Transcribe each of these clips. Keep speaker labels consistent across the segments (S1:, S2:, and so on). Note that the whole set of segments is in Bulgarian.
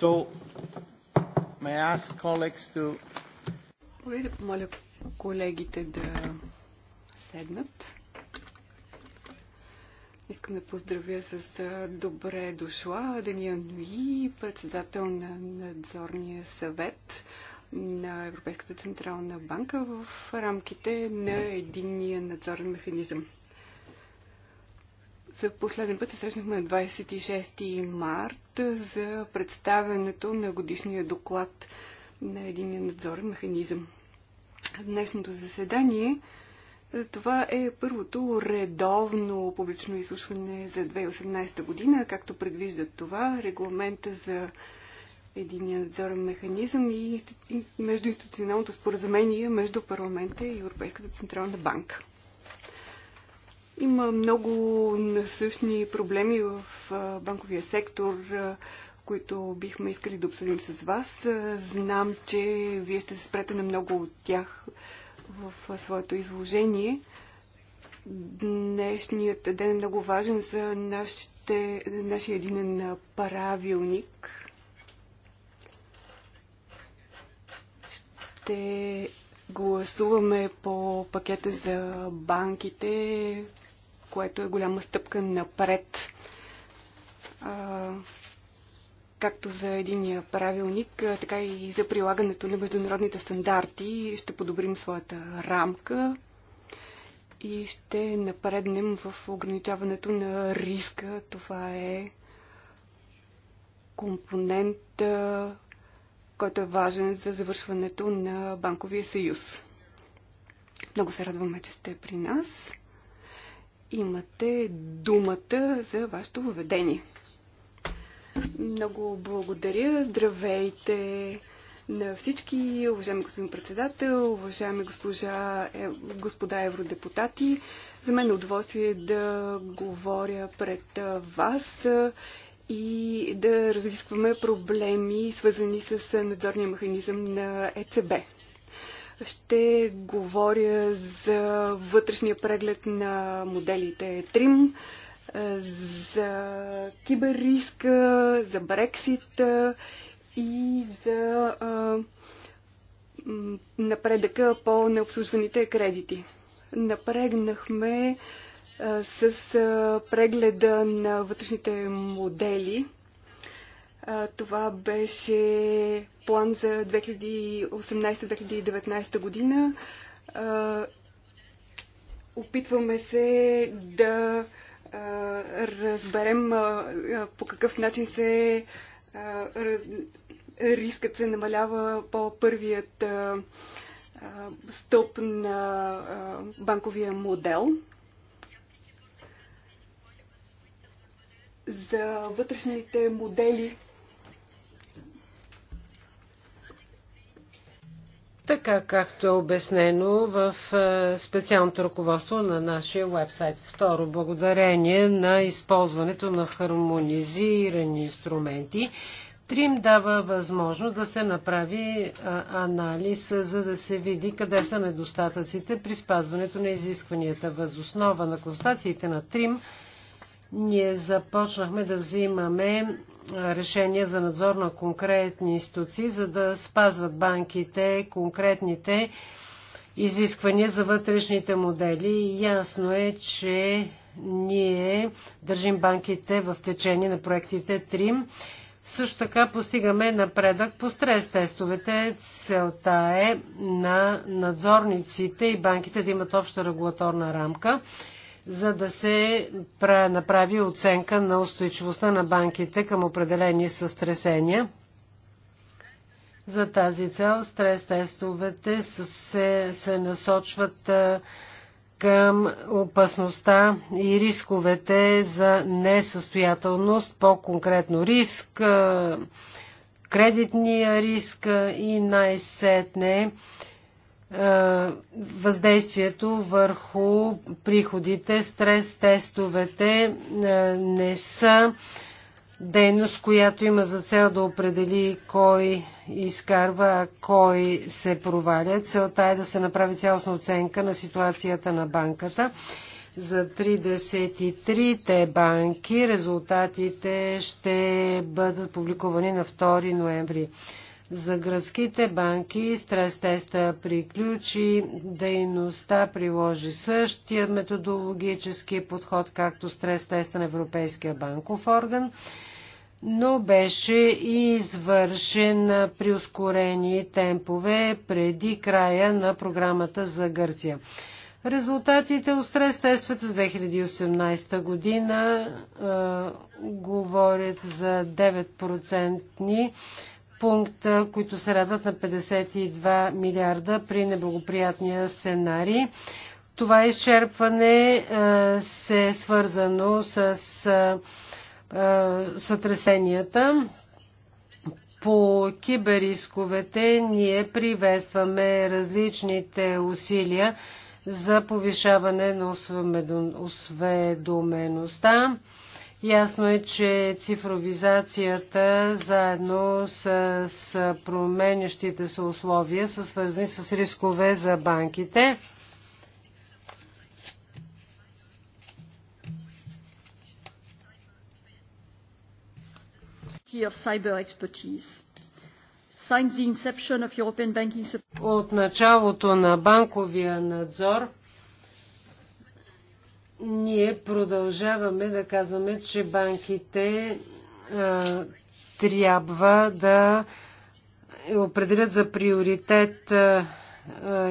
S1: So, may I ask colleagues to...
S2: Колеги, да помоля колегите да седнат. Искам да поздравя с добре дошла Дания Нуи, председател на надзорния съвет на Европейската централна банка в рамките на единния надзорен механизъм. За последен път се срещнахме на 26 март за представянето на годишния доклад на един надзорен механизъм. Днешното заседание това е първото редовно публично изслушване за 2018 година, както предвиждат това регламента за единия надзорен механизъм и междуинституционалното споразумение между парламента и Европейската централна банка. Има много насъщни проблеми в банковия сектор, които бихме искали да обсъдим с вас. Знам, че вие ще се спрете на много от тях в своето изложение. Днешният ден е много важен за нашите, нашия единен правилник. Ще гласуваме по пакета за банките, което е голяма стъпка напред. А, както за единия правилник, така и за прилагането на международните стандарти ще подобрим своята рамка и ще напреднем в ограничаването на риска. Това е компонент, който е важен за завършването на Банковия съюз. Много се радваме, че сте при нас. Имате думата за вашето въведение. Много благодаря. Здравейте на всички, уважаеми господин председател, уважаеми госпожа, е, господа евродепутати. За мен е удоволствие да говоря пред вас и да разискваме проблеми, свързани с надзорния механизъм на ЕЦБ. Ще говоря за вътрешния преглед на моделите Трим, за киберриска, за Брексит и за а, напредъка по необслужваните кредити. Напрегнахме а, с а, прегледа на вътрешните модели това беше план за 2018-2019 година. Опитваме се да разберем по какъв начин се рискът се намалява по първият стълб на банковия модел. За вътрешните модели
S3: така както е обяснено в е, специалното ръководство на нашия вебсайт. Второ, благодарение на използването на хармонизирани инструменти, Трим дава възможност да се направи е, анализ, за да се види къде са недостатъците при спазването на изискванията. Възоснова на констациите на Трим, ние започнахме да взимаме решения за надзор на конкретни институции, за да спазват банките конкретните изисквания за вътрешните модели. Ясно е, че ние държим банките в течение на проектите ТРИМ. Също така постигаме напредък по стрес тестовете. Целта е на надзорниците и банките да имат обща регулаторна рамка за да се направи оценка на устойчивостта на банките към определени състресения. За тази цел стрес-тестовете се, се насочват към опасността и рисковете за несъстоятелност, по-конкретно риск, кредитния риск и най-сетне е, въздействието върху приходите. Стрес тестовете е, не са дейност, която има за цел да определи кой изкарва, а кой се проваля. Целта е да се направи цялостна оценка на ситуацията на банката. За 33-те банки резултатите ще бъдат публикувани на 2 ноември. За градските банки стрес теста приключи, дейността приложи същия методологически подход, както стрес теста на Европейския банков орган, но беше извършен при ускорени темпове преди края на програмата за Гърция. Резултатите от стрес тестовете за 2018 година е, говорят за 9% пункта, които се радват на 52 милиарда при неблагоприятния сценарий. Това изчерпване е, се е свързано с е, е, сътресенията. По киберисковете ние приветстваме различните усилия за повишаване на осведомеността. Ясно е, че цифровизацията заедно с, с променящите се условия са свързани с рискове за банките.
S2: of cyber expertise. Since the inception of European banking...
S3: От началото на банковия надзор ние продължаваме да казваме, че банките а, трябва да определят за приоритет а,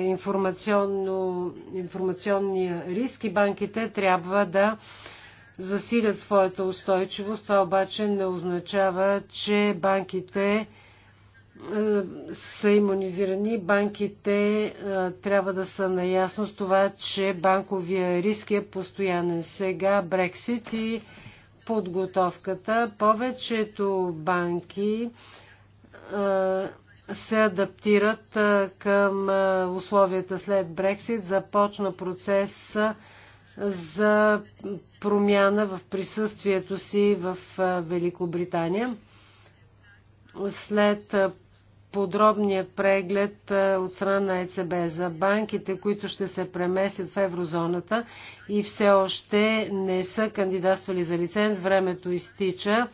S3: информационно, информационния риск и банките трябва да засилят своята устойчивост. Това обаче не означава, че банките е, са иммунизирани, банките е, трябва да са наясно с това, че банковия риск е постоянен. Сега Брексит и подготовката. Повечето банки е, се адаптират към условията след Брексит. Започна процес за промяна в присъствието си в Великобритания. След подробният преглед е, от страна на ЕЦБ за банките, които ще се преместят в еврозоната и все още не са кандидатствали за лиценз. Времето изтича.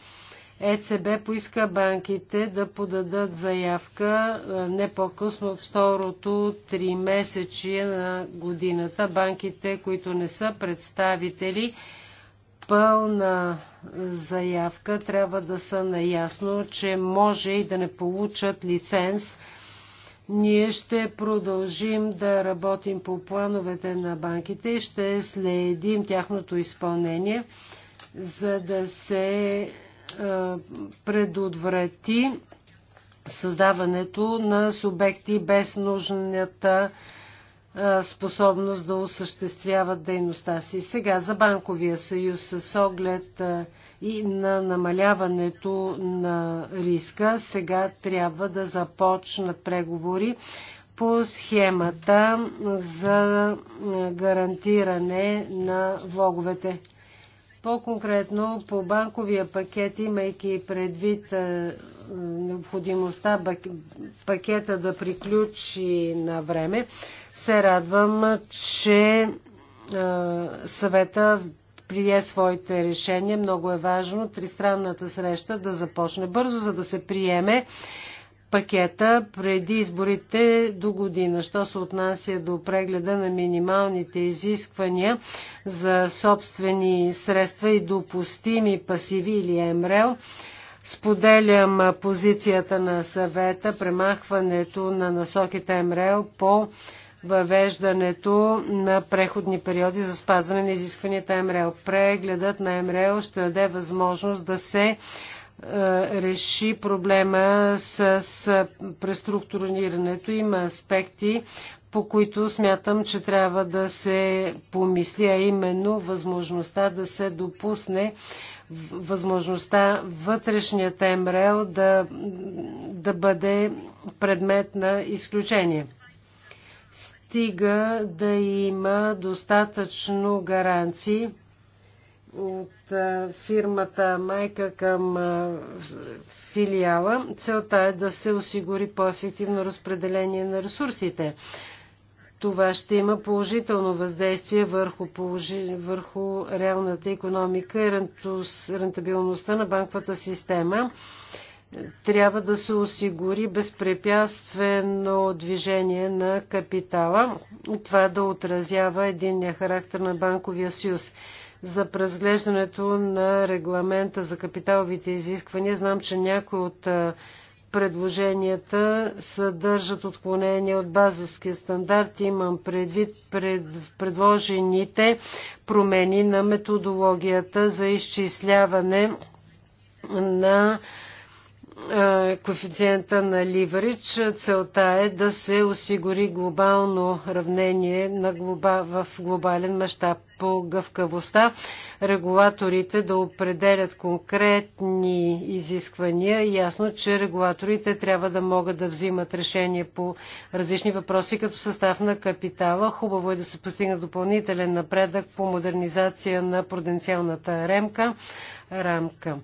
S3: ЕЦБ поиска банките да подадат заявка е, не по-късно в второто три месечи на годината. Банките, които не са представители, пълна заявка трябва да са наясно, че може и да не получат лиценз. Ние ще продължим да работим по плановете на банките и ще следим тяхното изпълнение, за да се е, предотврати създаването на субекти без нужната способност да осъществяват дейността си. Сега за Банковия съюз с оглед и на намаляването на риска, сега трябва да започнат преговори по схемата за гарантиране на влоговете. По-конкретно по банковия пакет, имайки предвид необходимостта пакета да приключи на време, се радвам, че съвета прие своите решения. Много е важно тристранната среща да започне бързо, за да се приеме пакета преди изборите до година. Що се отнася до прегледа на минималните изисквания за собствени средства и допустими пасиви или МРЛ, споделям позицията на съвета, премахването на насоките МРЛ по въвеждането на преходни периоди за спазване на изискванията МРЛ. Прегледът на МРЛ ще даде възможност да се е, реши проблема с, с преструктурирането. Има аспекти, по които смятам, че трябва да се помисли, а именно възможността да се допусне възможността вътрешният МРЛ да, да бъде предмет на изключение стига да има достатъчно гаранции от фирмата майка към филиала. Целта е да се осигури по-ефективно разпределение на ресурсите. Това ще има положително въздействие върху, положи... върху реалната економика и рентус... рентабилността на банковата система трябва да се осигури безпрепятствено движение на капитала и това да отразява единния характер на банковия съюз за преразглеждането на регламента за капиталовите изисквания. Знам, че някои от предложенията съдържат отклонение от базовския стандарт. Имам предвид пред, предложените промени на методологията за изчисляване на е, коефициента на ливарич. Целта е да се осигури глобално равнение на глоба, в глобален мащаб по гъвкавостта. Регулаторите да определят конкретни изисквания. Ясно, че регулаторите трябва да могат да взимат решение по различни въпроси, като състав на капитала. Хубаво е да се постигне допълнителен напредък по модернизация на пруденциалната ремка. рамка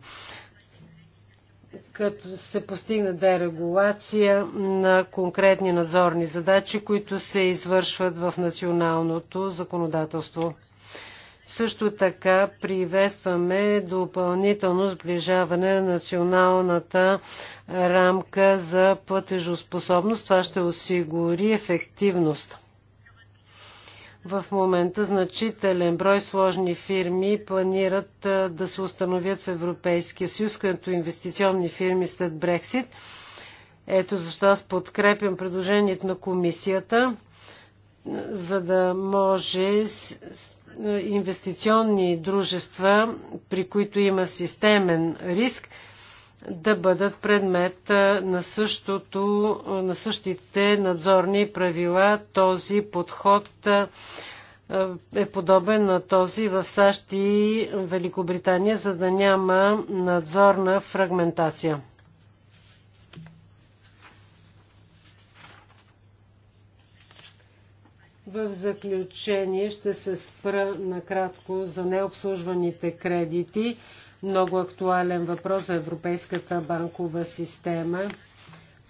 S3: като се постигне дерегулация на конкретни надзорни задачи, които се извършват в националното законодателство. Също така приветстваме допълнително сближаване на националната рамка за платежоспособност. Това ще осигури ефективност. В момента значителен брой сложни фирми планират да се установят в Европейския съюз като инвестиционни фирми след Брексит. Ето защо аз подкрепям предложението на комисията, за да може инвестиционни дружества, при които има системен риск, да бъдат предмет на, същото, на същите надзорни правила. Този подход е подобен на този в САЩ и Великобритания, за да няма надзорна фрагментация. В заключение ще се спра накратко за необслужваните кредити. Много актуален въпрос за Европейската банкова система.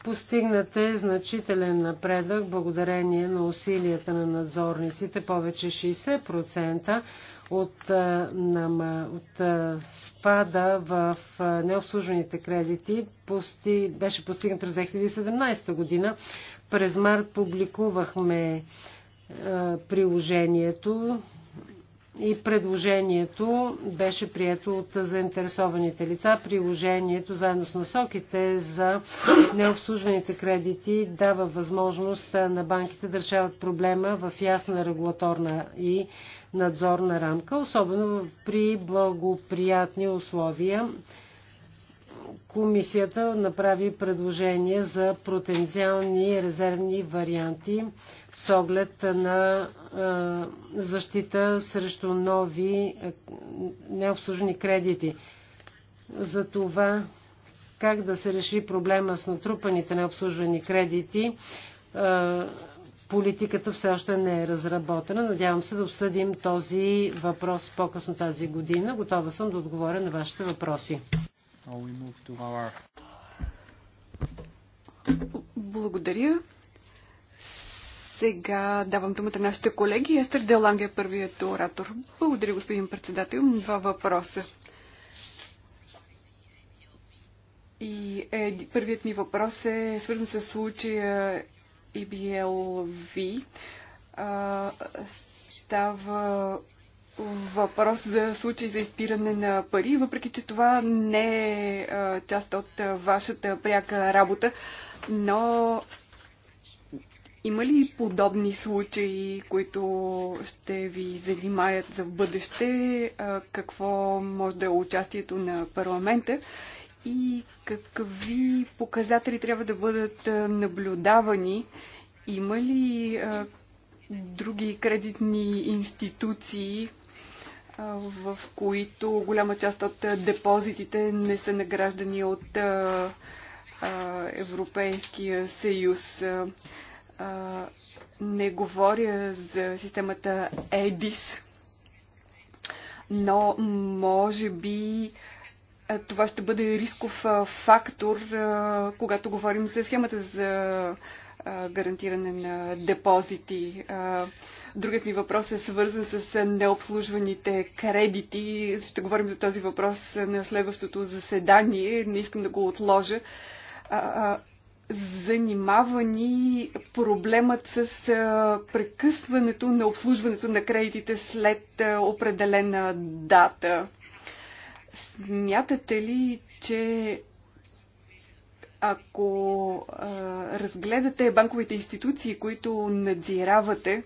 S3: Постигнат е значителен напредък благодарение на усилията на надзорниците. Повече 60% от, нама, от спада в необслужените кредити пости, беше постигнат през 2017 година. През март публикувахме приложението и предложението беше прието от заинтересованите лица. Приложението заедно с насоките за необслужваните кредити дава възможност на банките да решават проблема в ясна регулаторна и надзорна рамка, особено при благоприятни условия Комисията направи предложение за потенциални резервни варианти с оглед на защита срещу нови необслужени кредити. За това как да се реши проблема с натрупаните необслужвани кредити, политиката все още не е разработена. Надявам се да обсъдим този въпрос по-късно тази година. Готова съм да отговоря на вашите въпроси. Our... Благодаря.
S2: Сега давам думата на нашите колеги. Естер Деланг е първият оратор. Благодаря, господин председател. Два въпроса. И е, първият ми въпрос е свързан с случая EBLV. А, става въпрос за случай за изпиране на пари, въпреки че това не е част от вашата пряка работа, но има ли подобни случаи, които ще ви занимаят за в бъдеще? Какво може да е участието на парламента? И какви показатели трябва да бъдат наблюдавани? Има ли други кредитни институции, в които голяма част от депозитите не са награждани от Европейския съюз. Не говоря за системата ЕДИС, но може би това ще бъде рисков фактор, когато говорим за схемата за гарантиране на депозити. Другият ми въпрос е свързан с необслужваните кредити. Ще говорим за този въпрос на следващото заседание. Не искам да го отложа. Занимава ни проблемът с прекъсването на обслужването на кредитите след определена дата. Смятате ли, че ако а, разгледате банковите институции, които надзиравате,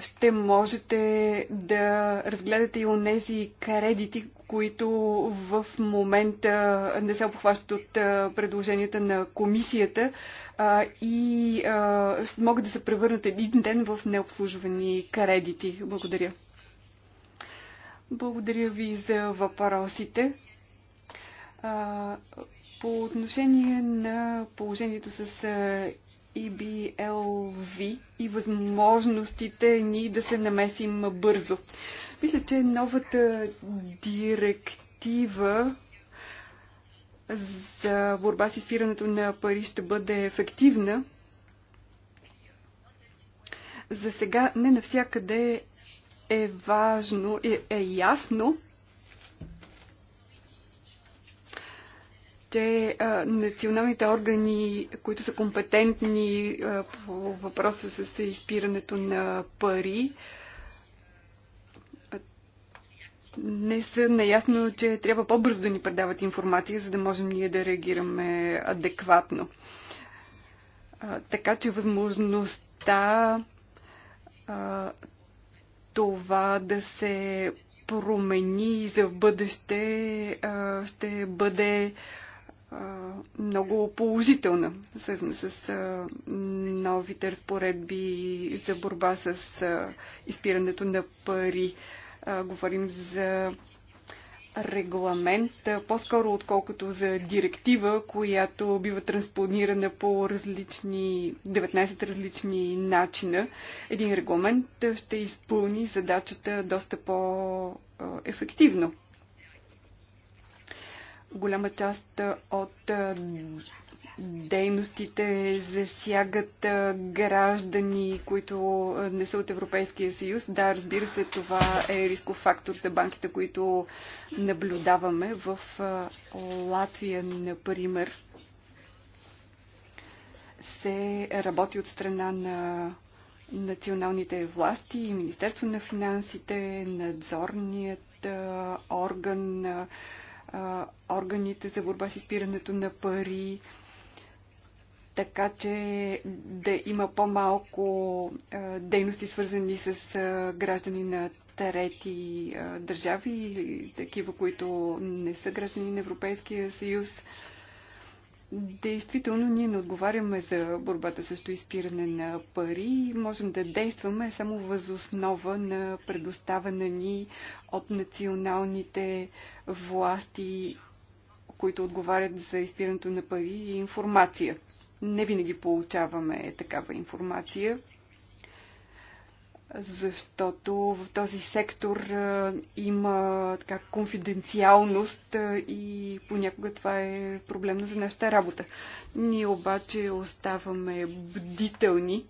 S2: ще можете да разгледате и онези кредити, които в момента не се обхващат от предложенията на комисията а, и а, могат да се превърнат един ден в необслужвани кредити. Благодаря. Благодаря ви за въпросите. А, по отношение на положението с EBLV и възможностите ни да се намесим бързо. Мисля, че новата директива за борба с изпирането на пари ще бъде ефективна. За сега не навсякъде е важно, е, е ясно, че а, националните органи, които са компетентни а, по въпроса с изпирането на пари, не са наясно, че трябва по-бързо да ни предават информация, за да можем ние да реагираме адекватно. А, така че възможността а, това да се промени за бъдеще, а, ще бъде много положителна, свързана с новите разпоредби за борба с изпирането на пари. Говорим за регламент, по-скоро отколкото за директива, която бива транспонирана по различни, 19 различни начина. Един регламент ще изпълни задачата доста по-ефективно. Голяма част от дейностите засягат граждани, които не са от Европейския съюз. Да, разбира се, това е рисков фактор за банките, които наблюдаваме в Латвия, например. Се работи от страна на националните власти и Министерство на финансите, надзорният орган, а, органите за борба с изпирането на пари, така че да има по-малко дейности свързани с а, граждани на трети а, държави или такива, които не са граждани на Европейския съюз. А, Действително, ние не отговаряме за борбата срещу изпиране на пари. Можем да действаме само възоснова на предоставена ни от националните власти, които отговарят за изпирането на пари и информация. Не винаги получаваме такава информация защото в този сектор има така конфиденциалност и понякога това е проблемно за нашата работа. Ние обаче оставаме бдителни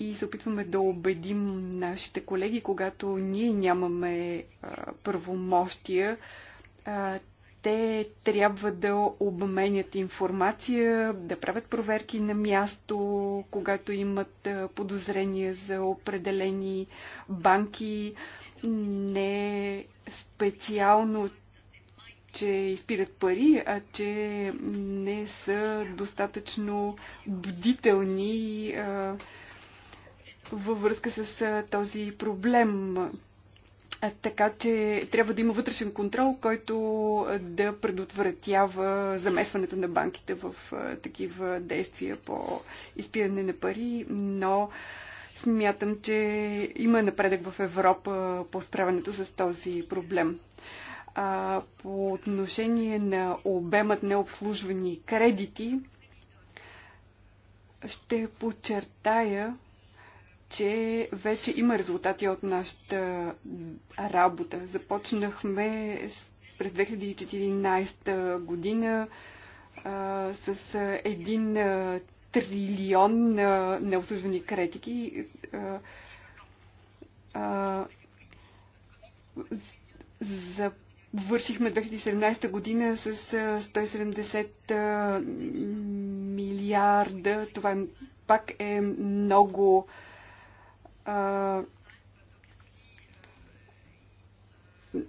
S2: и се опитваме да убедим нашите колеги, когато ние нямаме правомощия, те трябва да обменят информация, да правят проверки на място, когато имат подозрения за определени банки. Не специално, че изпират пари, а че не са достатъчно бдителни във връзка с този проблем. Така че трябва да има вътрешен контрол, който да предотвратява замесването на банките в такива действия по изпиране на пари, но смятам, че има напредък в Европа по справянето с този проблем. А, по отношение на обемът необслужвани кредити, ще подчертая, че вече има резултати от нашата работа. Започнахме през 2014 година а, с един а, трилион а, необслужвани критики. Завършихме 2017 година с 170 милиарда. Това е, пак е много а,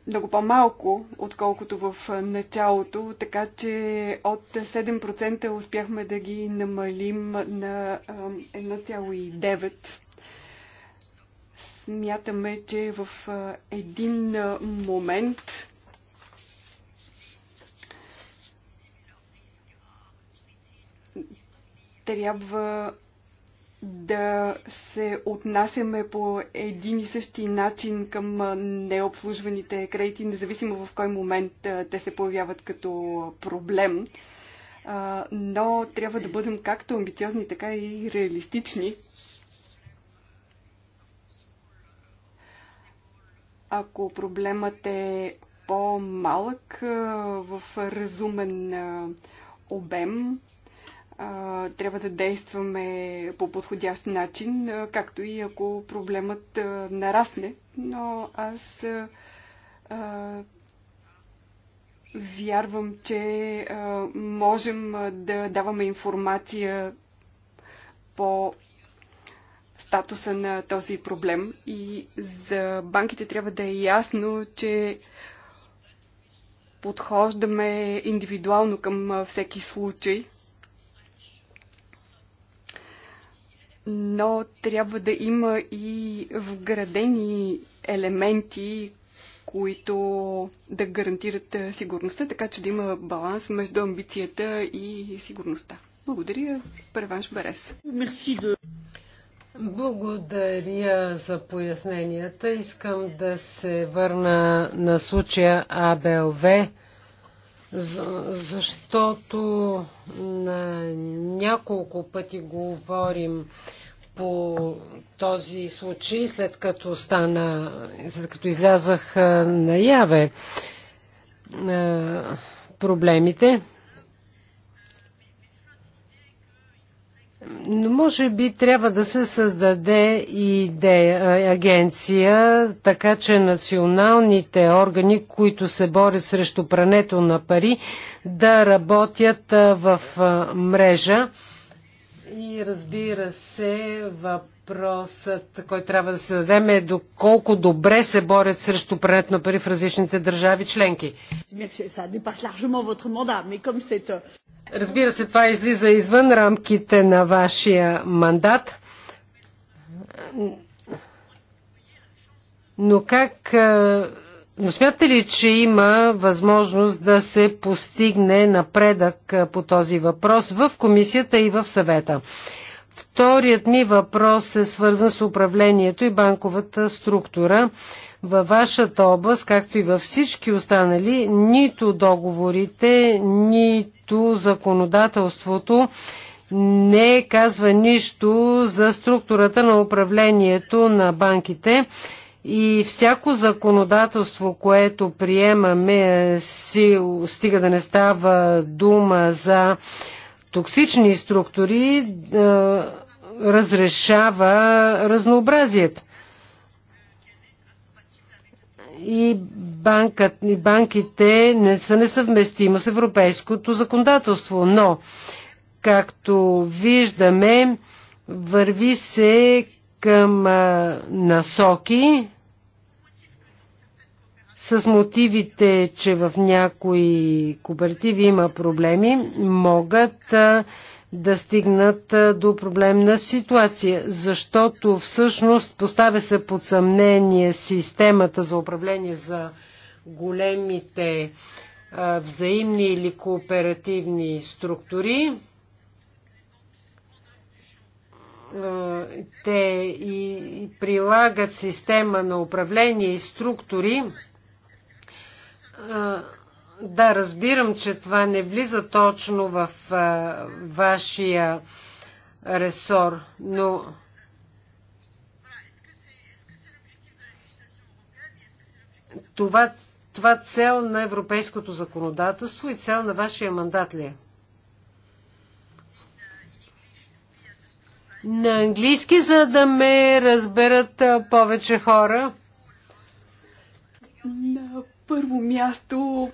S2: много по-малко, отколкото в началото, така че от 7% успяхме да ги намалим на 1,9%. Смятаме, че в един момент трябва да се отнасяме по един и същи начин към необслужваните кредити, независимо в кой момент те се появяват като проблем. Но трябва да бъдем както амбициозни, така и реалистични. Ако проблемът е по-малък в разумен обем, а, трябва да действаме по подходящ начин, както и ако проблемът а, нарасне. Но аз а, а, вярвам, че а, можем да даваме информация по статуса на този проблем и за банките трябва да е ясно, че подхождаме индивидуално към всеки случай – но трябва да има и вградени елементи, които да гарантират сигурността, така че да има баланс между амбицията и сигурността. Благодаря,
S3: Преванш Берес. Мерси Благодаря за поясненията. Искам да се върна на случая АБЛВ защото на няколко пъти говорим по този случай, след като стана, след като излязах наяве проблемите. може би трябва да се създаде идея, агенция, така че националните органи, които се борят срещу прането на пари, да работят в мрежа. И разбира се, въпросът, който трябва да се дадем е доколко добре се борят срещу прането на пари в различните държави членки. Разбира се, това излиза извън рамките на вашия мандат. Но как. Но смятате ли, че има възможност да се постигне напредък по този въпрос в комисията и в съвета? Вторият ми въпрос е свързан с управлението и банковата структура. Във вашата област, както и във всички останали, нито договорите, нито законодателството не казва нищо за структурата на управлението на банките и всяко законодателство, което приемаме, си, стига да не става дума за токсични структури, разрешава разнообразието и, банкът, и банките не са несъвместимо с европейското законодателство, но както виждаме, върви се към а, насоки с мотивите, че в някои кооперативи има проблеми, могат а, да стигнат до проблемна ситуация, защото всъщност поставя се под съмнение системата за управление за големите взаимни или кооперативни структури. те и, прилагат система на управление и структури, да, разбирам, че това не влиза точно в а, вашия ресор, но. Това, това цел на европейското законодателство и цел на вашия мандат ли е? На английски, за да ме разберат повече хора.
S2: На първо място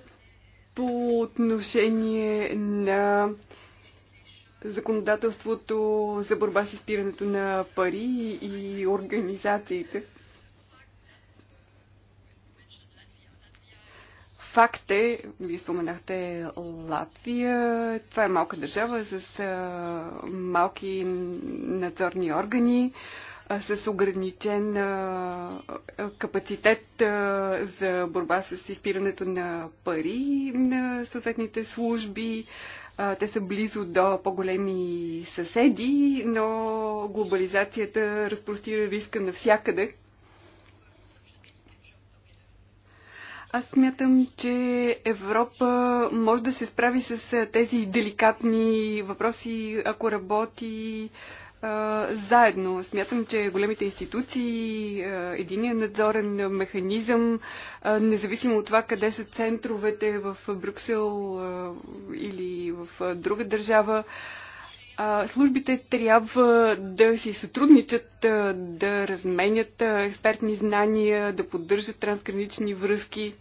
S2: по отношение на законодателството за борба с изпирането на пари и организациите. Факт е, вие споменахте Латвия, това е малка държава с малки надзорни органи. А, с ограничен капацитет за борба с изпирането на пари на съответните служби. Те са близо до по-големи съседи, но глобализацията разпростира риска навсякъде. Аз смятам, че Европа може да се справи с тези деликатни въпроси, ако работи заедно. Смятам, че големите институции, единият надзорен механизъм, независимо от това къде са центровете в Брюксел или в друга държава, службите трябва да си сътрудничат, да разменят експертни знания, да поддържат трансгранични връзки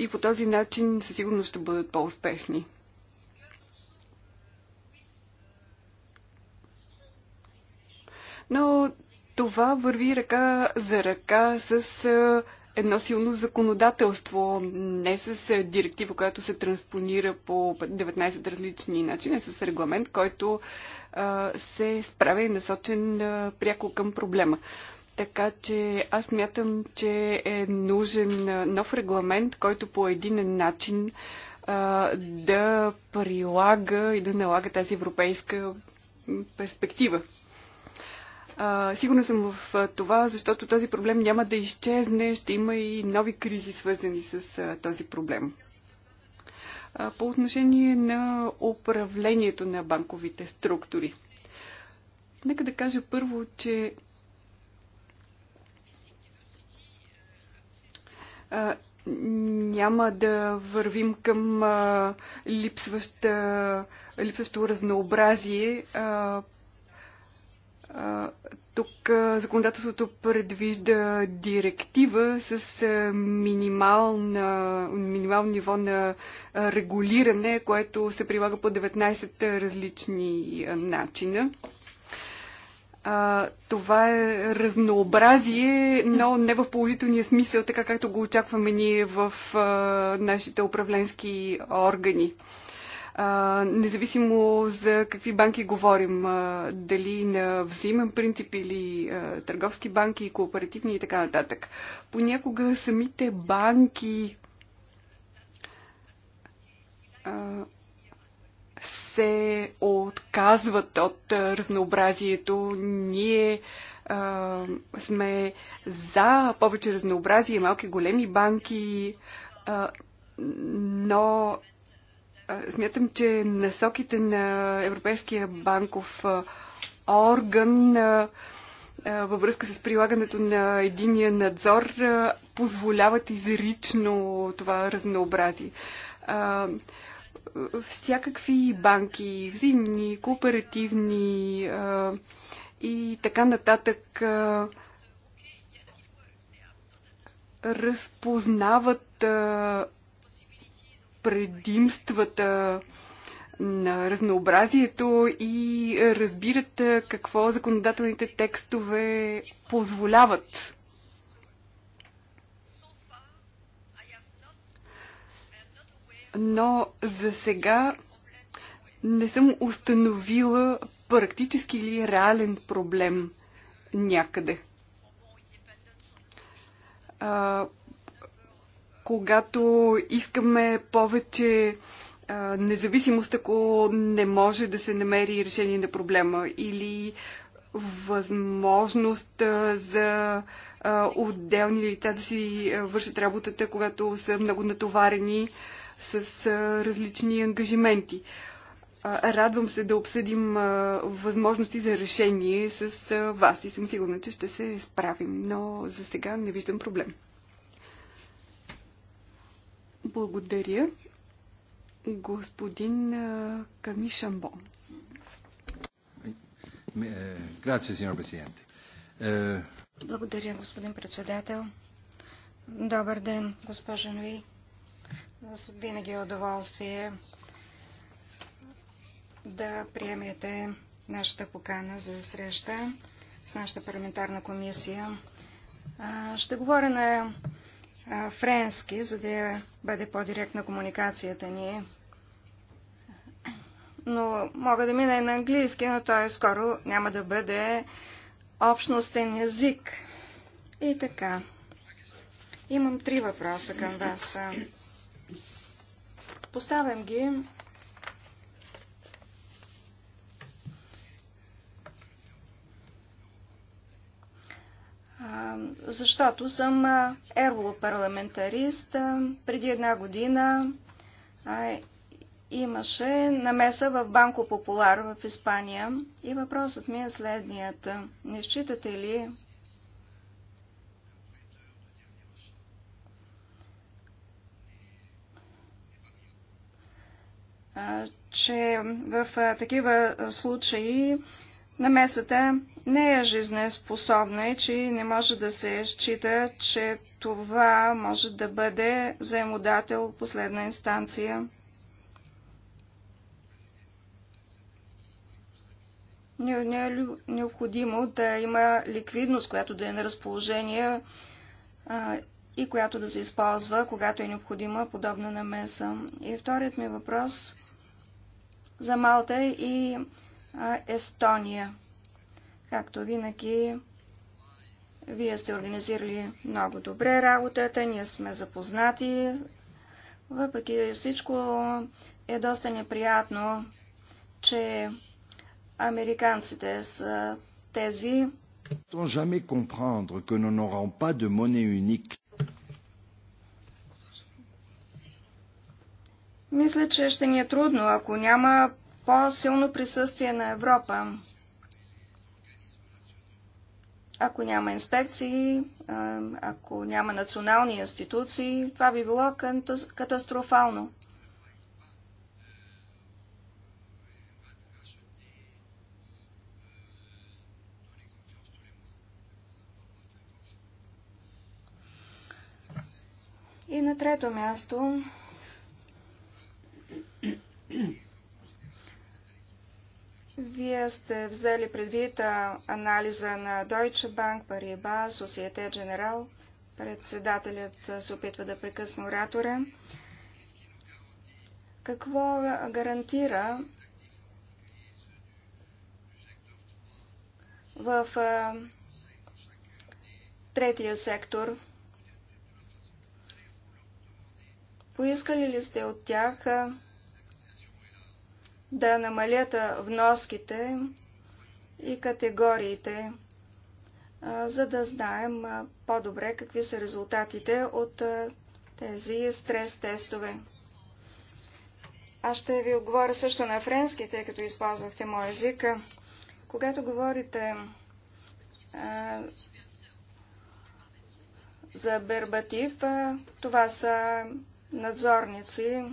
S2: и по този начин със сигурност ще бъдат по-успешни. Но това върви ръка за ръка с едно силно законодателство, не с директива, която се транспонира по 19 различни начина, с регламент, който се справя и насочен пряко към проблема. Така че аз мятам, че е нужен нов регламент, който по един начин а, да прилага и да налага тази европейска перспектива Сигурно сигурна съм в това, защото този проблем няма да изчезне, ще има и нови кризи, свързани с а, този проблем. А, по отношение на управлението на банковите структури. Нека да кажа първо, че а, няма да вървим към а, липсваща, липсващо разнообразие а, тук законодателството предвижда директива с минимална, минимално ниво на регулиране, което се прилага по 19 различни начина. Това е разнообразие, но не в положителния смисъл, така както го очакваме ние в нашите управленски органи независимо за какви банки говорим, дали на взаимен принцип или търговски банки, кооперативни и така нататък. Понякога самите банки се отказват от разнообразието. Ние сме за повече разнообразие, малки големи банки, но Смятам, че насоките на Европейския банков орган във връзка с прилагането на единия надзор позволяват изрично това разнообразие. Всякакви банки, взаимни, кооперативни и така нататък разпознават предимствата на разнообразието и разбират какво законодателните текстове позволяват. Но за сега не съм установила практически или реален проблем някъде когато искаме повече а, независимост, ако не може да се намери решение на проблема или възможност а, за а, отделни лица да си а, вършат работата, когато са много натоварени с а, различни ангажименти. радвам се да обсъдим възможности за решение с вас и съм сигурна, че ще се справим, но за сега не виждам проблем. Благодаря, господин Ками Шамбо.
S1: Е, е,
S4: Благодаря, господин председател. Добър ден, госпожа Нови. Винаги е удоволствие да приемете нашата покана за среща с нашата парламентарна комисия. Ще говоря на френски, за да бъде по-директна комуникацията ни. Но мога да мина и на английски, но той скоро няма да бъде общностен език. И така. Имам три въпроса към вас. Поставям ги защото съм европарламентарист. Преди една година имаше намеса в Банко Популар в Испания и въпросът ми е следният. Не считате ли, че в такива случаи намесата не е жизнеспособна и че не може да се счита, че това може да бъде заемодател в последна инстанция. Не, е необходимо да има ликвидност, която да е на разположение и която да се използва, когато е необходима подобна намеса. И вторият ми въпрос за Малта и Естония. Както винаги, вие сте организирали много добре работата, ние сме запознати. Въпреки всичко е доста неприятно, че американците са тези, Мисля, че ще ни е трудно, ако няма по-силно присъствие на Европа. Ако няма инспекции, ако няма национални институции, това би било катастрофално. И на трето място Вие сте взели предвид анализа на Deutsche Bank, Париба, Societe General. Председателят се опитва да прекъсне оратора. Какво гарантира в третия сектор? Поискали ли сте от тях да намалят вноските и категориите, за да знаем по-добре какви са резултатите от тези стрес-тестове. Аз ще ви отговоря също на френски, тъй като използвахте моя език. Когато говорите а, за бербатив, а, това са надзорници,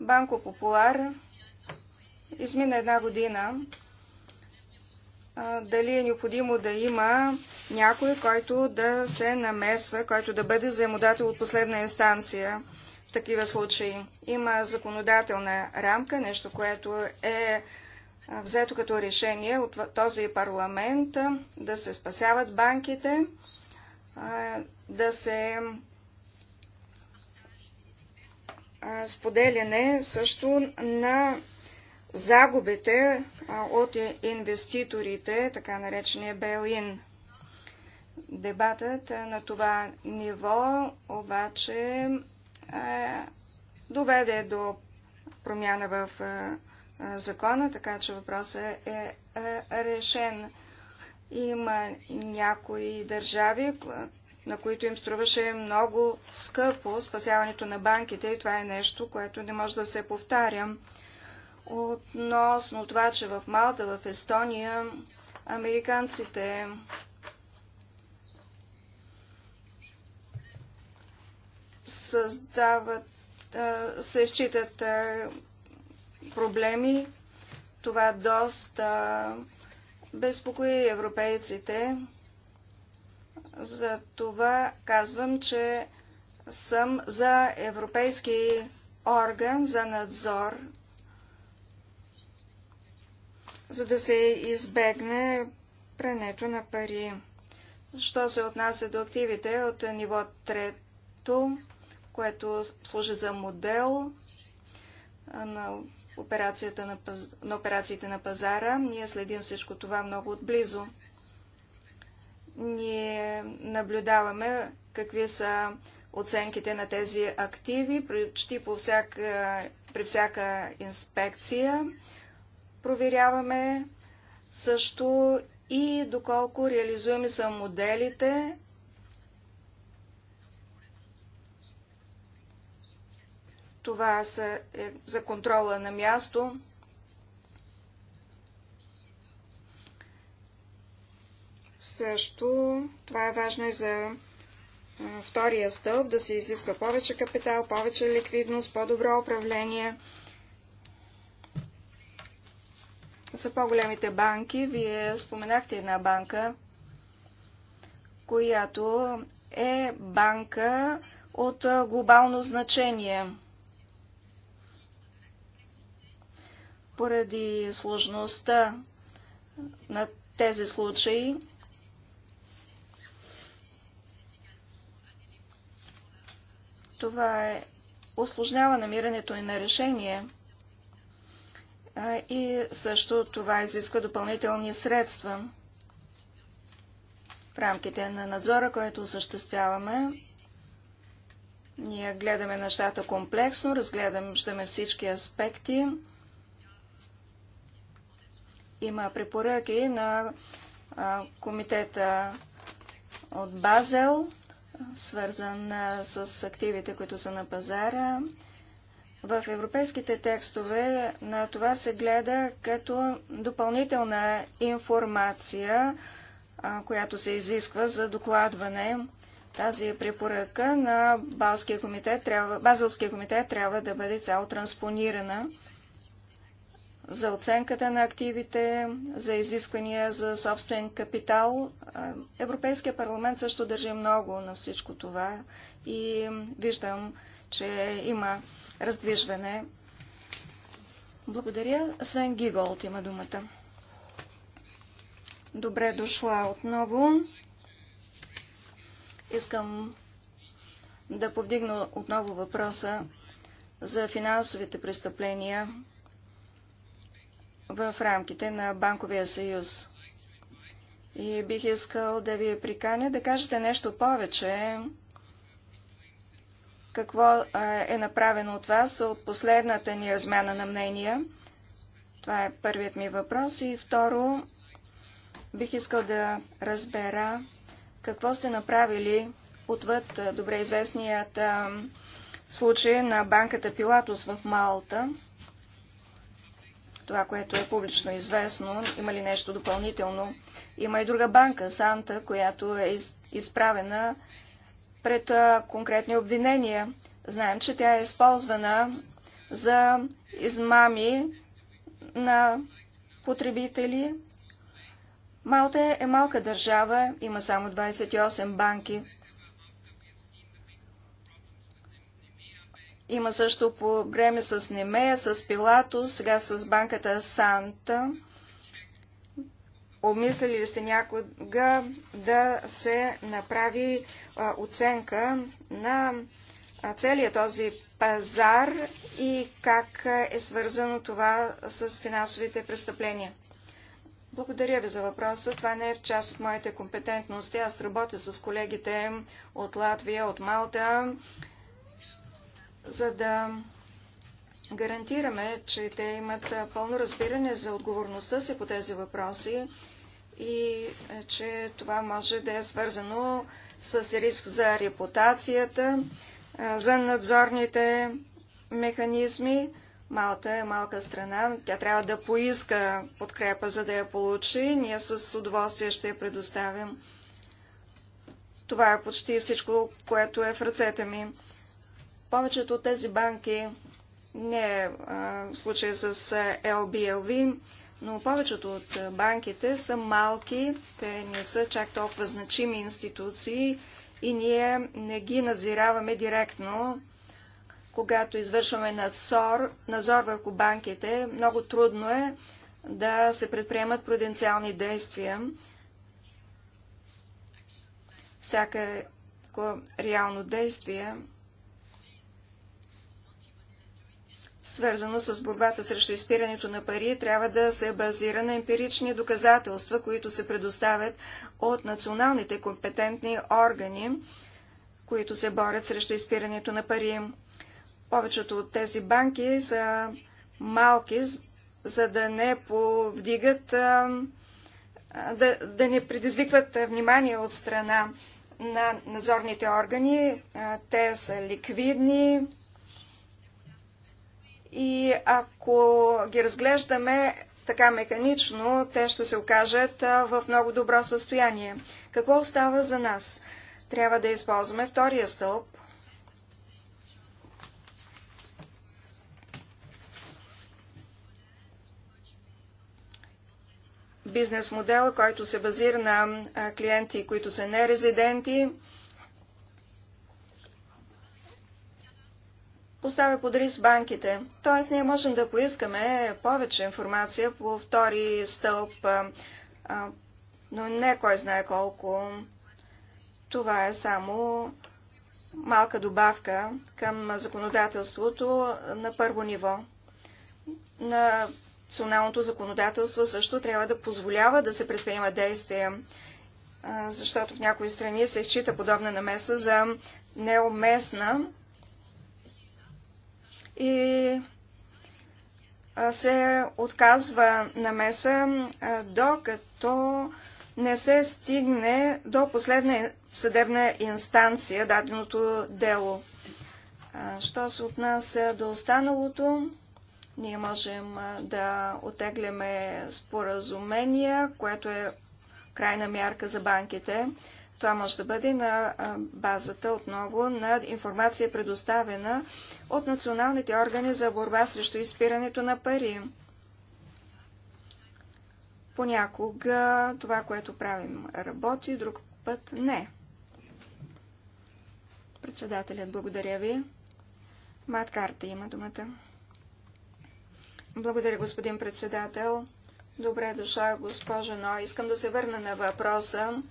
S4: Банко Популар, Измина една година. Дали е необходимо да има някой, който да се намесва, който да бъде заемодател от последна инстанция в такива случаи. Има законодателна рамка, нещо, което е взето като решение от този парламент да се спасяват банките, да се споделяне също на загубите от инвеститорите, така наречения Белин. Дебатът на това ниво обаче доведе до промяна в закона, така че въпросът е, решен. Има някои държави, на които им струваше много скъпо спасяването на банките и това е нещо, което не може да се повтарям относно това, че в Малта, в Естония, американците създават, се считат проблеми. Това доста безпокои европейците. За това казвам, че съм за европейски орган за надзор за да се избегне прането на пари. Що се отнася до активите от ниво трето, което служи за модел на, операцията на, паз... на операциите на пазара, ние следим всичко това много отблизо. Ние наблюдаваме какви са оценките на тези активи, почти по всяка, при всяка инспекция проверяваме също и доколко реализуеми са моделите Това са е, за контрола на място. Също това е важно и за е, втория стълб, да се изисква повече капитал, повече ликвидност, по-добро управление. За по-големите банки, вие споменахте една банка, която е банка от глобално значение. Поради сложността на тези случаи, това е осложнява намирането и на решение – и също това изисква допълнителни средства. В рамките на надзора, който осъществяваме, ние гледаме нещата комплексно, разглеждаме всички аспекти. Има препоръки на комитета от Базел, свързан с активите, които са на пазара. В европейските текстове на това се гледа като допълнителна информация, която се изисква за докладване. Тази препоръка на Базелския комитет трябва, Базълския комитет трябва да бъде цяло транспонирана за оценката на активите, за изисквания за собствен капитал. Европейския парламент също държи много на всичко това и виждам, че има раздвижване. Благодаря. Свен Гиголт има думата. Добре дошла отново. Искам да повдигна отново въпроса за финансовите престъпления в рамките на Банковия съюз. И бих искал да ви приканя да кажете нещо повече какво е направено от вас от последната ни размяна на мнения. Това е първият ми въпрос. И второ, бих искал да разбера какво сте направили отвъд добре известният случай на банката Пилатус в Малта. Това, което е публично известно, има ли нещо допълнително? Има и друга банка, Санта, която е изправена пред конкретни обвинения. Знаем, че тя е използвана за измами на потребители. Малта е, е малка държава, има само 28 банки. Има също проблеми с Немея, с Пилато, сега с банката Санта. Омислили ли сте някога да се направи а, оценка на целия този пазар и как е свързано това с финансовите престъпления? Благодаря ви за въпроса. Това не е част от моите компетентности. Аз работя с колегите от Латвия, от Малта, за да гарантираме, че те имат пълно разбиране за отговорността си по тези въпроси и е, че това може да е свързано с риск за репутацията, е, за надзорните механизми. Малта е малка страна, тя трябва да поиска подкрепа, за да я получи. Ние с удоволствие ще я предоставим. Това е почти всичко, което е в ръцете ми. Повечето от тези банки не е а, в случая с е, LBLV но повечето от банките са малки, те не са чак толкова значими институции и ние не ги надзираваме директно. Когато извършваме надзор, надзор върху банките, много трудно е да се предприемат пруденциални действия. Всяка реално действие свързано с борбата срещу изпирането на пари, трябва да се базира на емпирични доказателства, които се предоставят от националните компетентни органи, които се борят срещу изпирането на пари. Повечето от тези банки са малки, за да не повдигат, да, да не предизвикват внимание от страна на надзорните органи. Те са ликвидни, и ако ги разглеждаме така механично, те ще се окажат в много добро състояние. Какво остава за нас? Трябва да използваме втория стълб. Бизнес модел, който се базира на клиенти, които са нерезиденти, резиденти поставя под риск банките. Тоест, ние можем да поискаме повече информация по втори стълб, но не кой знае колко. Това е само малка добавка към законодателството на първо ниво. На националното законодателство също трябва да позволява да се предприема действия, защото в някои страни се счита подобна намеса за неуместна и се отказва намеса, докато не се стигне до последна съдебна инстанция даденото дело. Що се отнася до останалото, ние можем да отегляме споразумения, което е крайна мярка за банките. Това може да бъде на базата отново на информация предоставена от националните органи за борба срещу изпирането на пари. Понякога това, което правим, работи, друг път не. Председателят, благодаря ви. Мат Карта има думата. Благодаря, господин председател. Добре дошла, госпожа, но искам да се върна на въпроса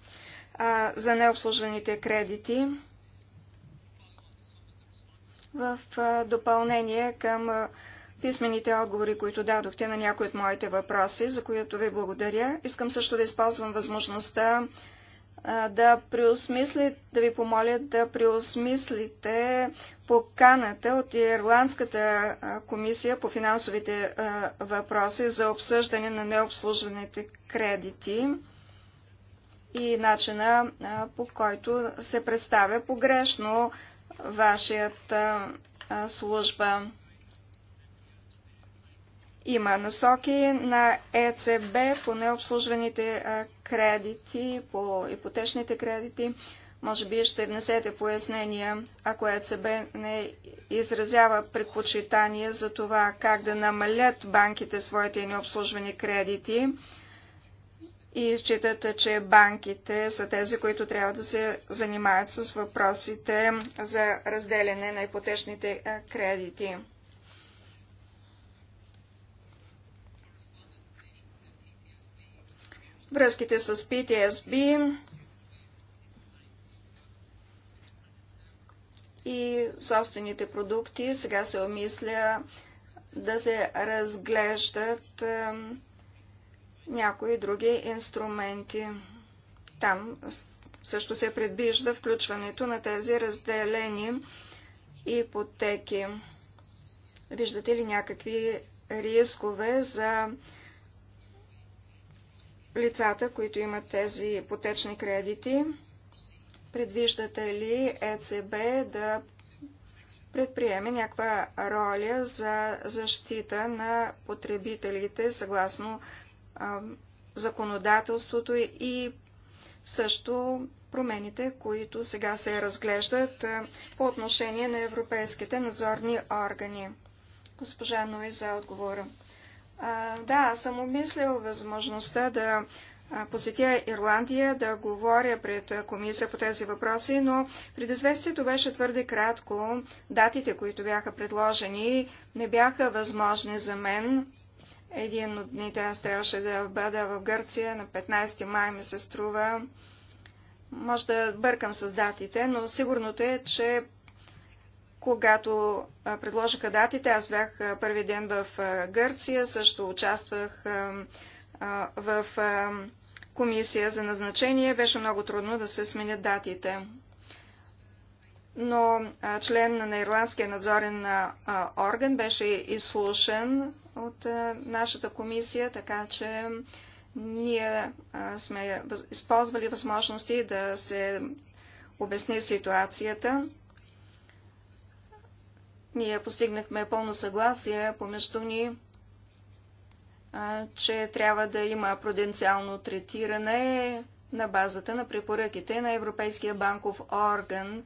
S4: за необслужваните кредити. В допълнение към писмените отговори, които дадохте на някои от моите въпроси, за които ви благодаря, искам също да използвам възможността да преосмислите, да ви помоля да преосмислите поканата от Ирландската комисия по финансовите въпроси за обсъждане на необслужваните кредити и начина по който се представя погрешно вашият служба. Има насоки на ЕЦБ по необслужваните кредити, по ипотечните кредити. Може би ще внесете пояснения, ако ЕЦБ не изразява предпочитание за това как да намалят банките своите необслужвани кредити и считат, че банките са тези, които трябва да се занимават с въпросите за разделяне на ипотечните кредити. Връзките с PTSB и собствените продукти сега се омисля да се разглеждат някои други инструменти. Там също се предвижда включването на тези разделени ипотеки. Виждате ли някакви рискове за лицата, които имат тези ипотечни кредити? Предвиждате ли ЕЦБ да предприеме някаква роля за защита на потребителите съгласно законодателството и също промените, които сега се разглеждат по отношение на европейските надзорни органи. Госпожа Нои, за отговора. да, аз съм обмислил възможността да посетя Ирландия, да говоря пред комисия по тези въпроси, но предизвестието беше твърде кратко. Датите, които бяха предложени, не бяха възможни за мен. Един от дните аз трябваше да бъда в Гърция, на 15 май ми се струва. Може да бъркам с датите, но сигурното е, че когато предложиха датите, аз бях първи ден в Гърция, също участвах в комисия за назначение. Беше много трудно да се сменят датите. Но член на Ирландския надзорен орган беше изслушен от нашата комисия, така че ние сме използвали възможности да се обясни ситуацията. Ние постигнахме пълно съгласие помежду ни, че трябва да има пруденциално третиране на базата на препоръките на Европейския банков орган.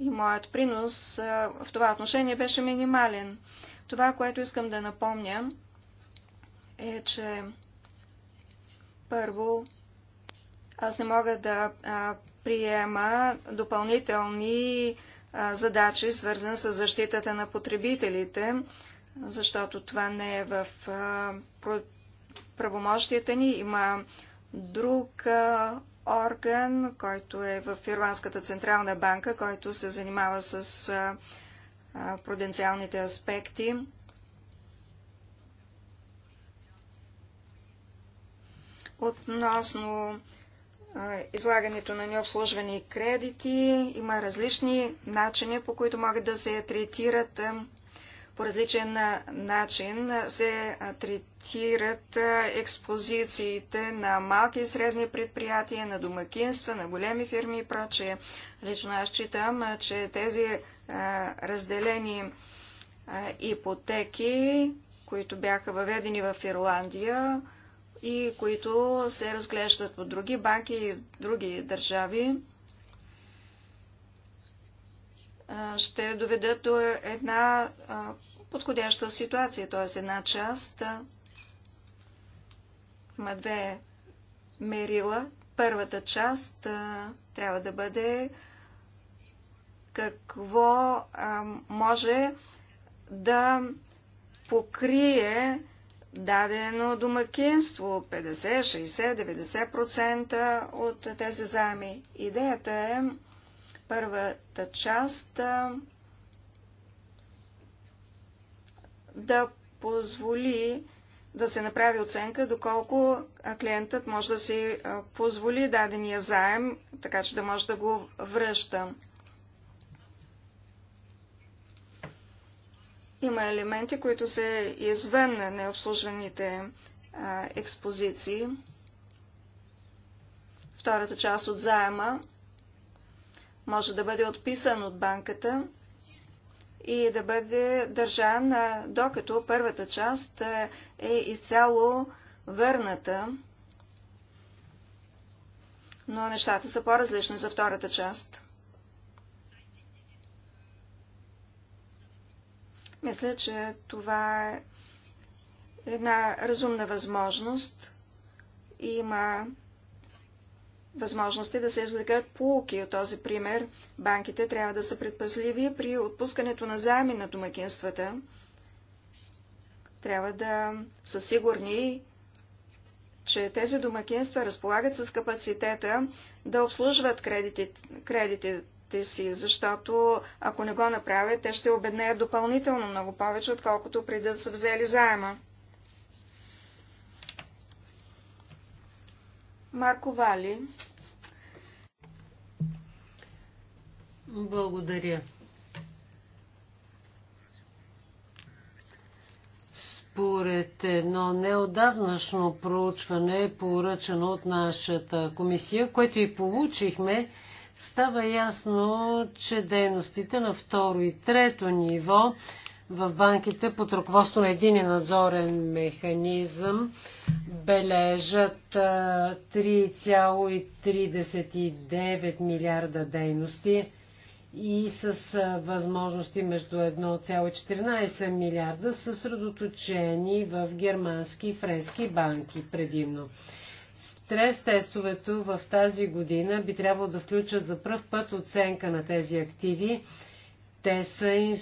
S4: И моят принос в това отношение беше минимален. Това, което искам да напомня, е, че първо аз не мога да а, приема допълнителни а, задачи, свързани с защитата на потребителите, защото това не е в а, правомощията ни. Има друг а, орган, който е в Ирландската централна банка, който се занимава с а, пруденциалните аспекти. Относно излагането на необслужвани кредити, има различни начини, по които могат да се третират по различен начин се третират експозициите на малки и средни предприятия, на домакинства, на големи фирми и прочее. Лично аз считам, че тези разделени ипотеки, които бяха въведени в Ирландия и които се разглеждат от други банки и други държави, ще доведат до една подходяща ситуация, т.е. една част има две мерила. Първата част трябва да бъде какво а, може да покрие дадено домакинство 50, 60, 90% от тези заеми. Идеята е първата част да позволи да се направи оценка доколко клиентът може да си позволи дадения заем, така че да може да го връща. Има елементи, които са извън на необслужваните а, експозиции. Втората част от заема може да бъде отписан от банката и да бъде държан, докато първата част е изцяло върната, но нещата са по-различни за втората част. Мисля, че това е една разумна възможност. Има възможности да се извлекат полуки от този пример. Банките трябва да са предпазливи при отпускането на заеми на домакинствата. Трябва да са сигурни, че тези домакинства разполагат с капацитета да обслужват кредити, кредити, доходите си, защото ако не го направят, те ще обеднеят допълнително много повече, отколкото преди да са взели заема. Марко Вали.
S3: Благодаря. Според едно неодавнашно проучване, поръчано от нашата комисия, което и получихме, става ясно, че дейностите на второ и трето ниво в банките под ръководство на един надзорен механизъм бележат 3,39 милиарда дейности и с възможности между 1,14 милиарда съсредоточени в германски и френски банки предимно. Стрес тестовете в тази година би трябвало да включат за пръв път оценка на тези активи. Те са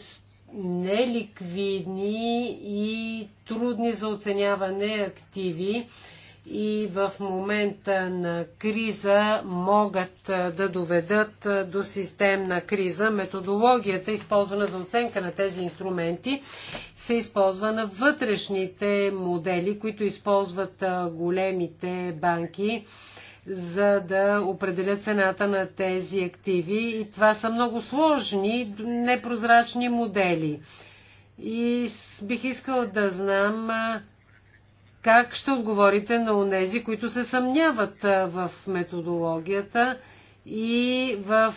S3: неликвидни и трудни за оценяване активи и в момента на криза могат да доведат до системна криза. Методологията, използвана за оценка на тези инструменти, се използва на вътрешните модели, които използват големите банки за да определят цената на тези активи. И това са много сложни, непрозрачни модели. И бих искал да знам как ще отговорите на онези, които се съмняват в методологията и в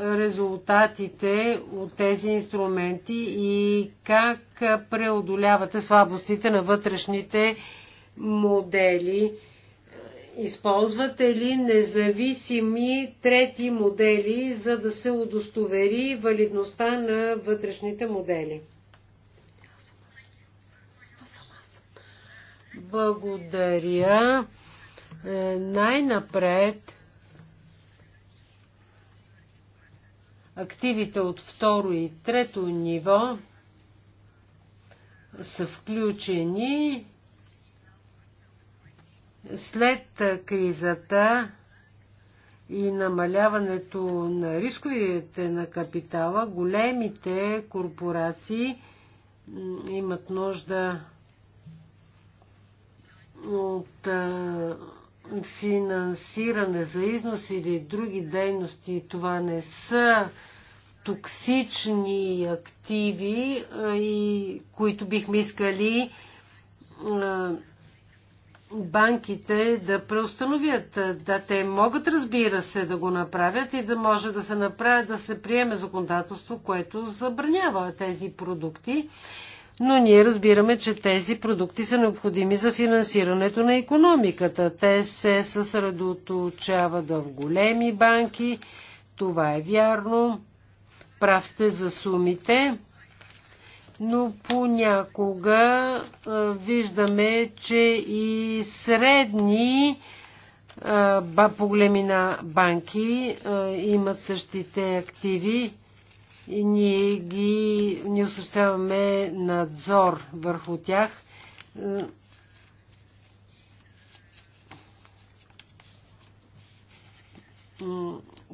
S3: резултатите от тези инструменти и как преодолявате слабостите на вътрешните модели? Използвате ли независими трети модели, за да се удостовери валидността на вътрешните модели? Благодаря. Е, най-напред активите от второ и трето ниво са включени след кризата и намаляването на рисковете на капитала, големите корпорации имат нужда от финансиране за износ или други дейности, това не са токсични активи, и които бихме искали банките да преустановят. Да, те могат, разбира се, да го направят и да може да се направят да се приеме законодателство, което забранява тези продукти но ние разбираме, че тези продукти са необходими за финансирането на економиката. Те се съсредоточават в големи банки. Това е вярно. Прав сте за сумите. Но понякога виждаме, че и средни по големина банки имат същите активи и ние ги не осъщаваме надзор върху тях.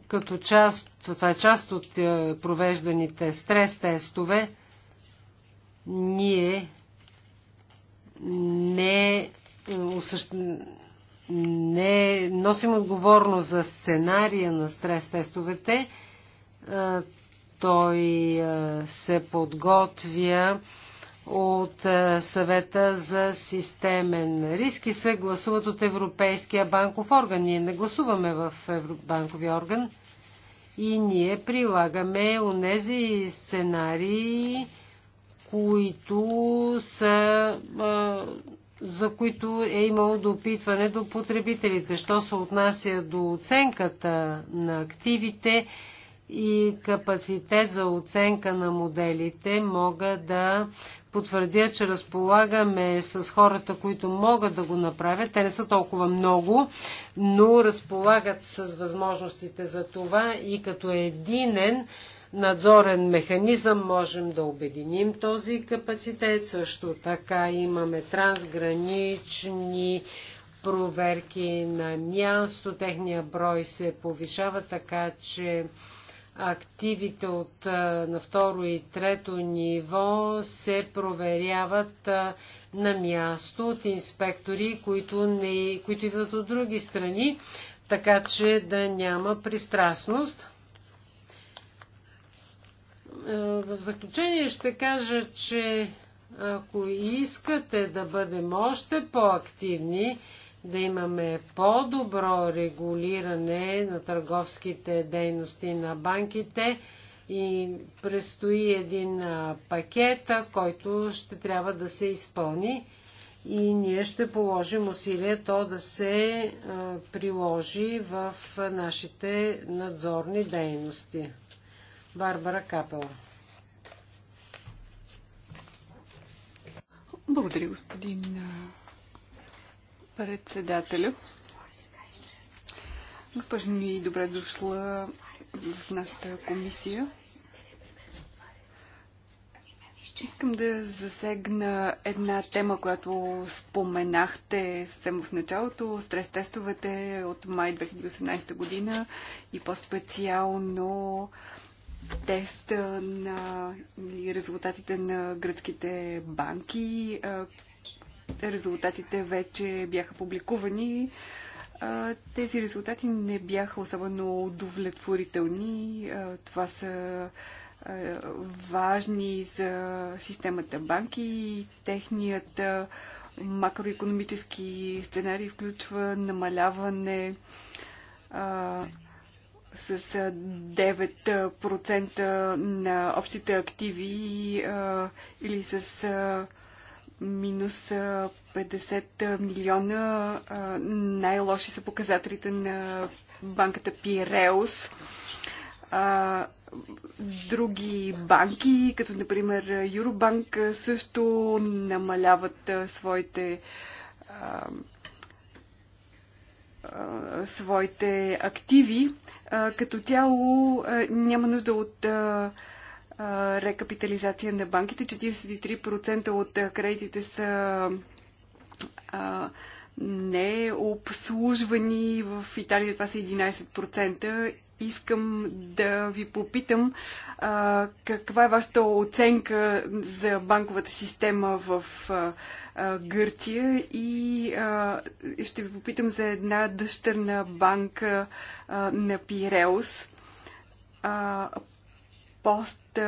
S3: Като част, това е част от е, провежданите стрес тестове, ние не, е, осъщ... не носим отговорност за сценария на стрес тестовете, е, той е, се подготвя от е, съвета за системен риск и се гласуват от Европейския банков орган. Ние не гласуваме в банкови орган и ние прилагаме онези сценарии, които са, е, за които е имало допитване до потребителите. Що се отнася до оценката на активите, и капацитет за оценка на моделите, мога да потвърдя, че разполагаме с хората, които могат да го направят. Те не са толкова много, но разполагат с възможностите за това и като единен надзорен механизъм можем да обединим този капацитет. Също така имаме трансгранични проверки на място. Техния брой се повишава, така че активите от, на второ и трето ниво се проверяват на място от инспектори, които, не, които идват от други страни, така че да няма пристрастност. В заключение ще кажа, че ако искате да бъдем още по-активни, да имаме по-добро регулиране на търговските дейности на банките и предстои един пакет, който ще трябва да се изпълни и ние ще положим усилия то да се приложи в нашите надзорни дейности. Барбара Капела.
S2: Благодаря, господин Председателю. Госпожо ни добре дошла в нашата комисия. Искам да засегна една тема, която споменахте съвсем в началото. Стрес-тестовете от май 2018 година и по-специално теста на или резултатите на гръцките банки, Резултатите вече бяха публикувани. Тези резултати не бяха особено удовлетворителни. Това са важни за системата банки и техният макроекономически сценарий включва намаляване а, с 9% на общите активи а, или с минус 50 милиона. Най-лоши са показателите на банката Пиреус. Други банки, като например Юробанк, също намаляват своите своите активи. Като цяло няма нужда от рекапитализация на банките. 43% от кредитите са не обслужвани в Италия. Това са 11%. Искам да ви попитам а, каква е вашата оценка за банковата система в а, а, Гърция и а, ще ви попитам за една дъщерна банка а, на Пиреус. А, пост,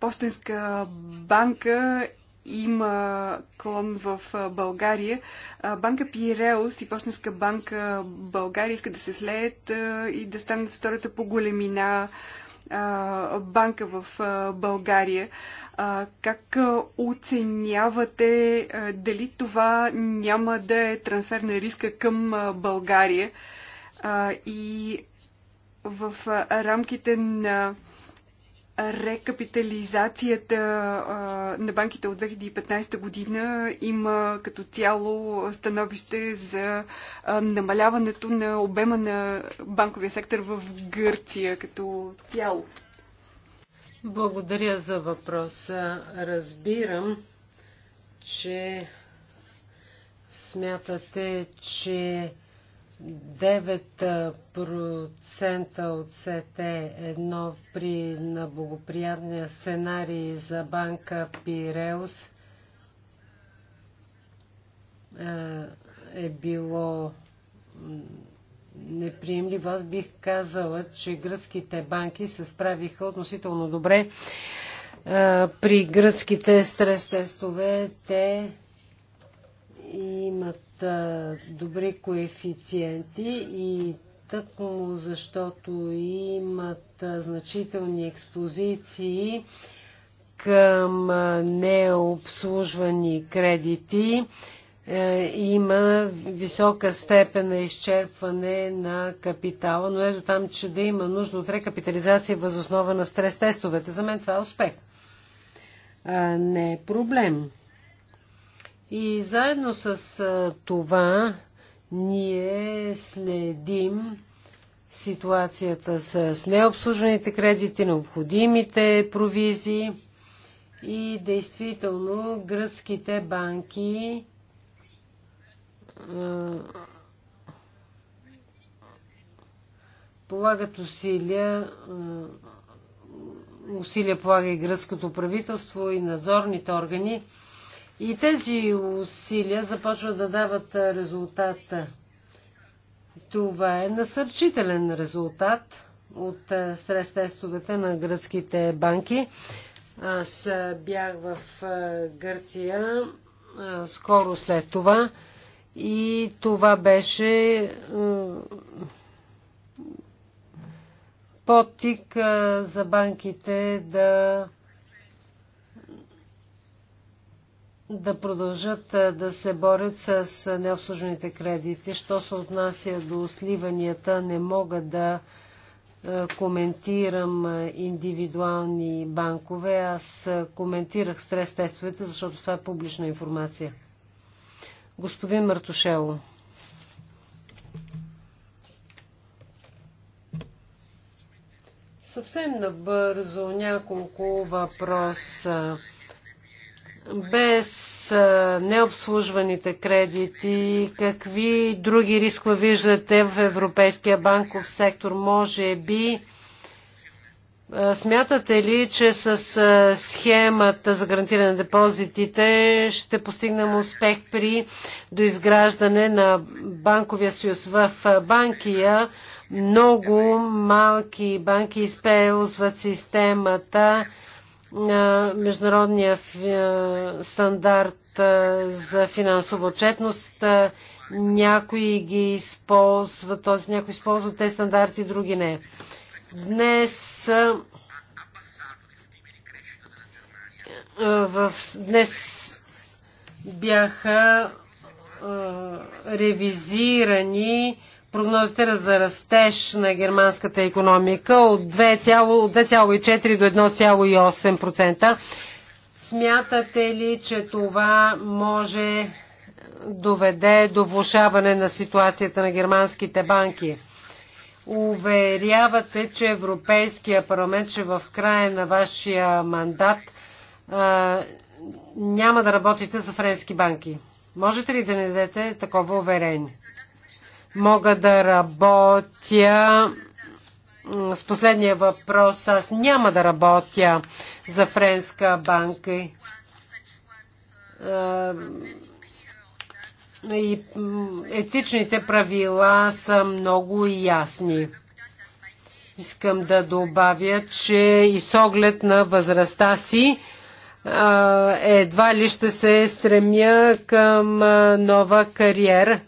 S2: Постенска банка има клон в България. Банка Пиреус и Почтенска банка България искат да се слеят и да станат втората по големина банка в България. Как оценявате дали това няма да е трансфер на риска към България и в рамките на рекапитализацията на банките от 2015 година има като цяло становище за намаляването на обема на банковия сектор в Гърция като
S3: цяло. Благодаря за въпроса. Разбирам, че смятате, че 9% от СТ1 при наблагоприятния сценарий за банка Пиреус е, е било неприемливо. Аз бих казала, че гръцките банки се справиха относително добре. При гръцките стрес тестове те имат добри коефициенти и тъкмо защото имат значителни експозиции към необслужвани кредити, е, има висока степен на изчерпване на капитала, но ето там, че да има нужда от рекапитализация възоснова на стрес-тестовете. За мен това е успех. А, не е проблем. И заедно с това ние следим ситуацията с необслужените кредити, необходимите провизии и действително гръцките банки полагат усилия, усилия полага и гръцкото правителство и надзорните органи и тези усилия започват да дават резултата. Това е насърчителен резултат от стрес-тестовете на гръцките банки. Аз бях в Гърция скоро след това и това беше подтик за банките да да продължат да се борят с необслужените кредити. Що се отнася до сливанията, не мога да коментирам индивидуални банкове. Аз коментирах стрес тестовете, защото това е публична информация. Господин Мартушело. Съвсем набързо няколко въпроса без необслужваните кредити, какви други рискове виждате в европейския банков сектор? Може би смятате ли, че с схемата за гарантиране на депозитите ще постигнем успех при доизграждане на банковия съюз в банкия? Много малки банки използват системата международния стандарт за финансова отчетност. Някои ги използват, т.е. някои използват тези стандарти, други не. Днес в, днес бяха ревизирани прогнозите за растеж на германската економика от 2,4 до 1,8%. Смятате ли, че това може доведе до влушаване на ситуацията на германските банки? Уверявате, че Европейския парламент, че в края на вашия мандат а, няма да работите за френски банки. Можете ли да не дадете такова уверение? мога да работя. С последния въпрос аз няма да работя за френска банка. Е, и етичните правила са много ясни. Искам да добавя, че и с оглед на възрастта си, едва ли ще се стремя към нова кариера.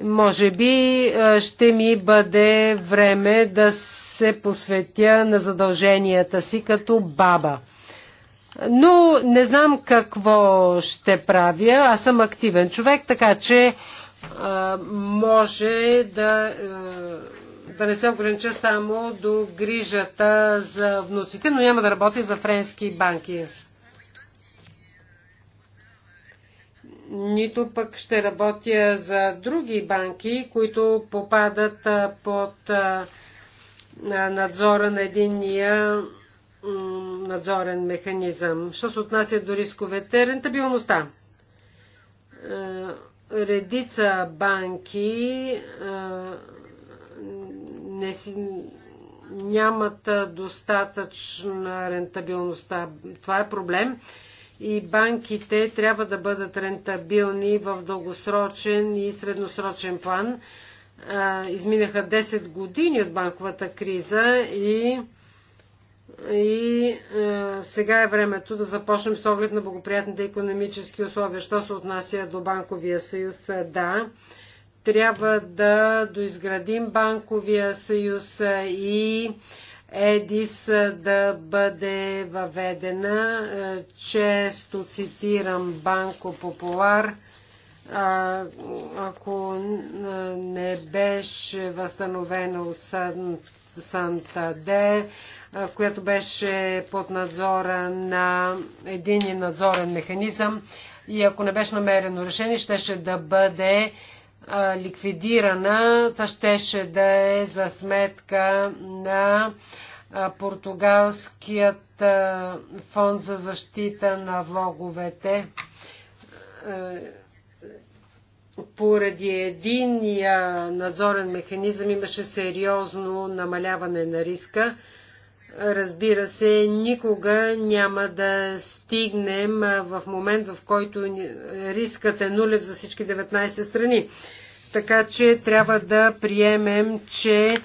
S3: Може би ще ми бъде време да се посветя на задълженията си като баба. Но не знам какво ще правя. Аз съм активен човек, така че а, може да, а, да не се огранича само до грижата за внуците, но няма да работя за френски банки. нито пък ще работя за други банки, които попадат под надзора на единния надзорен механизъм. Що се отнася до рисковете, рентабилността. Редица банки не си, нямат достатъчна рентабилността. Това е проблем и банките трябва да бъдат рентабилни в дългосрочен и средносрочен план. Изминаха 10 години от банковата криза и, и сега е времето да започнем с оглед на благоприятните економически условия. Що се отнася до банковия съюз? Да трябва да доизградим банковия съюз и ЕДИС да бъде въведена. Често цитирам Банко Популар. Ако не беше възстановена от Сантаде, която беше под надзора на един надзорен механизъм, и ако не беше намерено решение, щеше ще да бъде ликвидирана, това щеше да е за сметка на португалският фонд за защита на влоговете. Поради единия надзорен механизъм имаше сериозно намаляване на риска. Разбира се, никога няма да стигнем в момент, в който рискът е нулев за всички 19 страни. Така че трябва да приемем, че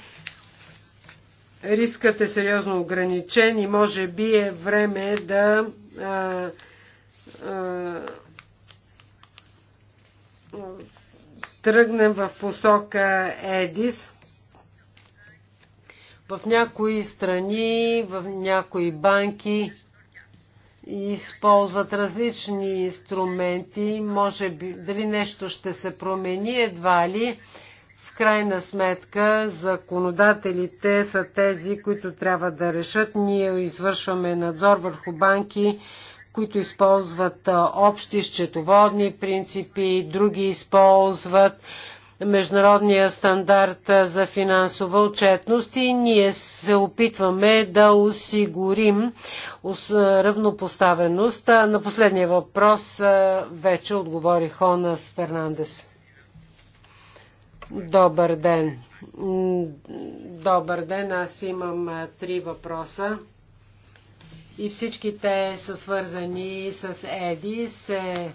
S3: рискът е сериозно ограничен и може би е време да а, а, тръгнем в посока ЕДИС. В някои страни, в някои банки използват различни инструменти. Може би, дали нещо ще се промени едва ли. В крайна сметка, законодателите са тези, които трябва да решат. Ние извършваме надзор върху банки, които използват общи счетоводни принципи, други използват международния стандарт за финансова отчетност и ние се опитваме да осигурим равнопоставеност. На последния въпрос вече отговори Хонас Фернандес. Добър ден. Добър ден. Аз имам три въпроса. И всички те са свързани с Еди. Се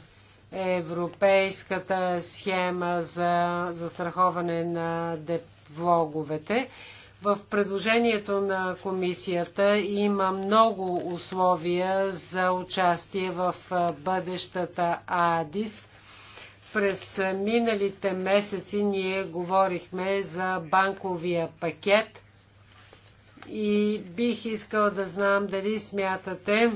S3: европейската схема за застраховане на влоговете. В предложението на комисията има много условия за участие в бъдещата АДИС. През миналите месеци ние говорихме за банковия пакет и бих искал да знам дали смятате,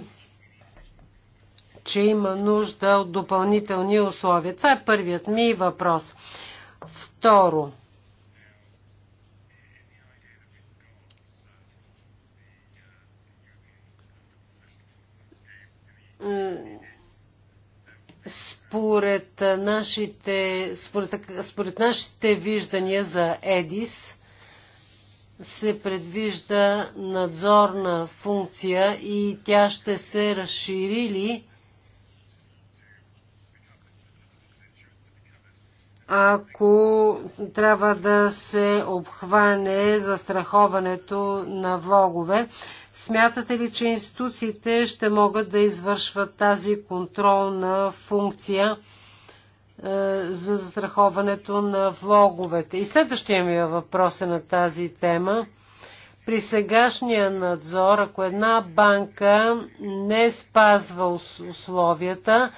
S3: че има нужда от допълнителни условия? Това е първият ми въпрос. Второ, според нашите, според, според нашите виждания за ЕДИС се предвижда надзорна функция и тя ще се разшири ли ако трябва да се обхване застраховането на влогове. Смятате ли, че институциите ще могат да извършват тази контролна функция е, за застраховането на влоговете? И следващия ми въпрос е на тази тема. При сегашния надзор, ако една банка не спазва условията,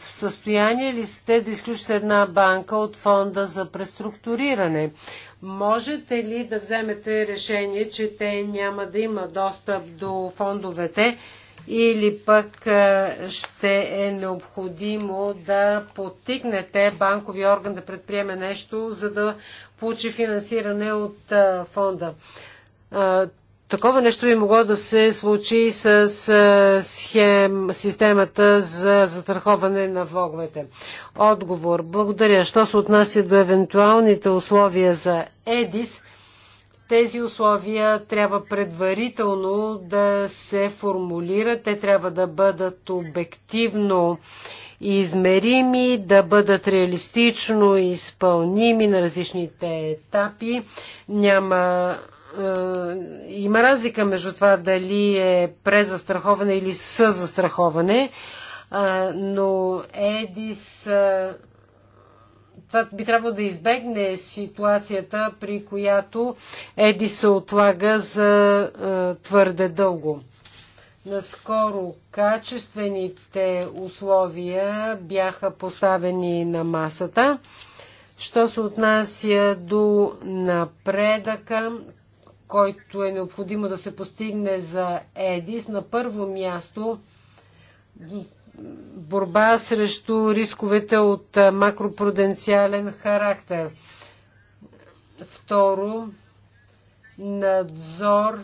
S3: в състояние ли сте да изключите една банка от фонда за преструктуриране? Можете ли да вземете решение, че те няма да има достъп до фондовете или пък е, ще е необходимо да подтикнете банкови орган да предприеме нещо, за да получи финансиране от е, фонда? Е, Такова нещо би могло да се случи с схем, системата за затърховане на влоговете. Отговор. Благодаря. Що се отнася до евентуалните условия за ЕДИС, тези условия трябва предварително да се формулират. Те трябва да бъдат обективно измерими, да бъдат реалистично изпълними на различните етапи. Няма е, има разлика между това дали е презастраховане или съзастраховане, е, но Едис е, това би трябвало да избегне ситуацията, при която Едис се отлага за твърде дълго. Наскоро качествените условия бяха поставени на масата. Що се отнася до напредъка, който е необходимо да се постигне за ЕДИС. На първо място борба срещу рисковете от макропруденциален характер. Второ, надзор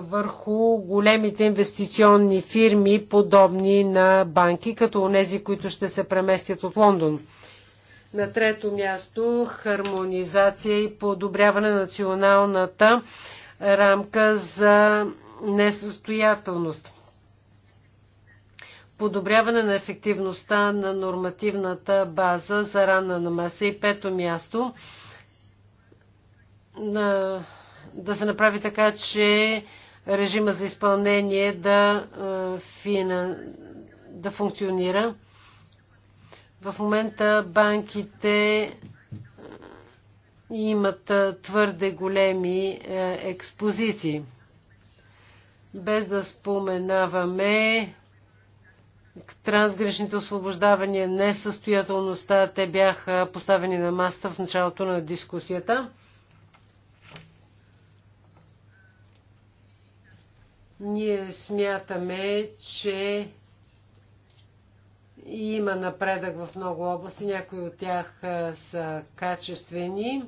S3: върху големите инвестиционни фирми, подобни на банки, като онези, които ще се преместят от Лондон. На трето място хармонизация и подобряване на националната рамка за несъстоятелност. Подобряване на ефективността на нормативната база за ранна намеса. И пето място на, да се направи така, че режима за изпълнение да, да функционира. В момента банките е, имат е, твърде големи е, експозиции. Без да споменаваме трансграничните освобождавания, несъстоятелността, те бяха поставени на маста в началото на дискусията. Ние смятаме, че и има напредък в много области, някои от тях са качествени.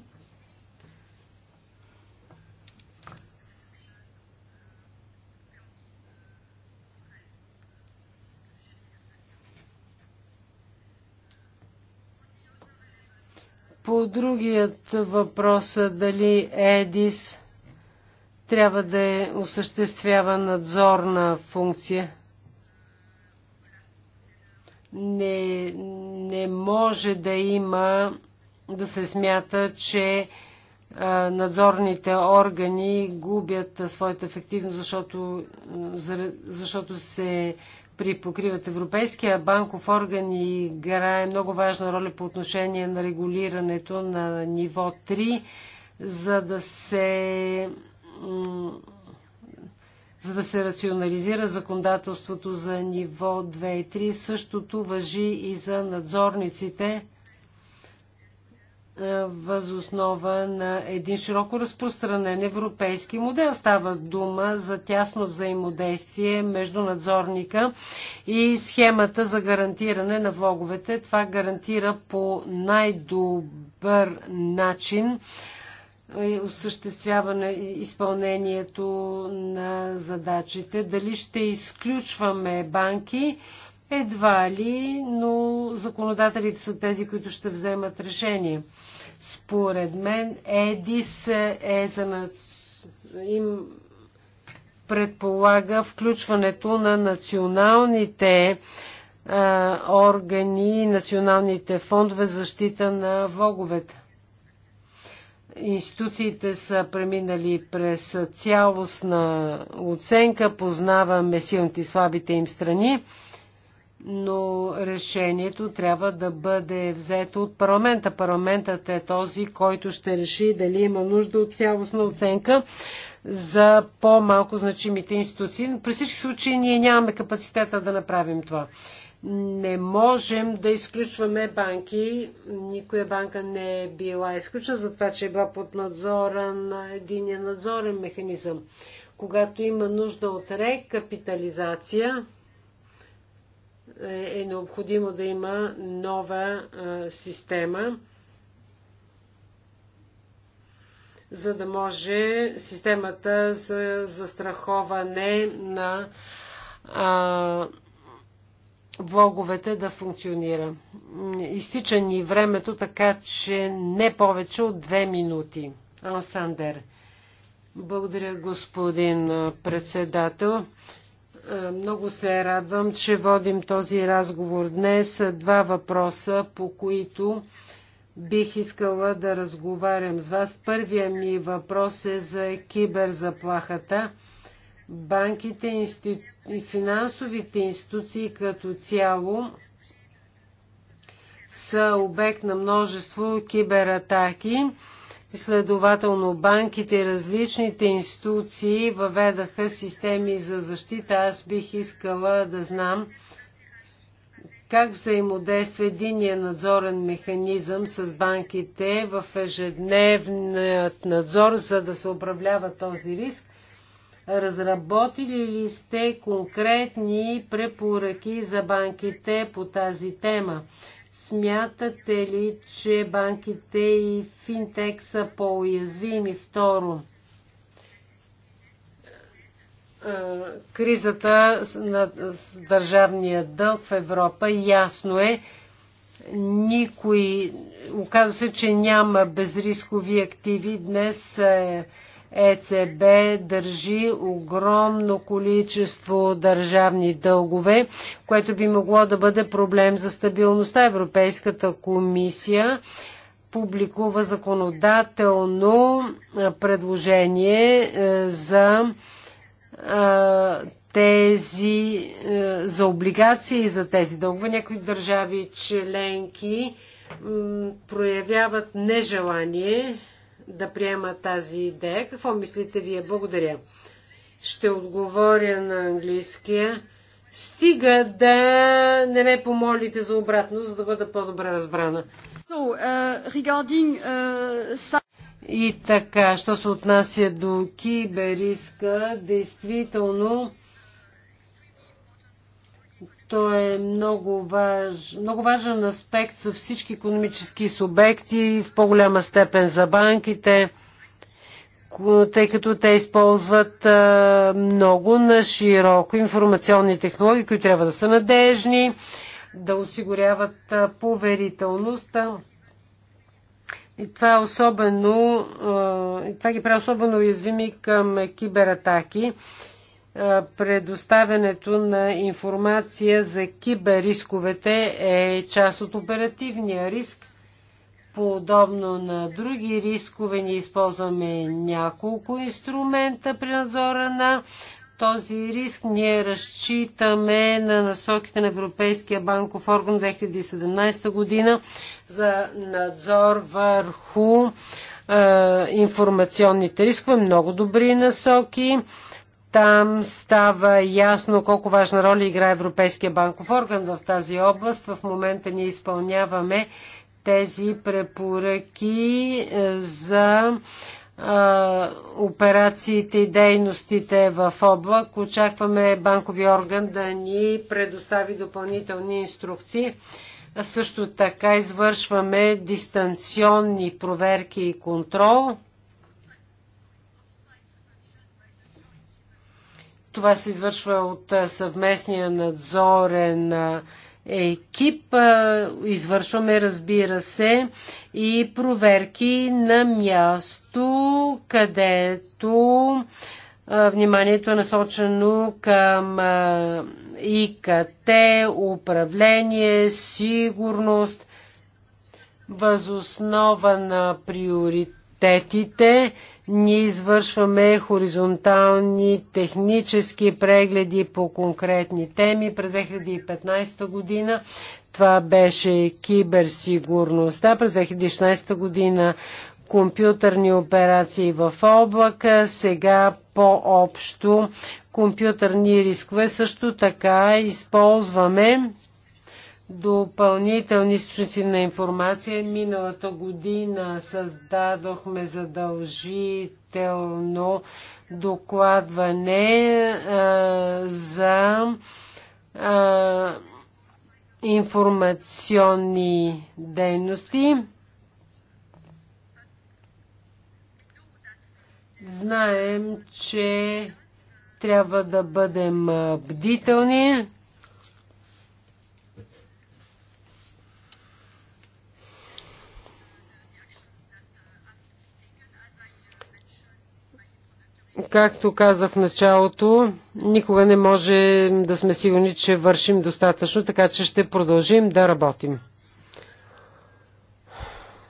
S3: По другият въпрос дали ЕДИС трябва да е, осъществява надзорна функция. Не, не може да има, да се смята, че надзорните органи губят своята ефективност, защото, защото се припокриват. Европейския банков орган и играе много важна роля по отношение на регулирането на ниво 3, за да се за да се рационализира законодателството за ниво 2 и 3. Същото въжи и за надзорниците е, възоснова на един широко разпространен европейски модел. Става дума за тясно взаимодействие между надзорника и схемата за гарантиране на влоговете. Това гарантира по най-добър начин е, осъществяване изпълнението на задачите. Дали ще изключваме банки? Едва ли, но законодателите са тези, които ще вземат решение. Според мен ЕДИС е за им предполага включването на националните органи, националните фондове защита на влоговете. Институциите са преминали през цялостна оценка, познаваме силните и слабите им страни, но решението трябва да бъде взето от парламента. Парламентът е този, който ще реши дали има нужда от цялостна оценка за по-малко значимите институции. При всички случаи ние нямаме капацитета да направим това не можем да изключваме банки. Никоя банка не е била изключена за това, че е била под надзора на единия надзорен механизъм. Когато има нужда от рекапитализация, е, е необходимо да има нова система, за да може системата за застраховане на а, влоговете да функционира. Изтича ни времето, така че не повече от две минути. Ансандер. Благодаря, господин председател. Много се радвам, че водим този разговор днес. Два въпроса, по които бих искала да разговарям с вас. Първия ми въпрос е за киберзаплахата банките и финансовите институции като цяло са обект на множество кибератаки. Следователно, банките и различните институции въведаха системи за защита. Аз бих искала да знам как взаимодейства единия надзорен механизъм с банките в ежедневният надзор, за да се управлява този риск Разработили ли сте конкретни препоръки за банките по тази тема? Смятате ли, че банките и финтек са по-уязвими? Второ, кризата на държавния дълг в Европа ясно е, никой, оказва се, че няма безрискови активи. Днес е, ЕЦБ държи огромно количество държавни дългове, което би могло да бъде проблем за стабилността. Европейската комисия публикува законодателно предложение за тези, за облигации за тези дългове. Някои държави членки проявяват нежелание да приема тази идея. Какво мислите вие? Благодаря. Ще отговоря на английския. Стига да не ме помолите за обратно, за да бъда по-добре разбрана.
S2: So, uh, е, regarding, uh,
S3: И така, що се отнася до кибериска, действително то е много, важ, много важен аспект за всички економически субекти, в по-голяма степен за банките, тъй като те използват много на широко информационни технологии, които трябва да са надежни, да осигуряват поверителността. И това е особено, това ги прави особено уязвими към кибератаки предоставянето на информация за киберрисковете е част от оперативния риск. Подобно на други рискове, ние използваме няколко инструмента при надзора на този риск. Ние разчитаме на насоките на Европейския банков орган 2017 година за надзор върху е, информационните рискове. Много добри насоки там става ясно колко важна роля играе Европейския банков орган в тази област. В момента ние изпълняваме тези препоръки е, за а, операциите и дейностите в облак. Очакваме банковия орган да ни предостави допълнителни инструкции. А също така извършваме дистанционни проверки и контрол Това се извършва от съвместния надзорен екип. Извършваме, разбира се, и проверки на място, където вниманието е насочено към ИКТ, управление, сигурност, възоснова на приоритет приоритетите. Ние извършваме хоризонтални технически прегледи по конкретни теми. През 2015 година това беше киберсигурността. През 2016 година компютърни операции в облака, сега по-общо компютърни рискове. Също така използваме допълнителни източници на информация. Миналата година създадохме задължително докладване а, е, за а, е, информационни дейности. Знаем, че трябва да бъдем бдителни. Както казах в началото, никога не може да сме сигурни, че вършим достатъчно, така че ще продължим да работим.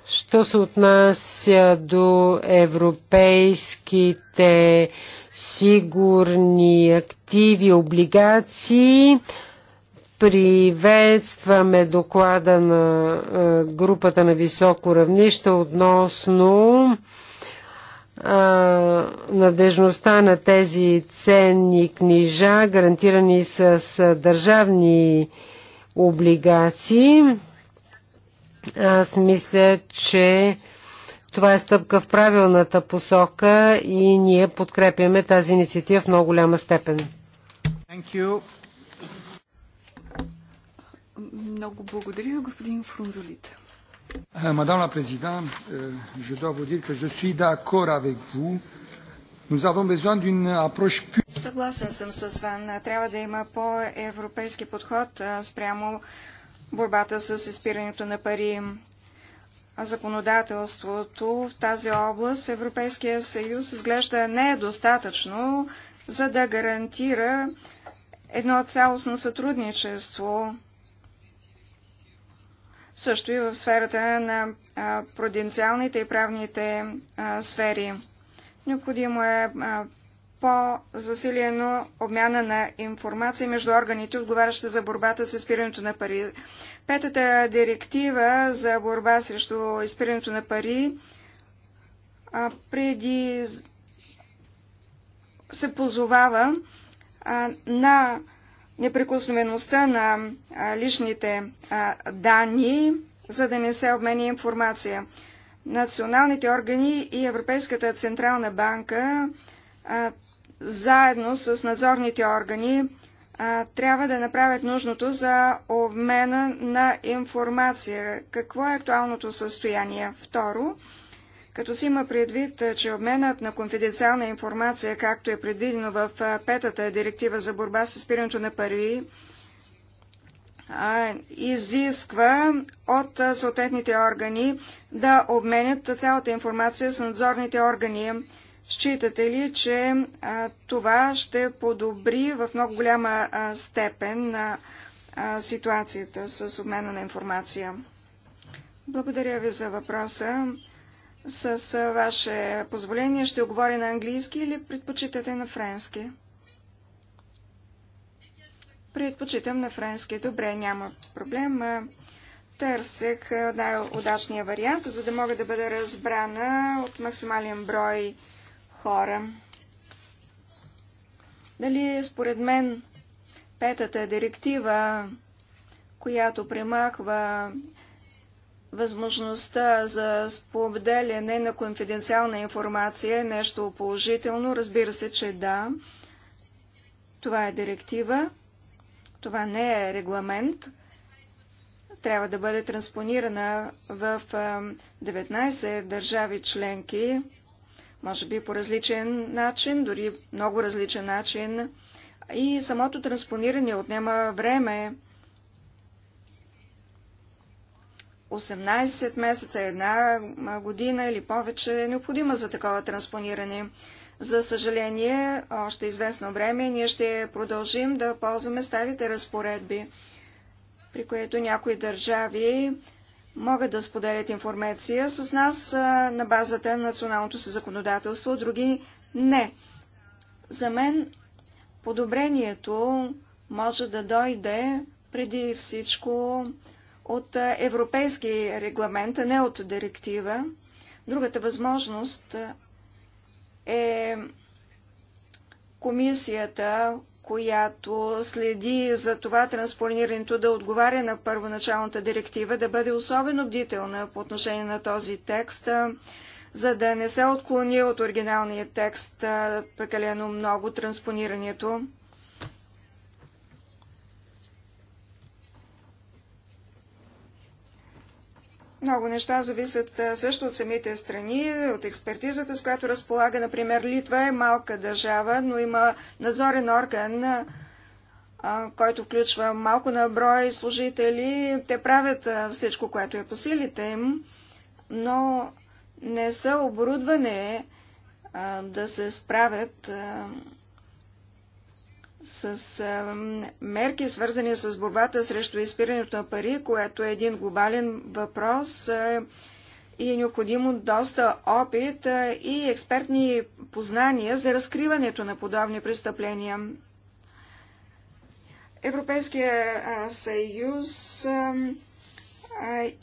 S3: Що се отнася до европейските сигурни активи, облигации, приветстваме доклада на е, групата на високо равнище относно надежността на тези ценни книжа, гарантирани с държавни облигации. Аз мисля, че това е стъпка в правилната посока и ние подкрепяме тази инициатива в много голяма степен.
S2: Много благодаря, господин Фрунзолите.
S3: Мадам ла президент, je
S1: dois vous dire que je suis d'accord avec vous. Nous avons besoin d'une approche plus...
S4: Съгласен съм с Ван. Трябва да има по-европейски подход спрямо борбата с изпирането на пари. Законодателството в тази област в Европейския съюз изглежда не е достатъчно, за да гарантира едно цялостно сътрудничество също и в сферата на пруденциалните и правните сфери. Необходимо е по-засилено обмяна на информация между органите, отговарящи за борбата с изпирането на пари. Петата директива за борба срещу изпирането на пари преди се позовава на неприкосновеността на личните данни, за да не се обменя информация. Националните органи и Европейската Централна банка заедно с надзорните органи трябва да направят нужното за обмена на информация. Какво е актуалното състояние? Второ, като си има предвид, е, че обменът на конфиденциална информация, както е предвидено в е, петата директива за борба с спирането на пари, изисква от е, съответните органи да обменят цялата информация с надзорните органи. Считате ли, че това ще подобри в много голяма степен на ситуацията с обмена на информация? Благодаря ви за въпроса. С ваше позволение ще говоря на английски или предпочитате на френски? Предпочитам на френски. Добре, няма проблем. Търсех най-удачния вариант, за да мога да бъда разбрана от максимален брой хора. Дали според мен петата директива, която премахва Възможността за споделяне на конфиденциална информация е нещо положително. Разбира се, че да. Това е директива. Това не е регламент. Трябва да бъде транспонирана в 19 държави членки, може би по различен начин, дори много различен начин. И самото транспониране отнема време. 18 месеца, една година или повече е необходима за такова транспониране. За съжаление, още известно време ние ще продължим да ползваме старите разпоредби, при което някои държави могат да споделят информация с нас на базата на националното си законодателство, други не. За мен подобрението може да дойде преди всичко от европейски регламент, а не от директива. Другата възможност е комисията, която следи за това транспонирането да отговаря на първоначалната директива, да бъде особено бдителна по отношение на този текст, за да не се отклони от оригиналния текст прекалено много транспонирането. Много неща зависят също от самите страни, от експертизата, с която разполага. Например, Литва е малка държава, но има надзорен орган, който включва малко на брой служители. Те правят всичко, което е по силите им, но не са оборудване да се справят с мерки, свързани с борбата срещу изпирането на пари, което е един глобален въпрос а, и е необходимо доста опит а, и експертни познания за разкриването на подобни престъпления. Европейския съюз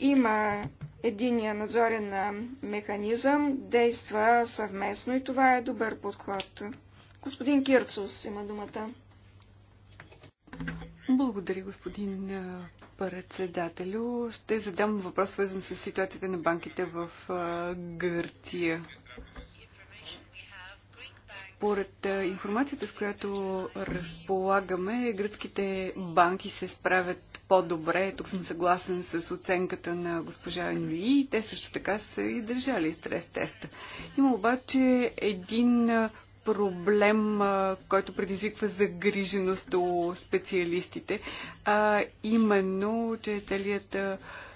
S4: има единия надзорен механизъм, действа съвместно и това е добър подход. Господин Кирцус има думата.
S2: Благодаря, господин председателю. Ще задам въпрос, свързан с ситуацията на банките в Гърция. Според информацията, с която разполагаме, гръцките банки се справят по-добре. Тук съм съгласен с оценката на госпожа Нюи. Те също така са и държали стрес теста. Има обаче един проблем, който предизвиква загриженост у специалистите, а именно, че целият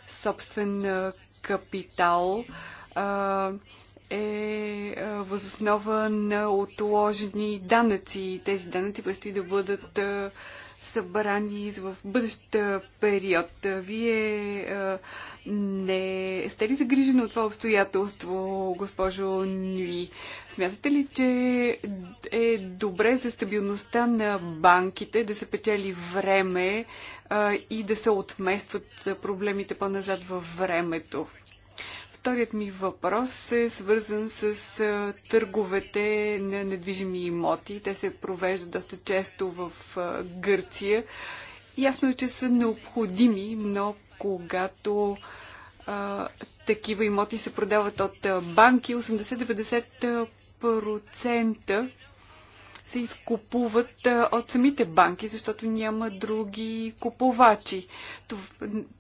S2: собствен капитал а, е възоснова на отложени данъци. Тези данъци предстои да бъдат събрани в бъдещ период. Вие а, не сте ли загрижени от това обстоятелство, госпожо Нюи? Смятате ли, че е добре за стабилността на банките да се печели време а, и да се отместват проблемите по-назад във времето? Вторият ми въпрос е свързан с търговете на недвижими имоти. Те се провеждат доста често в Гърция. Ясно е, че са необходими, но когато а, такива имоти се продават от банки, 80-90% се изкупуват от самите банки, защото няма други купувачи.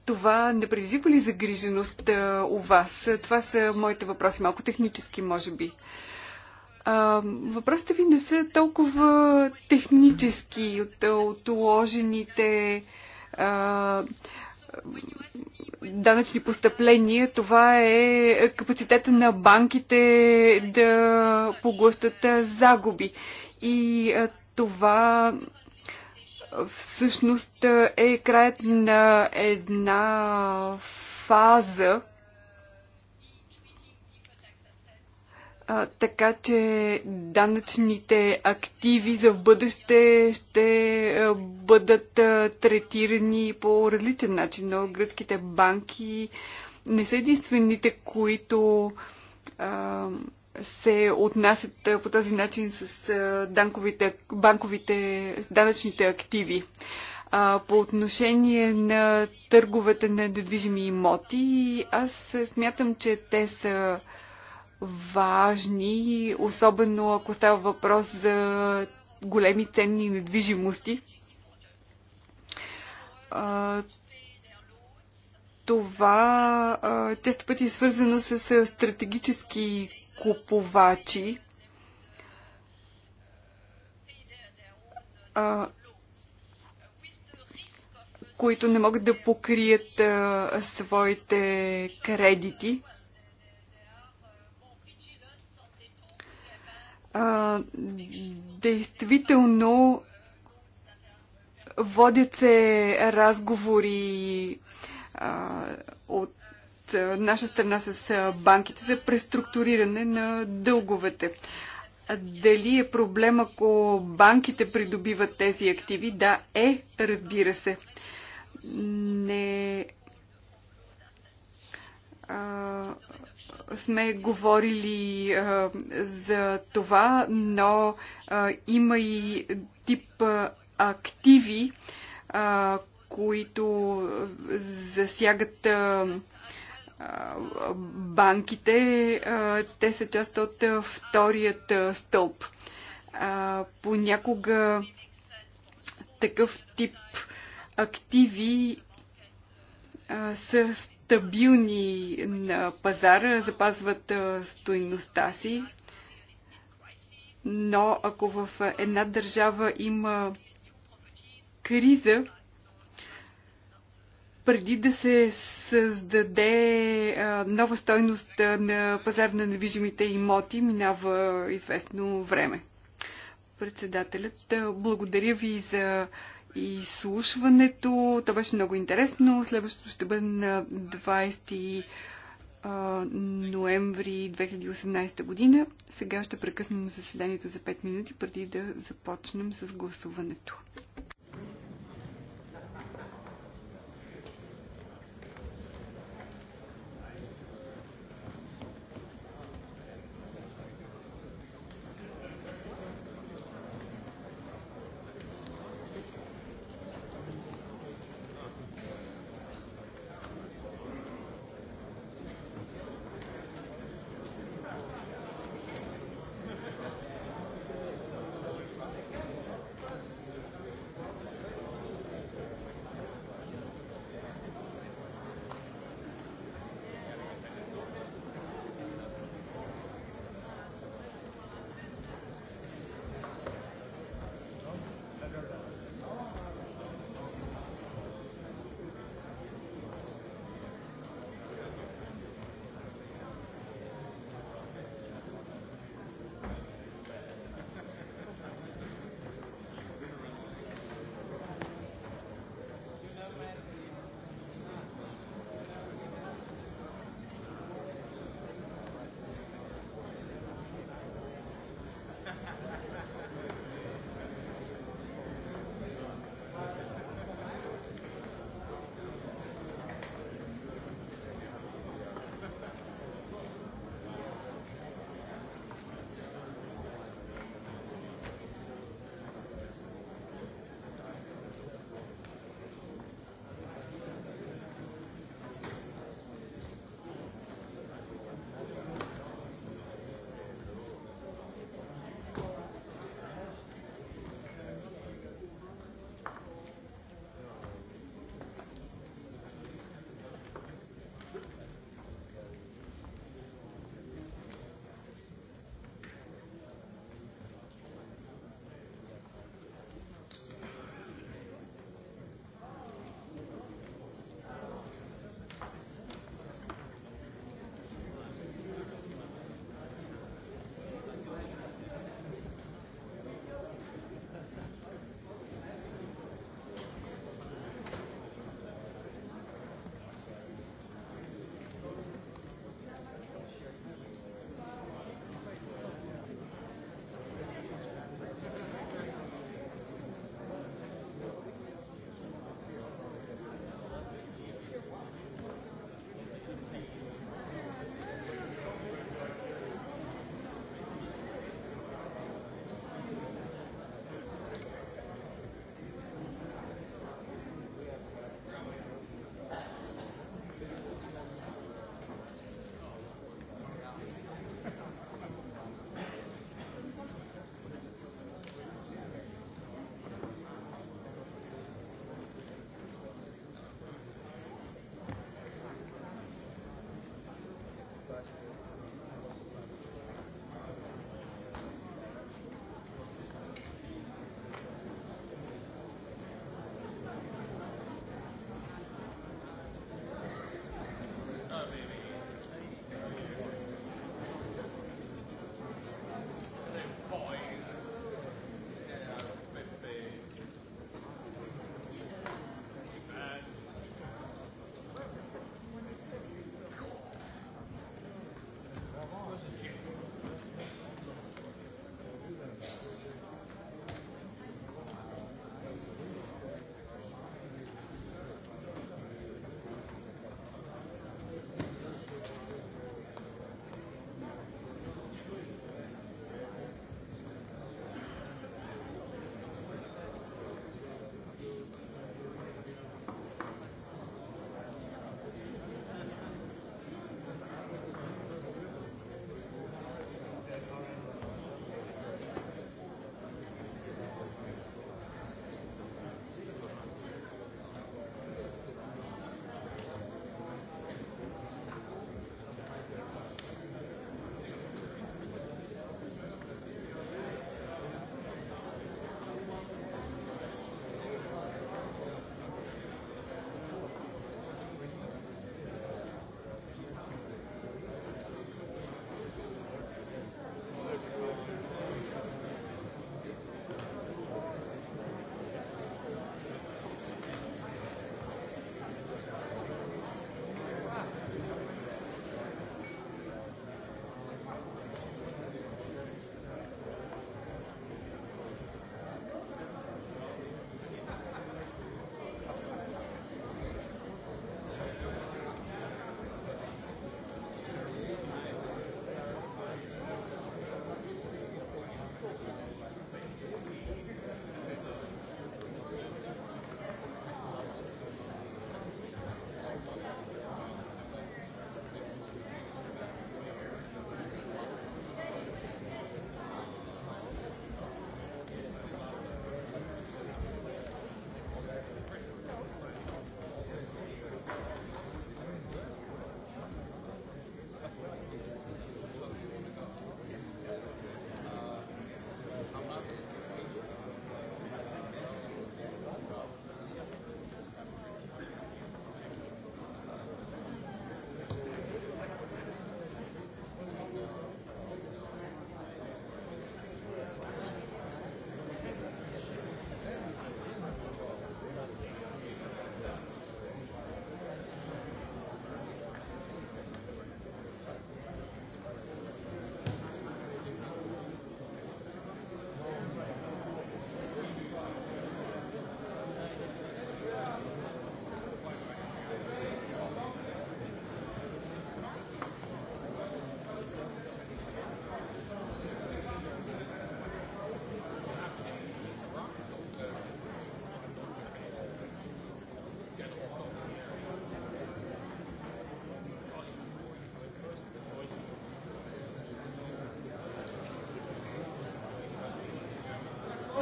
S2: Това не предизвиква ли загриженост у вас? Това са моите въпроси, малко технически, може би. Въпросите ви не са толкова технически от отложените данъчни постъпления, това е капацитета на банките да поглъщат загуби. И това всъщност е краят на една фаза, а, така че данъчните активи за в бъдеще ще а, бъдат а, третирани по различен начин, но гръцките банки не са единствените, които а, се отнасят а, по този начин с а, данковите, банковите, с данъчните активи. А, по отношение на търговете на недвижими имоти, аз смятам, че те са важни, особено ако става въпрос за големи ценни недвижимости. Това често пъти е свързано с стратегически купувачи. които не могат да покрият а, своите кредити. а, действително водят се разговори а, от наша страна с банките за преструктуриране на дълговете. Дали е проблем, ако банките придобиват тези активи? Да, е, разбира се. Не. А, сме говорили а, за това, но а, има и тип а, активи, а, които засягат а, банките. А, те са част от а, вторият а, стълб. А, понякога такъв тип активи а, са стабилни на пазара, запазват стойността си. Но ако в една държава има криза, преди да се създаде нова стойност на пазар на недвижимите имоти, минава известно време. Председателят, благодаря ви за изслушването. То беше много интересно. Следващото ще бъде на 20 ноември 2018 година. Сега ще прекъснем заседанието за 5 минути преди да започнем с гласуването.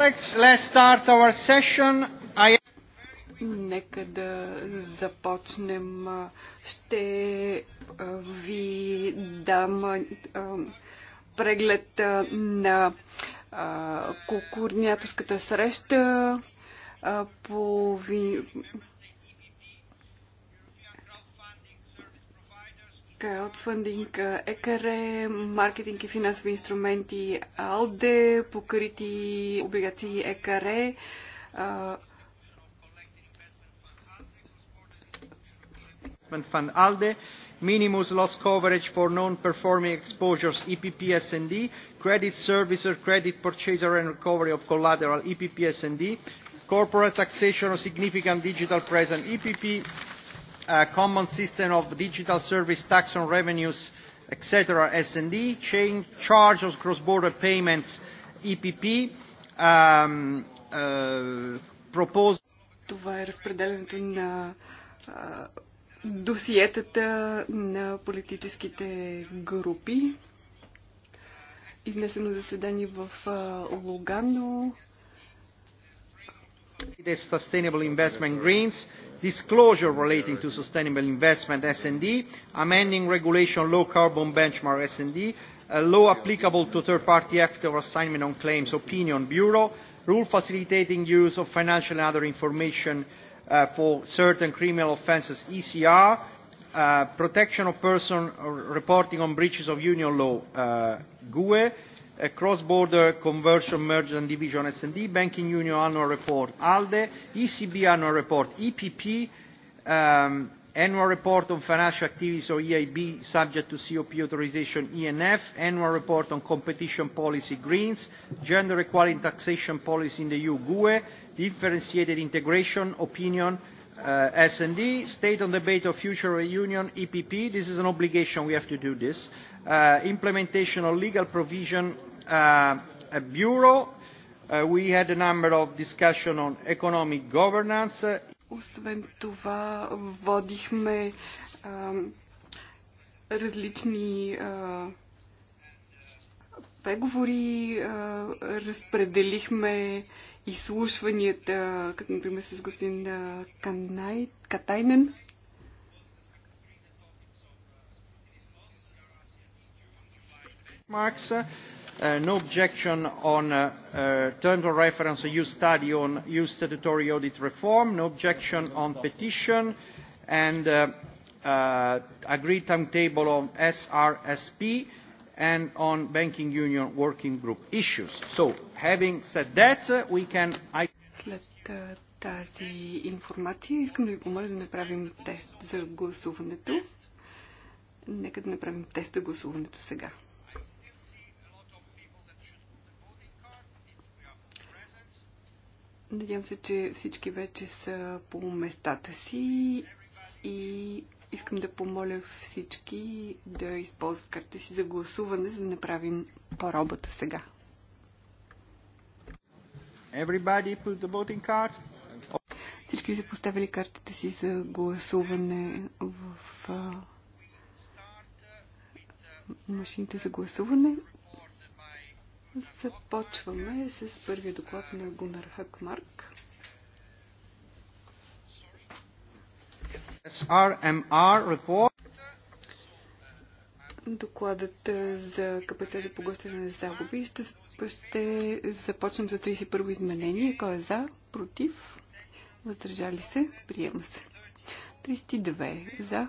S1: Let's, let's start our session. I... Нека да започнем.
S2: Ще ви дам преглед на кукурнятовската среща. краудфандинг, екаре, маркетинг и финансови инструменти, алде, покрити облигации екаре,
S1: Fund minimus loss coverage for non-performing exposures EPPS&D, credit servicer, credit purchaser and recovery of collateral EPPS&D, corporate taxation of significant digital presence EPP uh, common system of digital service tax on revenues, etc., S&D, change charge of cross-border payments, EPP, um, uh, proposed... Това е разпределянето на uh,
S2: досиетата на политическите групи. Изнесено заседание в uh, Лугано.
S1: Sustainable Investment Greens, disclosure relating to sustainable investment S&D, amending regulation low carbon benchmark S&D, a law applicable to third-party of assignment on claims opinion bureau, rule facilitating use of financial and other information for certain criminal offences ECR, protection of person reporting on breaches of union law GUE, cross-border conversion, merger and division S&D, Banking Union Annual Report ALDE, ECB Annual Report EPP, Annual Report on Financial Activities or EIB subject to COP authorization ENF, Annual Report on Competition Policy Greens, Gender Equality and Taxation Policy in the EU GUE, Differentiated Integration Opinion uh, S&D, State on Debate of Future Union EPP. This is an obligation, we have to do this. implementation of legal provision Uh, bureau. Uh, we had a number of discussion on economic governance. Освен това, водихме различни
S2: преговори, разпределихме изслушванията, като например с господин Катайнен.
S1: Маркса no objection on terms of reference EU study on EU statutory audit reform, no objection on petition, and agreed timetable on SRSP and on banking union working group issues. So, having said that, we can... I
S2: тази информация искам да ви помоля да направим тест за гласуването. Нека да направим тест за гласуването сега. Надявам се, че всички вече са по местата си и искам да помоля всички да използват карта си за гласуване, за да направим поробата сега. put the card. Всички са поставили картата си за гласуване в а, машините за гласуване. Започваме с първия доклад на Гунар Хакмарк.
S1: SRMR report.
S2: Докладът за капацитета по гостене на загуби ще, ще започнем с 31-во изменение. Кой е за? Против? Въздържали се? Приема се. 32 за?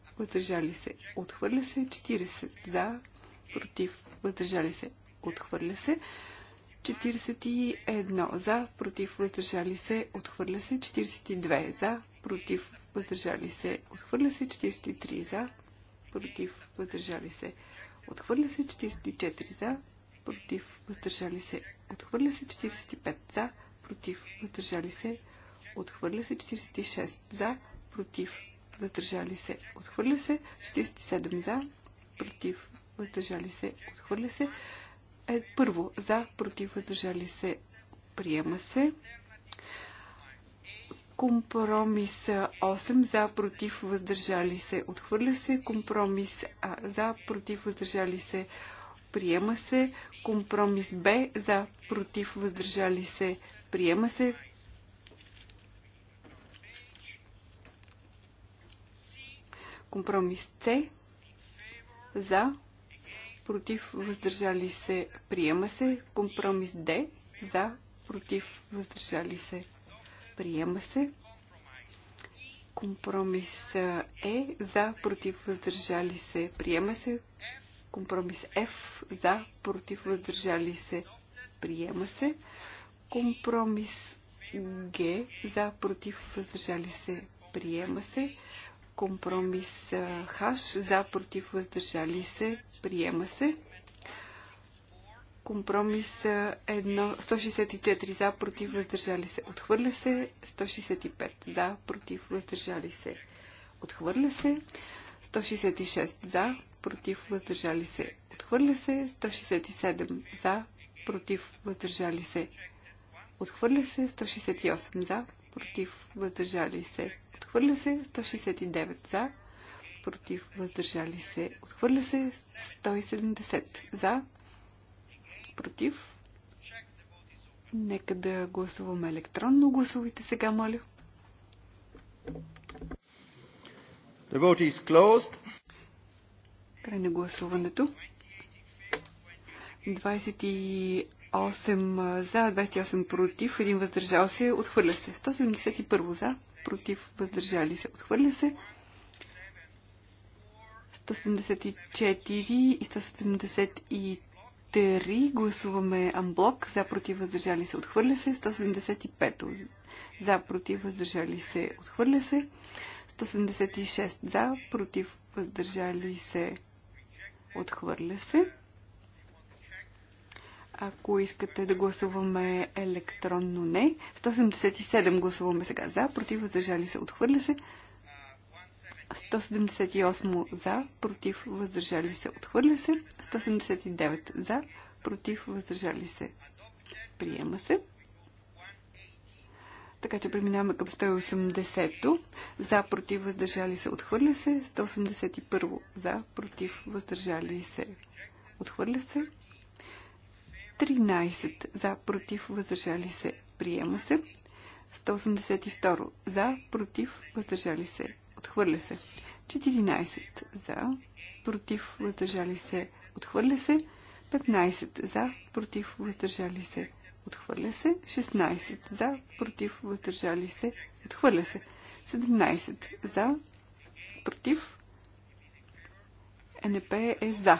S2: въздържали се, отхвърля се, 40 за, против, въздържали се, отхвърля се, 41 за, против, въздържали се, отхвърля се, 42 за, против, въздържали се, отхвърля се, 43 за, против, въздържали се, отхвърля се, 44 за, против, въздържали се, отхвърля се, 45 за, против, въздържали се, отхвърля се, 46 за, против, въздържали се, отхвърля се. 47 за, против, въздържали се, отхвърля се. Е, първо, за, против, въздържали се, приема се. Компромис 8 за, против, въздържали се, отхвърля се. Компромис А за, против, въздържали се, приема се. Компромис Б за, против, въздържали се, приема се. Компромис С. За. Против. Въздържали се. Приема се. Компромис Д. За. Против. Въздържали се. Приема се. Компромис Е. За. Против. Въздържали се. Приема се. Компромис Ф. За. Против. Въздържали се. Приема се. Компромис Г. За. Против. Въздържали се. Приема се. Компромис Хаш. За, против, въздържали се. Приема се. Компромис 1, 164 за, против, въздържали се. Отхвърля се. 165 за, против, въздържали се. Отхвърля се. 166 за, против, въздържали се. Отхвърля се. 167 за, против, въздържали се. Отхвърля се 168 за, против, въздържали се отхвърля се. 169 за, против, въздържали се, отхвърля се. 170 за, против. Нека да гласуваме електронно. Гласувайте сега, моля.
S5: The vote is closed.
S2: Край на гласуването. 28 за, 28 против, един въздържал се, отхвърля се. 171 за, против, въздържали се, отхвърля се. 174 и 173 гласуваме амблок. За против въздържали се, отхвърля се. 175 за против въздържали се, отхвърля се. 176 за против въздържали се, отхвърля се. Ако искате да гласуваме електронно не. 177 гласуваме сега за, против въздържали се, отхвърля се. 178 за, против въздържали се, отхвърля се. 179 за, против въздържали се, приема се. Така че преминаваме към 180-то. За, против, въздържали се, отхвърля се. 181-во. За, против, въздържали се, отхвърля се. 13 за, против, въздържали се, приема се. 182 за, против, въздържали се, отхвърля се. 14 за, против, въздържали се, отхвърля се. 15 за, против, въздържали се, отхвърля се. 16 за, против, въздържали се, отхвърля се. 17 за, против, НП е за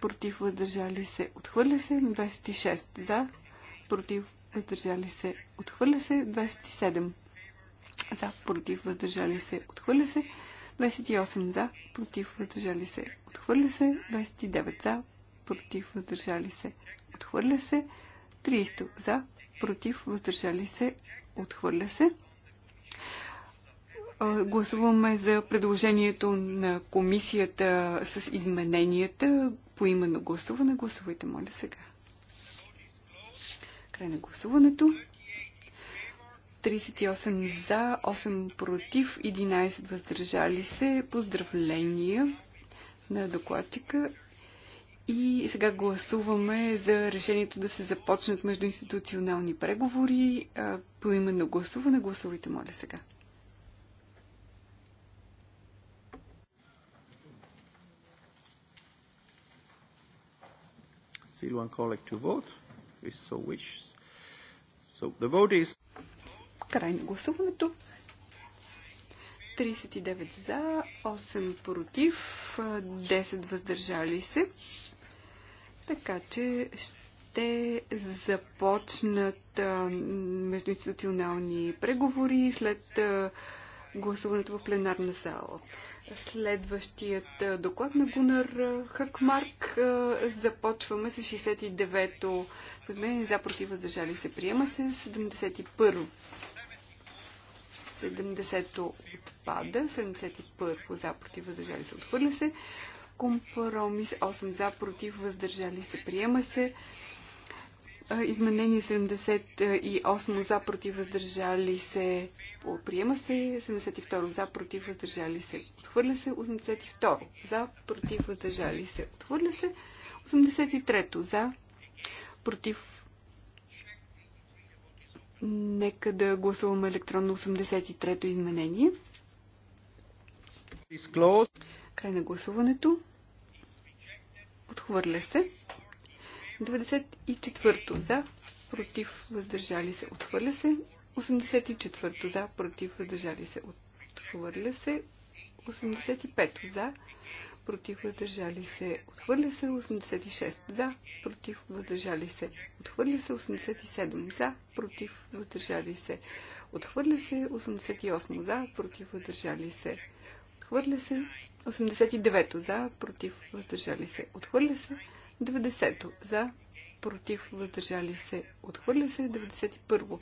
S2: против въздържали се, отхвърля се. 26 за, против въздържали се, отхвърля се. 27 за, против въздържали се, отхвърля се. 28 за, против въздържали се, отхвърля се. 29 за, против въздържали се, отхвърля се. 30 за, против въздържали се, отхвърля се. Гласуваме за предложението на комисията с измененията. По именно гласуване. Гласувайте, моля, сега. Край на гласуването. 38 за, 8 против, 11 въздържали се. Поздравления на докладчика. И сега гласуваме за решението да се започнат междуинституционални преговори. По именно гласуване. Гласувайте, моля, сега.
S1: Still one colleague to vote, if so wishes. So the vote is... Край на гласуването.
S2: 39 за, 8 против, 10 въздържали се. Така че ще започнат междуинституционални преговори след гласуването в пленарна зала. Следващият доклад на Гунар Хакмарк започваме с 69-то Възмени за против въздържали се. Приема се 71-то. 70-то отпада, 71-то за против въздържали се. Отхвърля се. Компромис 8 за против въздържали се. Приема се. Изменение 78 за против въздържали се Приема се 72 за, против, въздържали се. Отхвърля се 82 за, против, въздържали се. Отхвърля се 83 за, против. Нека да гласуваме електронно 83-то изменение. Край на гласуването. Отхвърля се. 94 за, против, въздържали се. Отхвърля се. 84 за, против, въздържали се, отхвърля се. 85 за, против, въздържали се, отхвърля се. 86 за, против, въздържали се, отхвърля се. 87 за, против, въздържали се, отхвърля се. 88 за, против, въздържали се, отхвърля се. 89 за, против, въздържали се, отхвърля се. 90 за, против, въздържали се, отхвърля се. 91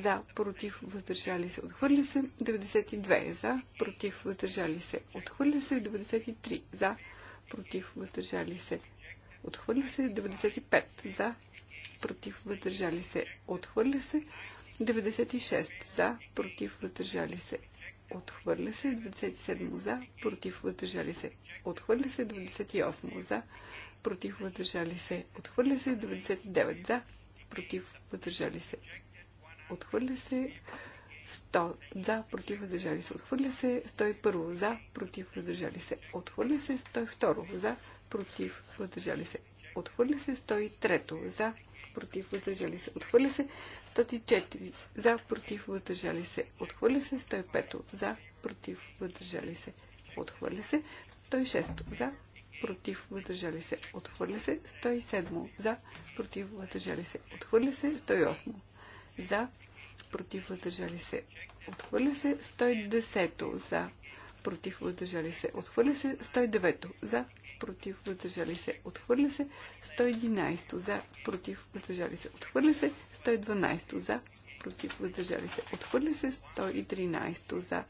S2: за, против, въздържали се, отхвърля се, 92 за, против, въздържали се, отхвърля се, 93 за, против, въздържали се, отхвърля се, 95 за, против, въздържали се, отхвърля се, 96 за, против, въздържали се, отхвърля се, 97 за, против, въздържали се, отхвърля се, 98 за, против, въздържали се, отхвърля се, 99 за, против, въздържали се, отхвърля се. 100 за, против, въздържали се, отхвърля се. 101 за, против, въздържали се, отхвърля се. 102 за, против, въздържали се, отхвърля се. 103 за, против, въздържали се, отхвърля се. 104 за, против, въздържали се, отхвърля се. 105 за, против, въздържали се, отхвърля се. 106 за, против, въздържали се, отхвърля се. 107 за, против, въздържали се, отхвърля се. 108 за, против, въздържали се, отхвърля се. 110 за, против, въздържали се, отхвърля се. 109 за, против, въздържали се, отхвърля се. 111 за, против, въздържали се, отхвърля се. 112 за, против, въздържали се, отхвърля се. 113 за,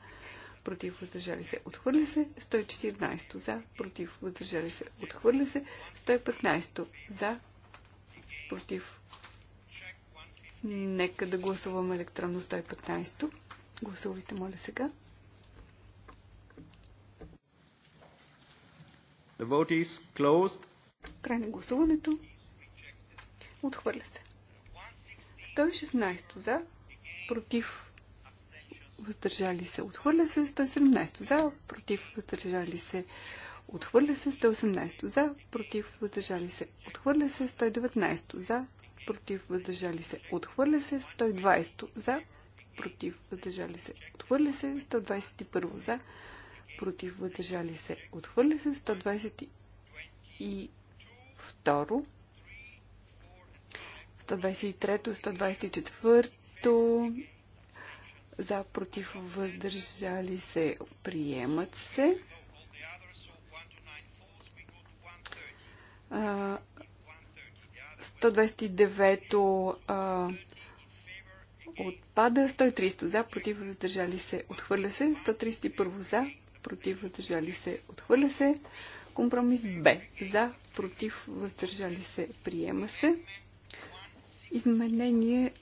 S2: против въздържали се, отхвърли се, 114 за, против въздържали се, отхвърли се, 115 за, против Нека да гласуваме електронно 115. Гласувайте, моля сега.
S5: The vote is closed.
S2: Край на гласуването. Отхвърля се. 116 за, против, въздържали се, отхвърля се. 117 за, против, въздържали се, отхвърля се. 118 за, против, въздържали се, отхвърля се. 119 за, против, въздържали се, отхвърля се, 120 за, против, въздържали се, отхвърля се, 121 за, против, въздържали се, отхвърля се, второ, 123, 124, за, против, въздържали се, приемат се. 129-то отпада. 130 за, против, въздържали се, отхвърля се. 131 за, против, въздържали се, отхвърля се. Компромис Б. За, против, въздържали се, приема се. Изменение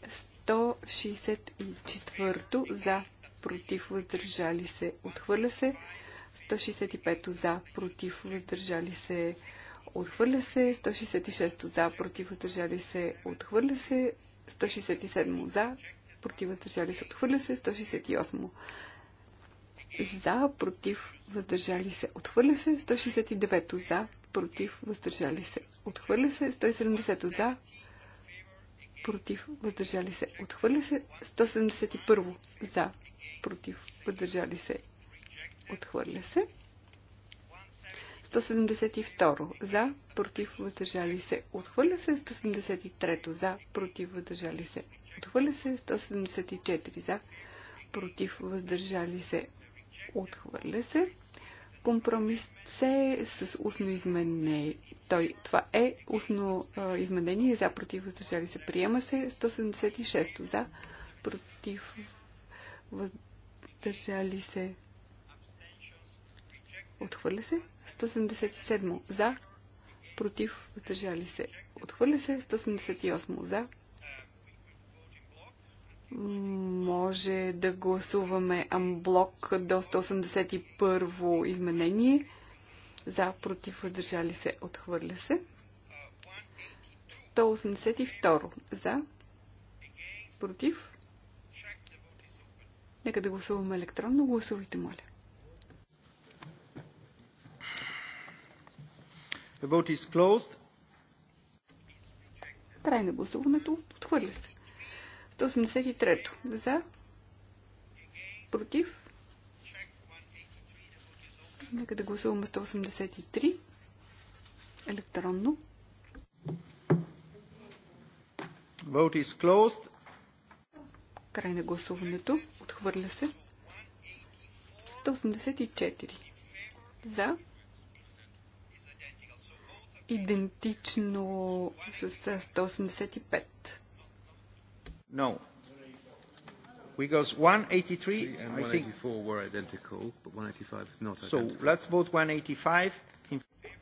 S2: 164 за, против, въздържали се, отхвърля се. 165 за, против, въздържали се, отхвърля се отхвърля се, 166 за, против, въздържали се, отхвърля се, 167 за, против, въздържали се, отхвърля се, 168 за, против, въздържали се, отхвърля се, 169 за, против, въздържали се, отхвърля се, 170 за, против, въздържали се, отхвърля се, 171 за, против, въздържали се, отхвърля се. 172 за, против, въздържали се, отхвърля се. 173 за, против, въздържали се, отхвърля се. 174 за, против, въздържали се, отхвърля се. Компромис С с устно изменение. Той, това е устно а, изменение за против въздържали се. Приема се 176 за против въздържали се. Отхвърля се. 177 за, против, въздържали се. Отхвърля се 178 за. Може да гласуваме амблок до 181 изменение. За, против, въздържали се. Отхвърля се. 182 за, против. Нека да гласуваме електронно. Гласувайте, моля.
S5: The vote is closed.
S2: Край на гласуването. Отхвърля се. 183-то. За. Против. Нека да гласуваме 183 електронно.
S5: Vote is closed. Край
S2: на гласуването. Отхвърля се. 184. За идентично с 185.
S1: No. We goes 183 and 184 were identical, but 185 is not identical. So let's vote 185.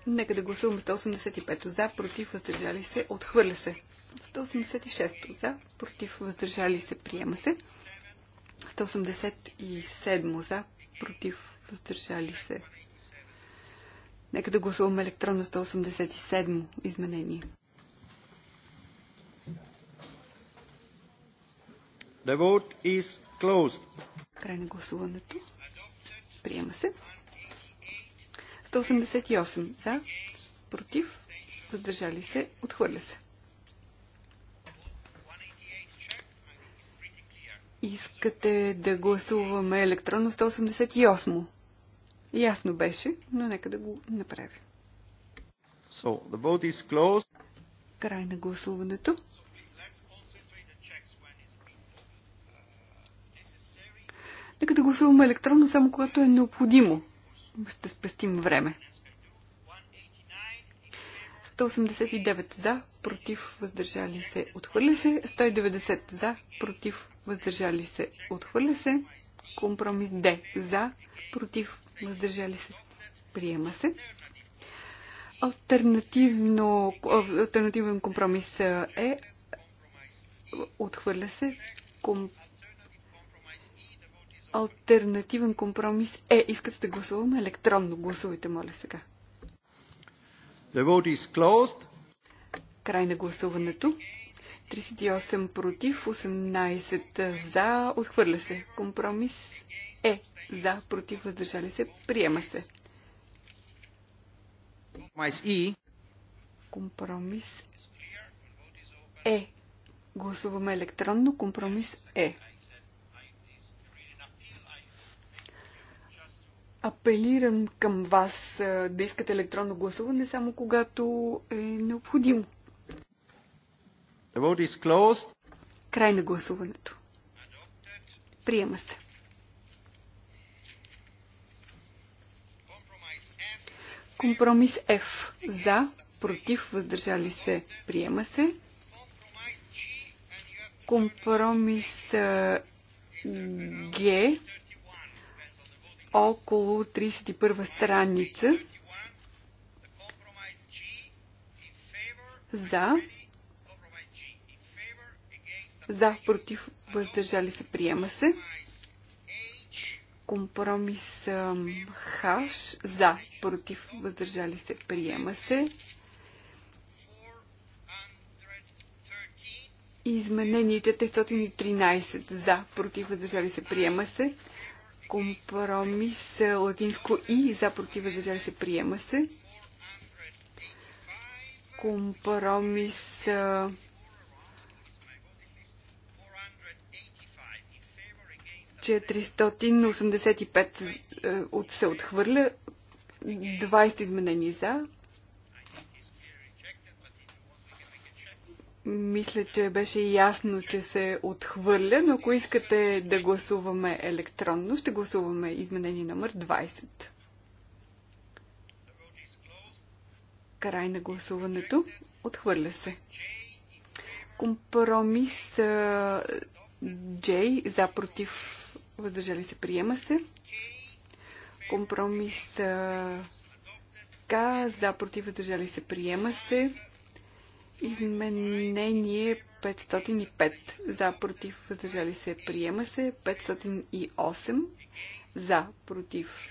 S2: Нека да гласуваме 185 за, против, въздържали се, отхвърля се. 186 за, против, въздържали се, приема се. 187 за, против, въздържали се, Нека да гласуваме електронно 187 изменение.
S5: The vote is closed.
S2: Край на гласуването. Приема се. 188 за, против, въздържали се, отхвърля се. Искате да гласуваме електронно 188. Ясно беше, но нека да го направи.
S5: So, the vote is closed.
S2: Край на гласуването. Нека да гласуваме електронно, само когато е необходимо. Ще спестим време. 189 за, против, въздържали се, отхвърля се. 190 за, против, въздържали се, отхвърля се. Компромис Д за, против, въздържали се, приема се. Альтернативно, альтернативен компромис е отхвърля се ком... Альтернативен компромис е. Искате да гласуваме електронно. Гласувайте, моля сега.
S5: The vote is closed.
S2: Край на гласуването. 38 против, 18 за. Отхвърля се. Компромис е за, против, въздържали се, приема се. Компромис Е. Гласуваме електронно. Компромис Е. Апелирам към вас да искате електронно гласуване само когато е необходимо. Край на гласуването. Приема се. Компромис F. За, против, въздържали се, приема се. Компромис Г. Около 31 страница. За. За, против, въздържали се, приема се. Компромис хаш за, против, въздържали се, приема се. Изменение 413 за, против, въздържали се, приема се. Компромис е, латинско и за, против, въздържали се, приема се. Компромис е, 485 е, от се отхвърля. 20 изменения за. Мисля, че беше ясно, че се отхвърля, но ако искате да гласуваме електронно, ще гласуваме изменение номер 20. Край на гласуването. Отхвърля се. Компромис J е, за против въздържали се, приема се. Компромис К, за, против, въздържали се, приема се. Изменение 505, за, против, въздържали се, приема се. 508, за, против.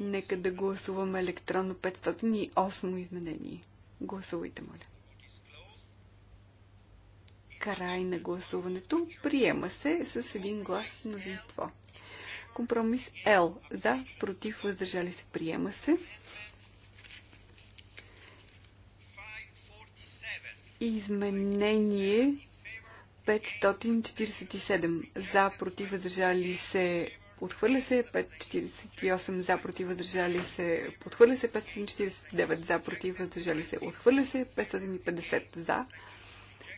S2: Нека да гласуваме електронно 508 изменение. Гласувайте, моля. Край на гласуването. Приема се с един глас мнозинство. Компромис Л. За, против, въздържали се. Приема се. Изменение 547. За, против, въздържали се. Отхвърля се 548 за против въздържали се. Подхвърля се 549 за против въздържали се. Отхвърля се 550 за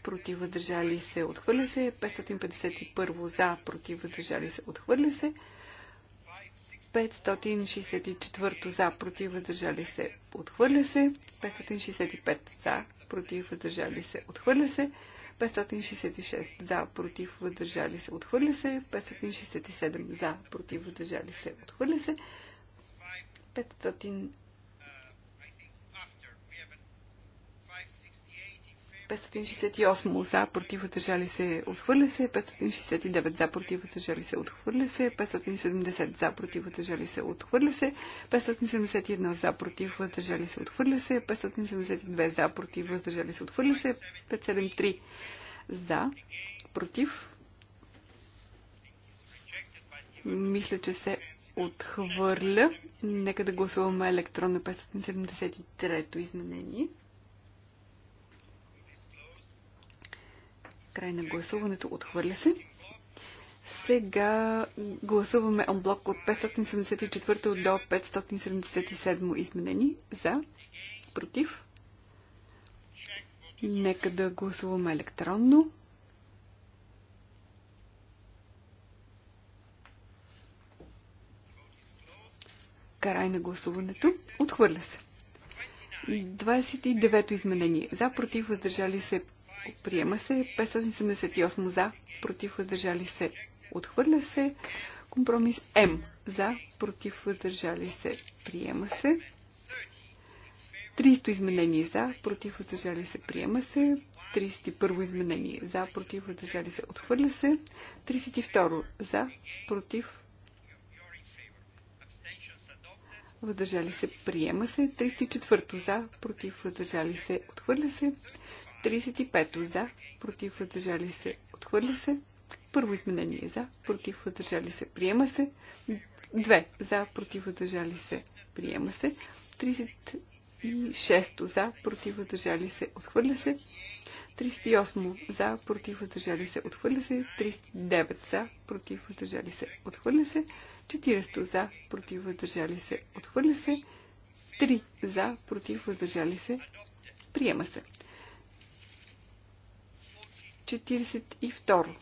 S2: против въздържали се, отхвърля се. 551 за, против въздържали се, отхвърля се. 564 за, против въздържали се, отхвърля се. 565 за, против въздържали се, отхвърля се. 566 за, против въздържали се, отхвърля се. 567 за, против въздържали се, отхвърля се. 500 568 за, против, въздържали се, отхвърля се. 569 за, против, въздържали се, отхвърля се. 570 за, против, въздържали се, отхвърля се. 571 за, против, въздържали се, отхвърля се. 572 за, против, въздържали се, отхвърля се. 573 за, против. Мисля, че се отхвърля. Нека да гласуваме електронно 573-то изменение. Край на гласуването. Отхвърля се. Сега гласуваме онблок от 574 до 577 изменени. За. Против. Нека да гласуваме електронно. Край на гласуването. Отхвърля се. 29-то изменение. За, против, въздържали се приема се. 578 за, против, въздържали се, отхвърля се. Компромис М за, против, въздържали се, приема се. 300 изменение за, против, въздържали се, приема се. 31 изменение за, против, въздържали се, отхвърля се. 32 за, против, въздържали се, приема се. 34 за, против, въздържали се, отхвърля се. 35 за, против, въздържали се, отхвърля се. Първо изменение за, против, въздържали се, приема се. 2 за, против, въздържали се, приема се. 36 за, против, въздържали се, отхвърля се. 38 за, против, въздържали се, отхвърля се. 39 за, против, въздържали се, отхвърля се. 40 за, против, въздържали се, отхвърля се. 3 за, против, въздържали се, приема се. 42.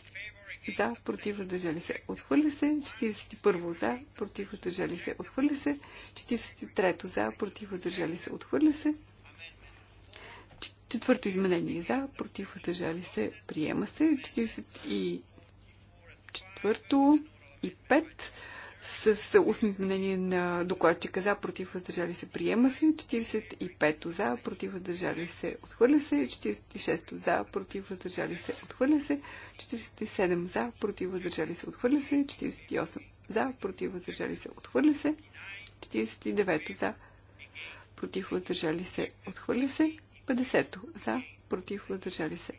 S2: За, против, въздържали се, отхвърля се. 41. За, против, въздържали се, отхвърля се. 43. За, против, въздържали се, отхвърля се. Четвърто изменение за, против, въздържали се, приема се. 44 и 5 с устно изменение на докладчика за, против, въздържали се, приема се, 45 за, против, въздържали се, отхвърля се, 46 за, против, въздържали се, отхвърля се, 47 за, против, въздържали се, отхвърля се, 48 за, против, въздържали се, отхвърля се, 49 за, против, въздържали се, отхвърля се, 50 за, против, въздържали се,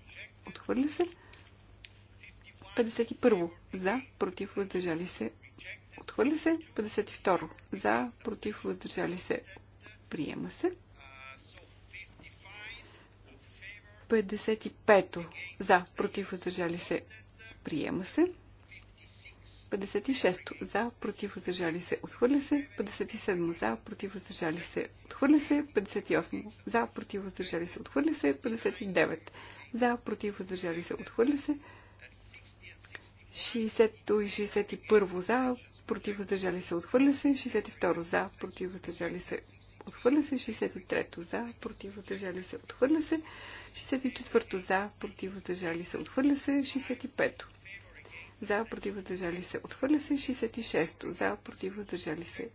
S2: отхвърля се, 51 за, против, въздържали се, Отхвърля се. 52. За, против, въздържали се. Приема се. 55. За, против, въздържали се. Приема се. 56. За, против, въздържали се. Отхвърля се. 57. За, против, въздържали се. Отхвърля се. 58. За, против, въздържали се. Отхвърля се. 59. За, против, въздържали се. Отхвърля се. 60 и 61 за, против въздържали се, отхвърля се, 62 за, против въздържали се, отхвърля се, 63 за, против въздържали се, отхвърля се, 64 за, против въздържали се, отхвърля се, 65 за, против въздържали се, отхвърля се, 66 за, против въздържали се,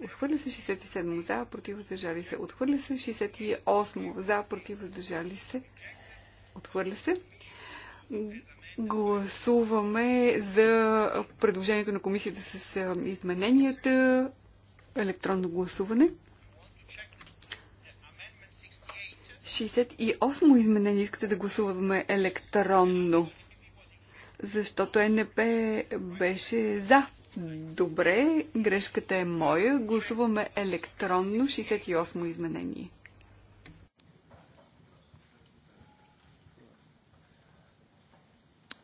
S2: отхвърля се, 67 за, против въздържали се, отхвърля се, 68 за, против въздържали се, отхвърля се, Гласуваме за предложението на комисията с измененията. Електронно гласуване. 68 изменение искате да гласуваме електронно. Защото НП беше за. Добре, грешката е моя. Гласуваме електронно 68 изменение.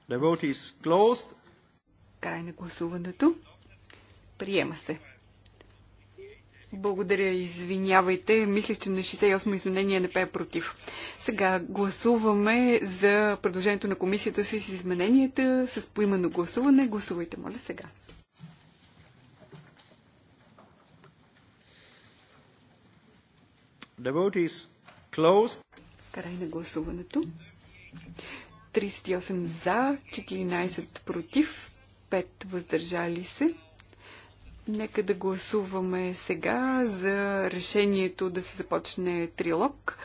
S5: The vote is closed.
S2: Край на гласуването. Приема се. Благодаря, извинявайте. Мислих, че на 68 изменение не пее против. Сега гласуваме за предложението на комисията с измененията, с поименно гласуване. Гласувайте, моля, сега.
S5: The vote is closed.
S2: Край на гласуването. 38 за, 14 против, 5 въздържали се. Нека да гласуваме сега за решението да се започне трилог.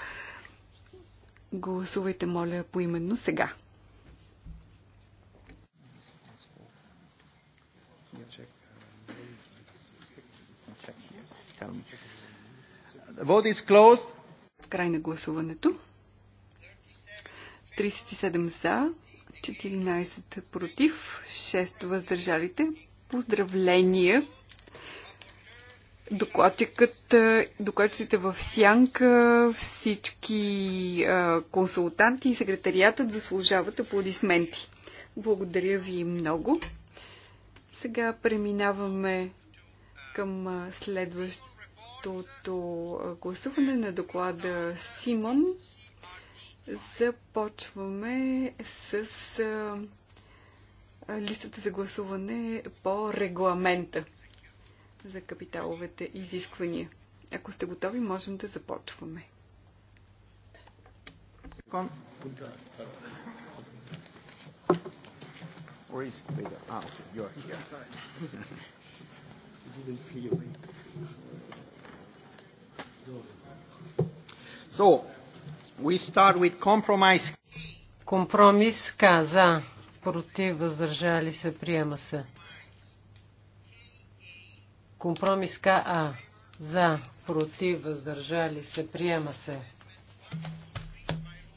S2: Гласувайте, моля, поименно сега. Край на гласуването. 37 за, 14 против, 6 въздържалите. Поздравления! Докладчикът, е, докладчиците в Сянка, всички е, консултанти и секретариатът заслужават аплодисменти. Благодаря ви много. Сега преминаваме към е, следващото гласуване на доклада Симон Започваме с листата за гласуване по регламента за капиталовете изисквания. Ако сте готови, можем да започваме.
S3: So, We start with compromise. Компромис К за. Против въздържали се. Приема се. Компромис КА. За. Против въздържали се. Приема се.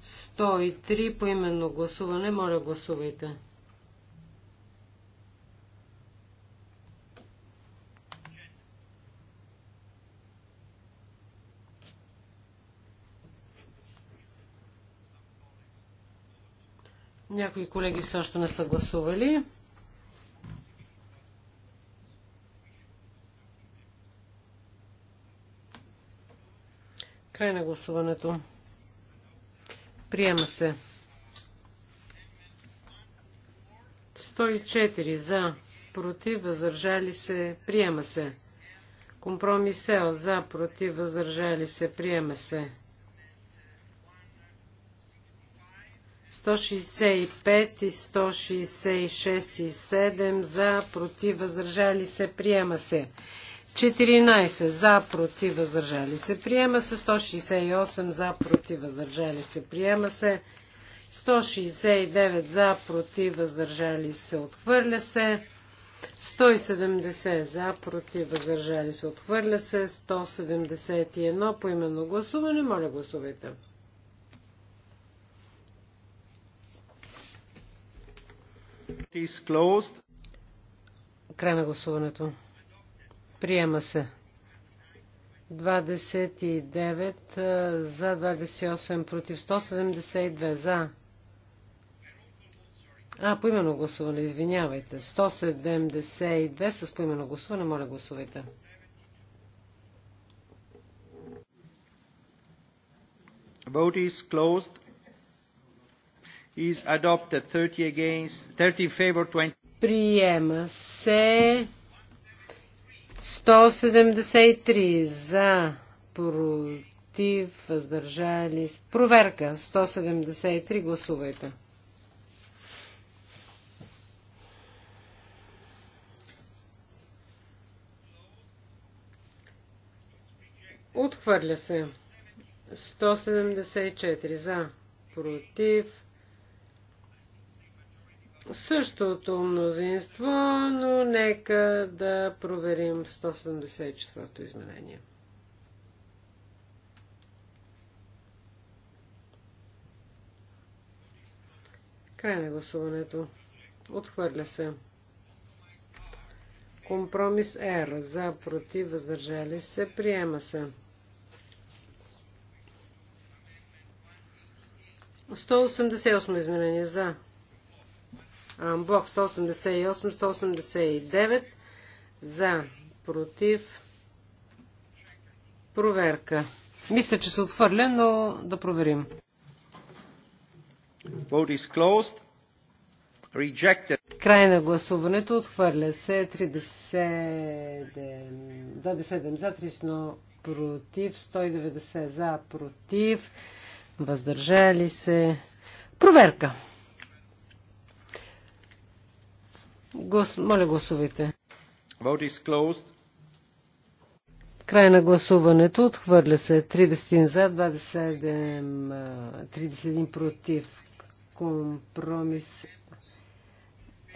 S3: 103 по именно гласуване. Моля гласувайте. Някои колеги все още не са гласували. Край на гласуването. Приема се. 104 за, против, въздържали се, приема се. Компромис за, против, въздържали се, приема се. 165 и 166 и 7 за, против, въздържали се, приема се. 14 за, против, въздържали се, приема се. 168 за, против, въздържали се, приема се. 169 за, против, въздържали се, отхвърля се. 170 за, против, въздържали се, отхвърля се. 171 по именно гласуване. Моля, гласувайте. Край на гласуването. Приема се. 29 за 28 против 172 за. А, поимено гласуване, извинявайте. 172 с поименно гласуване, моля гласувайте. Vote is
S1: closed is adopted 30 against 30 in favor
S3: 20 Приема се 173 за против въздържали проверка 173 гласувайте Отхвърля се 174 за против същото мнозинство, но нека да проверим 174-то изменение. Край на гласуването. Отхвърля се. Компромис Р. За, против, въздържали се. Приема се. 188 изменение. За, Блок 188-189 за, против, проверка. Мисля, че се отвърля, но да проверим. Vote is closed. Rejected. Край на гласуването отхвърля се 37, 27 за, 30 против, 190 за, против, въздържали се. Проверка. Гос... Моля, гласувайте. Край на гласуването. Отхвърля се 30 за, 27, 31 против. Компромис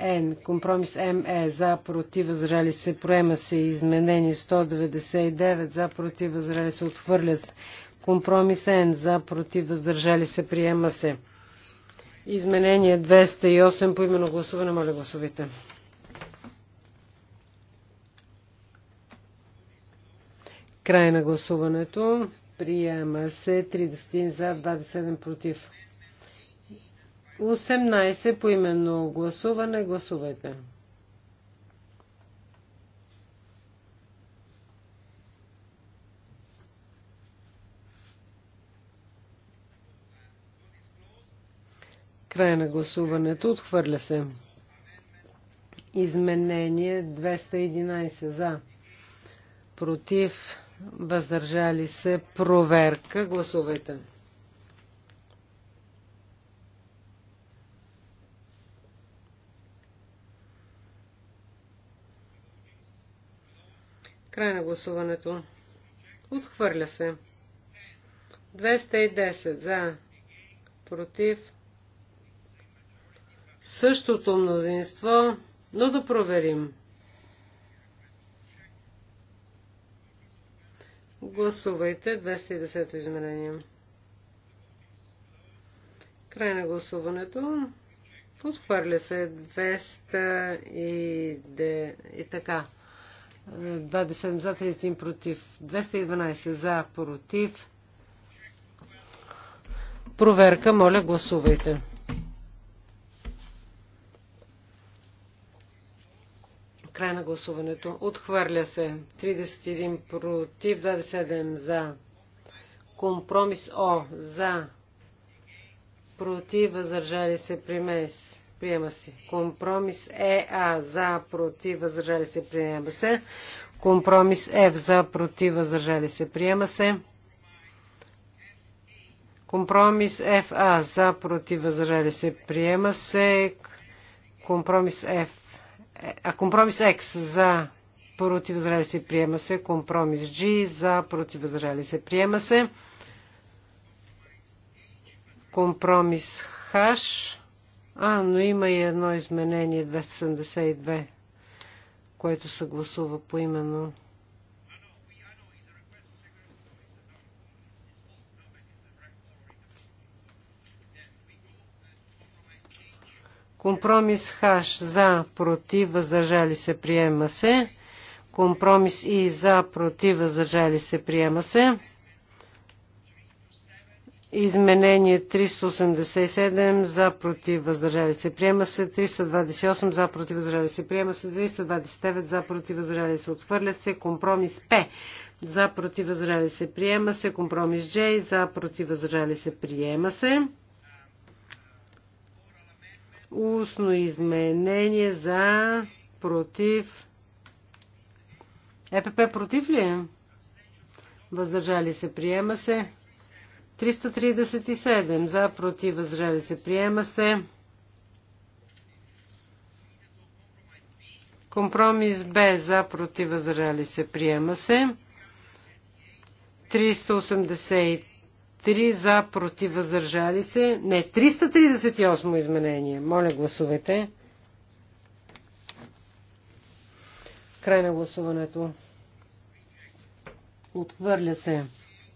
S3: Н. Компромис МЕ за против възражали се. Проема се изменени 199 за против възражали се. Отхвърля се. Компромис Н за против въздържали се. Приема се. Изменение 208 по именно гласуване. Моля гласувайте. Край на гласуването. Приема се 30 за 27 против. 18 по именно гласуване. Гласувайте. Край на гласуването. Отхвърля се. Изменение 211 за. Против въздържали се, проверка. Гласувайте. Край на гласуването. Отхвърля се. 210 за. Против. Същото мнозинство, но да проверим. Гласувайте 210 измерение. Край на гласуването. Отхвърля се 200 и, де, и така. 27 за, 31 против. 212 за, против. Проверка, моля, гласувайте. Край на гласуването. Отхвърля се. 31 против, 27 за. Компромис О. За. Против, въздържали се, примес. Приема се. Компромис е. А за, против, въздържали се, приема се. Компромис Ф за, против, въздържали се, приема се. Компромис ФА за, против, възражали се, приема се. Компромис Ф. А компромис X за против възражали се приема се. Компромис G за против възражали се приема се. Компромис H. А, но има и едно изменение 272, което се гласува поименно. именно. Компромис Хаш за, против, въздържали се, приема се. Компромис И за, против, въздържали се, приема се. Изменение 387 за против въздържали се приема се 328 за против въздържали се приема се 329 за против въздържали се отхвърля се компромис П за против въздържали се приема се компромис J за против въздържали се приема се Устно изменение за, против. ЕПП против ли е? Въздържали се, приема се. 337 за, против, въздържали се, приема се. Компромис Б за, против, въздържали се, приема се. 383 3 за, против, въздържали се. Не, 338 изменение. Моля, гласувайте. Край на гласуването. Отхвърля се.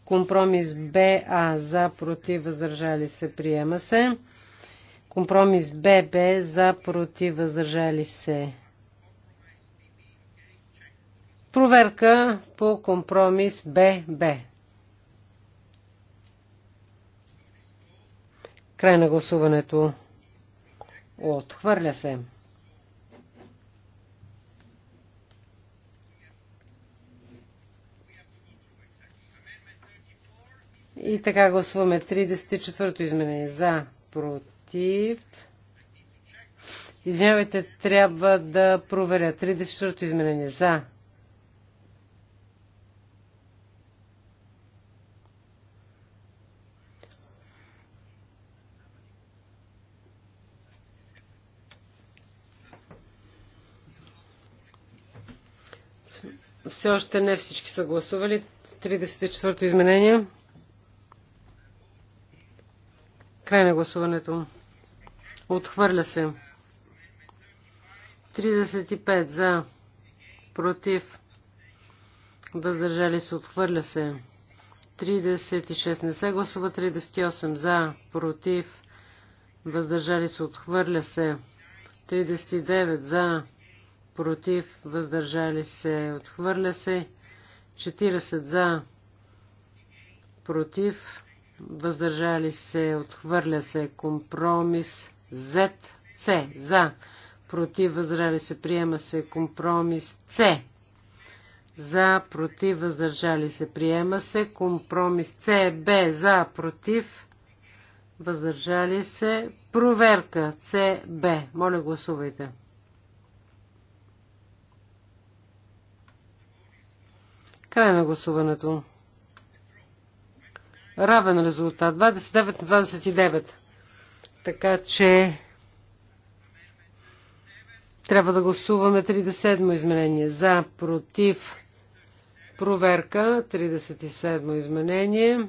S3: Компромис БА за, против, въздържали се. Приема се. Компромис ББ за, против, въздържали се. Проверка по компромис ББ. Край на гласуването. Отхвърля се. И така гласуваме 34-то изменение. За, против. Извинявайте, трябва да проверя. 34-то изменение. За, Все още не всички са гласували. 34-то изменение. Край на гласуването. Отхвърля се. 35 за. Против. Въздържали се. Отхвърля се. 36 не се гласува. 38 за. Против. Въздържали се. Отхвърля се. 39 за против, въздържали се, отхвърля се. 40 за, против, въздържали се, отхвърля се. Компромис Z, C, за, против, въздържали се, приема се. Компромис C, за, против, въздържали се, приема се. Компромис C, Б, за, против, въздържали се. Проверка C, Б. Моля, гласувайте. Край на гласуването. Равен резултат. 29 на 29. Така че трябва да гласуваме 37 изменение. За, против, проверка, 37 изменение.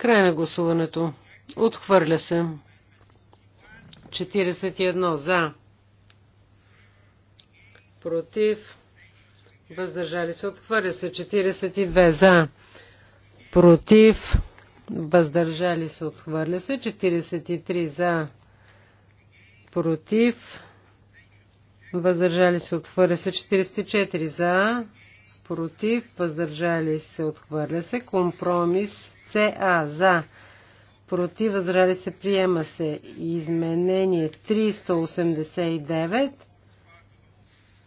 S3: Край на гласуването. Отхвърля се. 41 за. Против. Въздържали се. Отхвърля се. 42 за. Против. Въздържали се. Отхвърля се. 43 за. Против. Въздържали се. Отхвърля се. 44 за. Против. Въздържали се. Отхвърля се. Компромис CA за против възражали се приема се изменение 389.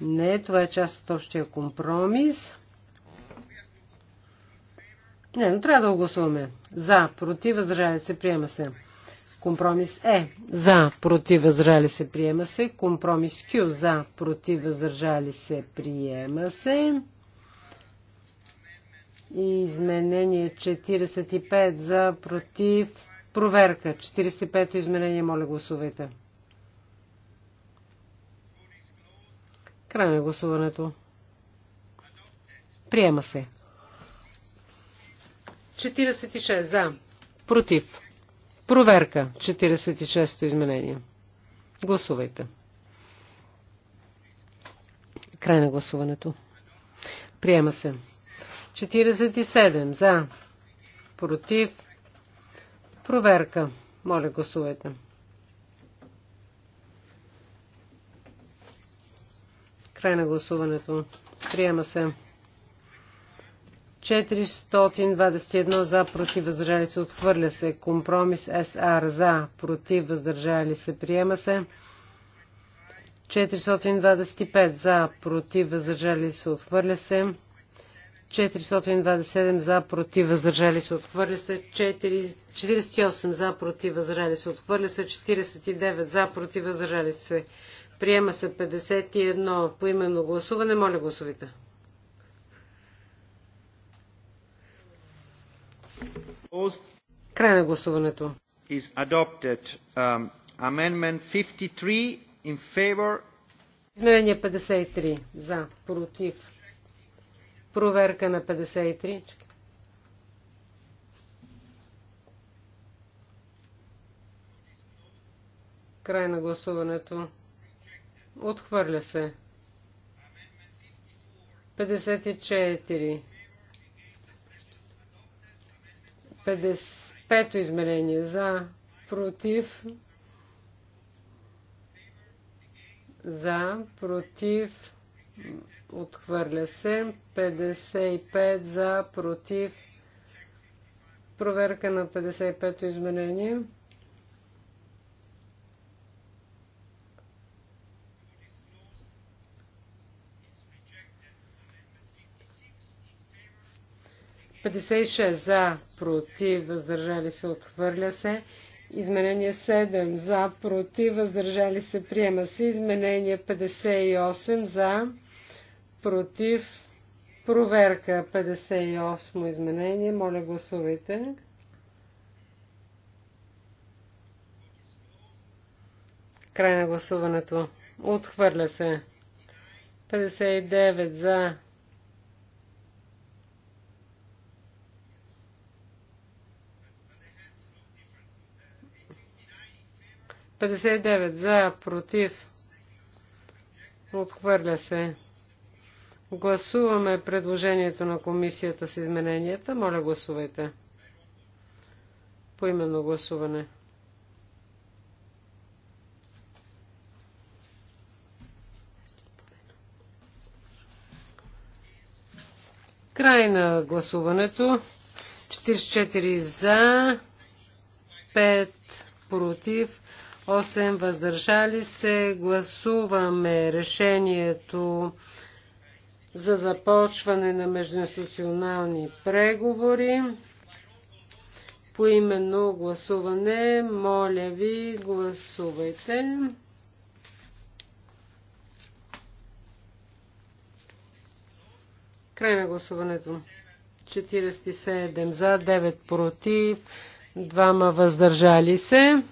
S3: Не, това е част от общия компромис. Не, но трябва да го гласуваме. За, против, възражали се, приема се. Компромис Е. За, против, възражали се, приема се. Компромис Q. За, против, въздържали се, приема се. Изменение 45 за против. Проверка. 45-то изменение. Моля, гласувайте. Край на гласуването. Приема се. 46 за. Против. Проверка. 46-то изменение. Гласувайте. Край на гласуването. Приема се. 47 за. Против. Проверка. Моля, гласувайте. Край на гласуването. Приема се. 421 за, против, въздържали се, отхвърля се. Компромис СР за, против, въздържали се, приема се. 425 за, против, въздържали се, отхвърля се. 427 за, против, въздържали се, отхвърля се. 4... 48 за, против, въздържали се, отхвърля се. 49 за, против, въздържали се. Приема се 51 по именно гласуване. Моля гласовите. Край на гласуването. Is adopted. Um, amendment 53 in favor. Изменение 53 за, против, Проверка на 53. Край на гласуването. Отхвърля се. 54. 55 измерение за, против, за, против, Отхвърля се. 55 за, против. Проверка на 55-то изменение. за, против, въздържали се, отхвърля се. Изменение 7 за, против, въздържали се, приема се. Изменение 58 за, против, проверка 58 изменение. Моля, гласувайте. Край на гласуването. Отхвърля се. 59 за. Петдесет за, против. Отхвърля се. Гласуваме предложението на комисията с измененията. Моля, гласувайте. Поименно гласуване. Край на гласуването. 44 за, 5 против, 8 въздържали се. Гласуваме решението за започване на междуинституционални преговори. По именно гласуване, моля ви, гласувайте. Край на гласуването. 47 за, 9 против, 2 въздържали се.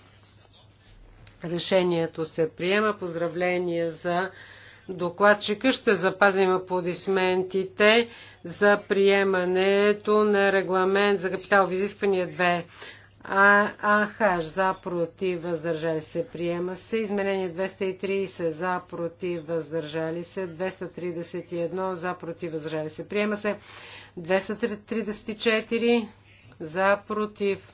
S3: Решението се приема. Поздравления за докладчика. Ще запазим аплодисментите за приемането на регламент за капиталови изисквания 2. А, АХ за против въздържали се приема се. Изменение 230 за против въздържали се. 231 за против въздържали се приема се. 234 за против.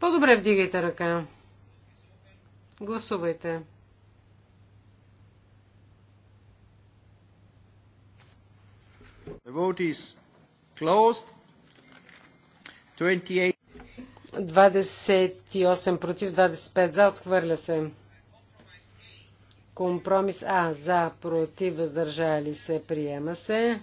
S3: По-добре вдигайте ръка. Гласувайте. vote is closed. 28... 28 против, 25 за. Отхвърля се. Компромис А. За, против, въздържали се. Приема се.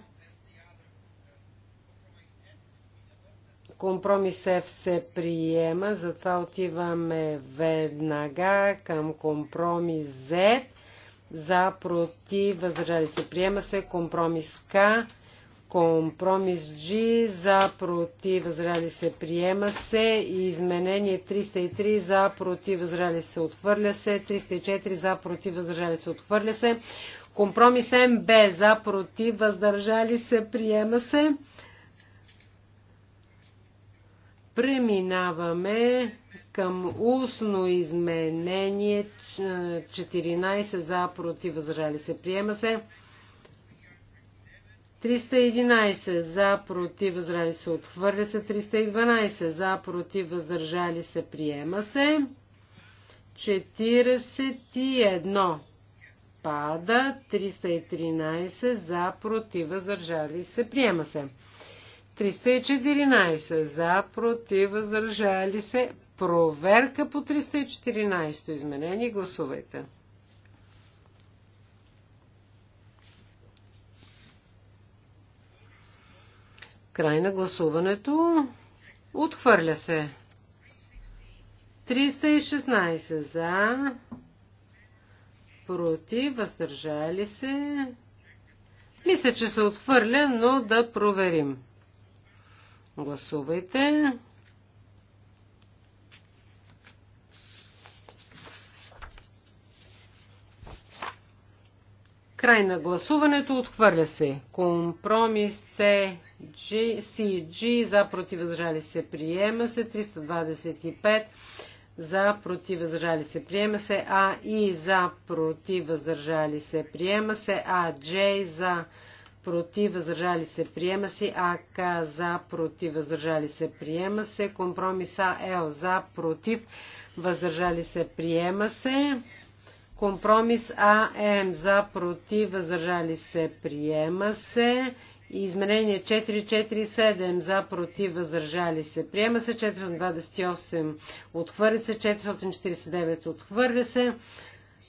S3: Компромис F се приема, затова отиваме веднага към компромис Z. За, против, въздържали се. Приема се. Компромис К Компромис G за против възрели се приема се. И изменение 303 за против възрели се отхвърля се. 304 за против възрели се отхвърля се. Компромис МБ за против въздържали се приема се. Преминаваме към устно изменение 14 за против възрели се. Приема се. 311 за, против, въздържали се, отхвърля се. 312 за, против, въздържали се, приема се. 41 пада. 313 за, против, въздържали се, приема се. 314 за, против, въздържали се. Проверка по 314 изменение. Гласувайте. Край на гласуването. Отхвърля се. 316 за. Против. Въздържали се. Мисля, че се отхвърля, но да проверим. Гласувайте. Край на гласуването отхвърля се. Компромис С CG за против въздържали се приема се 325 за против въздържали се приема се А и за против въздържали се приема се А J за против въздържали се приема се АК за против въздържали се приема се компромиса Л за против въздържали се приема се компромис АМ за против въздържали се приема се и изменение 447 за против въздържали се. Приема се 428. Отхвърли се 449. Отхвърля се.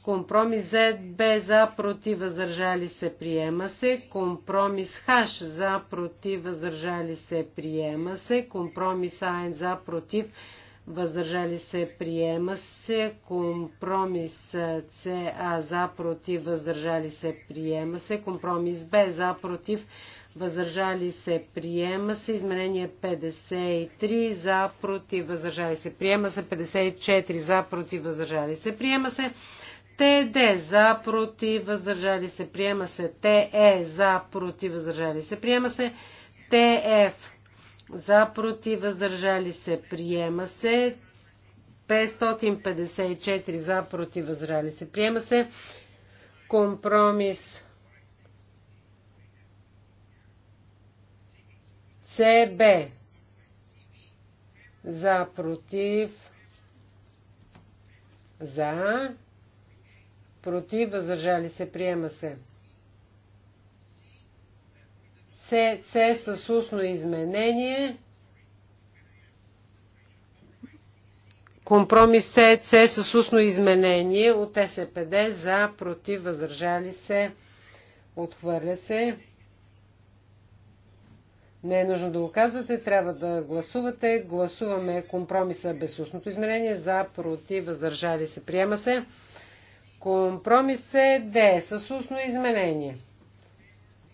S3: Компромис Z, Б за против въздържали се. Приема се. Компромис H за против въздържали се. Приема се. Компромис A за против въздържали се. Приема се. Компромис CA за против въздържали се. Приема се. Компромис Б за против въздържали се въздържали се, приема се. Изменение 53 за, против, въздържали се, приема се. 54 за, против, въздържали се, приема се. ТД за, против, въздържали се, приема се. ТЕ за, против, въздържали се, приема се. ТФ за, против, въздържали се, приема се. 554 за, против, въздържали се, приема се. Компромис CB за против за против въздържали се приема се С, С с устно изменение компромис С, С с устно изменение от СПД за против въздържали се отхвърля се не е нужно да го казвате, трябва да гласувате. Гласуваме компромиса без устното изменение. За, против, въздържали се, приема се. Компромис е Д с устно изменение.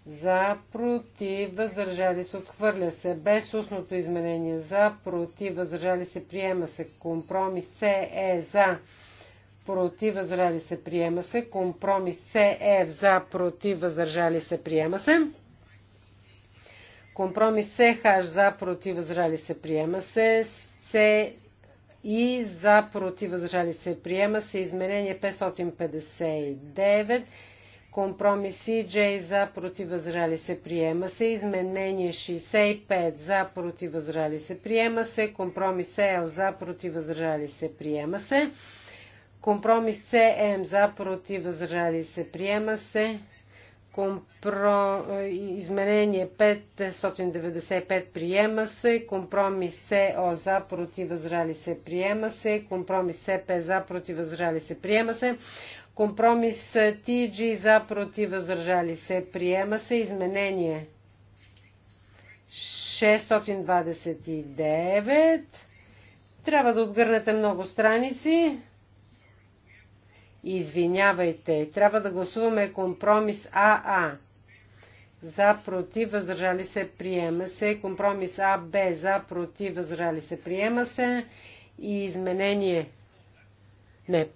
S3: За, против, въздържали се, отхвърля се. Без устното изменение. За, против, въздържали се, приема се. Компромис С е за, против, въздържали се, приема се. Компромис С е за, против, въздържали се, приема се. Компромис СХ за против възражали се приема се. С и за против възражали се приема се. Изменение 559. Компромиси J за против възражали се приема се. Изменение 65 за против възражали се приема се. Компромис L е, за против възражали се приема се. Компромис CM за против възражали се приема се. Компро... Е, изменение 595 приема се. Компромис СО за против възрали се приема се. Компромис СП за против възрали се приема се. Компромис TG за против въздържали се. Приема се изменение 629. Трябва да отгърнете много страници. Извинявайте, трябва да гласуваме компромис АА. За, против, въздържали се, приема се. Компромис АБ. За, против, въздържали се, приема се. И изменение. Не.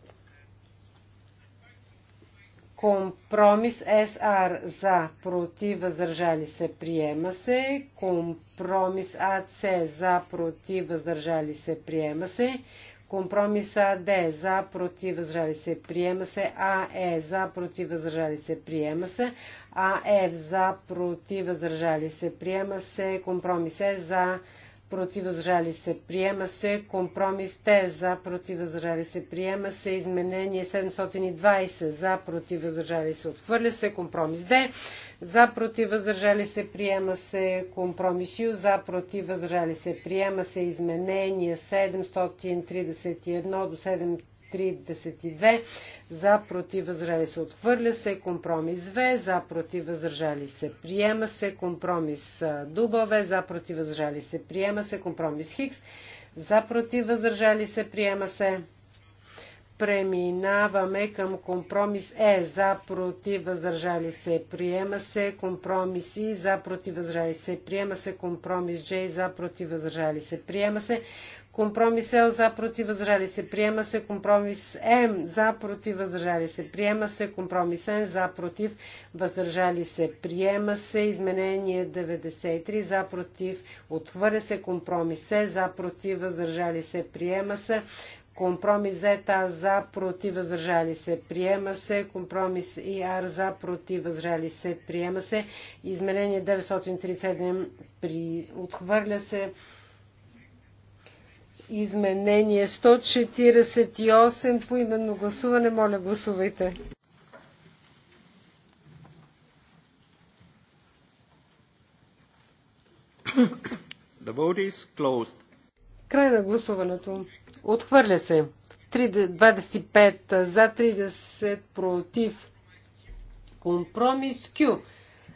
S3: Компромис СР. За, против, въздържали се, приема се. Компромис АЦ. За, против, въздържали се, приема се. Компромиса Д за против въздържали се приема се. А Е за против въздържали се приема се. А Ф за против въздържали се приема се. Компромис Е за против въздържали се приема се. Компромис Т за против въздържали се приема се. Изменение 720 за против въздържали се отхвърля се. Компромис Д за против въздържали се приема се компромисио, за против въздържали се приема се изменение 731 до 732, за против въздържали се отхвърля се, компромис В, за против въздържали се приема се, компромис дубове, за против въздържали се приема се, компромис хикс, за против въздържали се приема се. Преминаваме към компромис Е. За, против, въздържали се. Приема се компромис И. За, против, въздържали се. Приема се компромис Дж. За, против, въздържали се. Приема се компромис Л. За, против, въздържали се. Приема се компромис М. За, против, въздържали се. Приема се компромис Н. За, против, въздържали се. Приема се изменение 93. За, против, отхвърля се компромис С. За, против, въздържали се. Приема се Компромис ЗА за против въздържали се. Приема се. Компромис ИР за против въздържали се. Приема се. Изменение 937 при... отхвърля се. Изменение 148 по именно гласуване. Моля, гласувайте. Край на гласуването. Отхвърля се. 25 за 30 против. Компромис Q.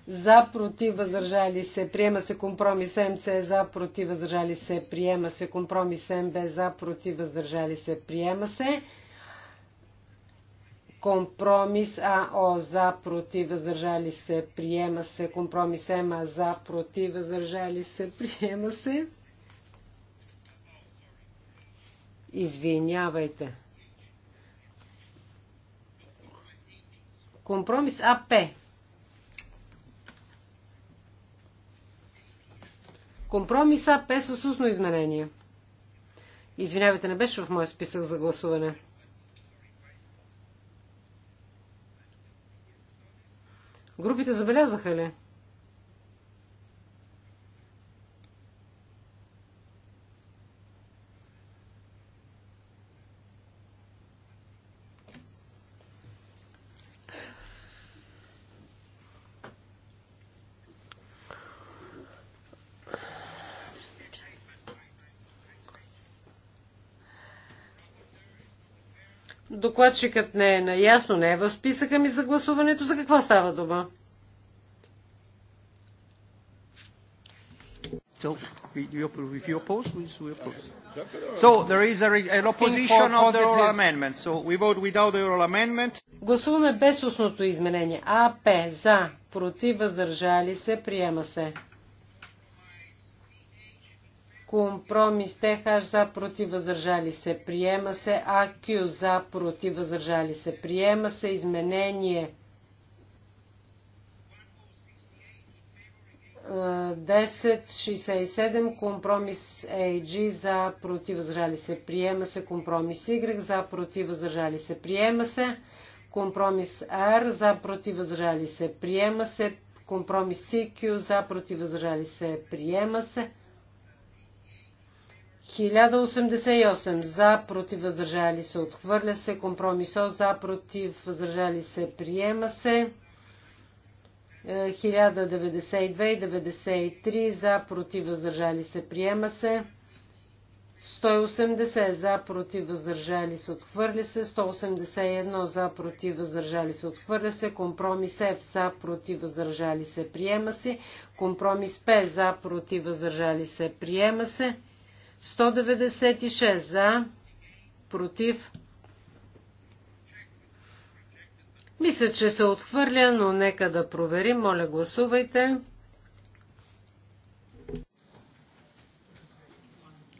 S3: За против въздържали се. Приема се компромис МЦ. За против въздържали се. Приема се компромис МБ. За против въздържали се. Приема се. Компромис АО за против въздържали се. Приема се. Компромис МА за против въздържали се. Приема се. Извинявайте. Компромис АП. Компромис АП с устно изменение. Извинявайте, не беше в моя списък за гласуване. Групите забелязаха ли? докладчикът не е наясно, не е в списъка ми за гласуването, за какво става дума? Гласуваме без устното изменение. АП за, против, въздържали се, приема се. Компромис ТХ за против въздържали се. Приема се АК за против въздържали се. Приема се изменение 1067 компромис AG е за против въздържали се. Приема се компромис Y за против въздържали се. Приема се компромис R за против въздържали се. Приема се компромис CQ за против въздържали се. Приема се 1088 за, против, въздържали се, отхвърля се. Компромисо за, против, въздържали се, приема се. 1092 и 93 за, против, въздържали се, приема се. 180 за, против, въздържали се, отхвърля се. 181 за, против, въздържали се, отхвърля се. Компромис F е, за, против, въздържали се, приема се. Компромис P за, против, въздържали се, приема се. 196 за, против. Мисля, че се отхвърля, но нека да проверим. Моля, гласувайте.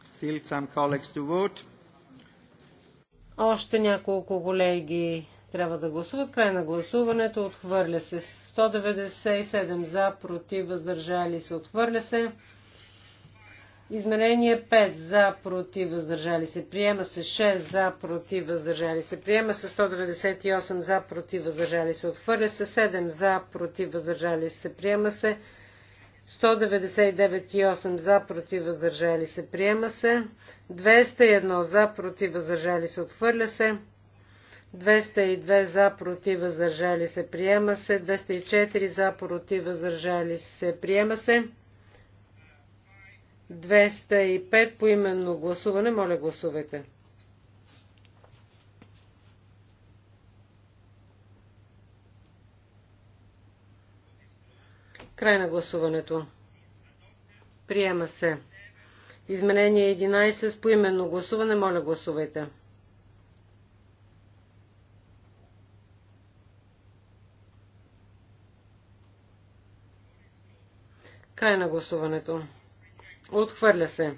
S1: Still some colleagues to vote.
S3: Още няколко колеги трябва да гласуват. Край на гласуването. Отхвърля се 197 за, против, въздържали се. Отхвърля се. Изменение 5 за против въздържали се. Приема се 6 за против въздържали се. Приема се 198 за против въздържали се. Отхвърля се 7 за против въздържали се. Приема се 199 за против въздържали се. Приема се 201 за против въздържали се. Отхвърля се 202 за против въздържали се. Приема се 204 за против въздържали се. Приема се 205 по именно гласуване. Моля, гласувайте. Край на гласуването. Приема се. Изменение 11 с поименно гласуване. Моля, гласувайте. Край на гласуването. Отхвърля се.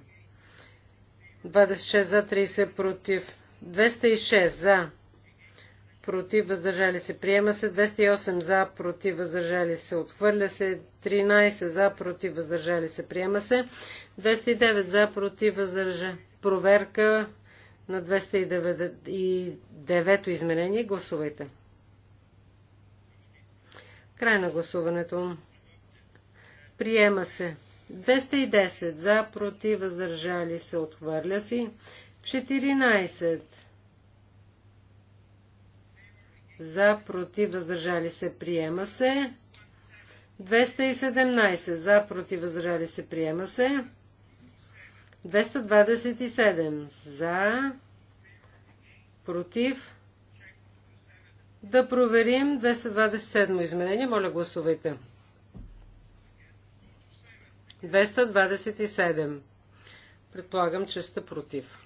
S3: 26 за, 30 против. 206 за, против, въздържали се. Приема се 208 за, против, въздържали се. Отхвърля се 13 за, против, въздържали се. Приема се 209 за, против, въздържа. Проверка на 209 изменение. Гласувайте. Край на гласуването. Приема се. 210 за, против, въздържали се, отхвърля си. 14 за, против, въздържали се, приема се. 217 за, против, въздържали се, приема се. 227 за, против. Да проверим 227 изменение. Моля, гласувайте. 227. Предполагам, че сте против.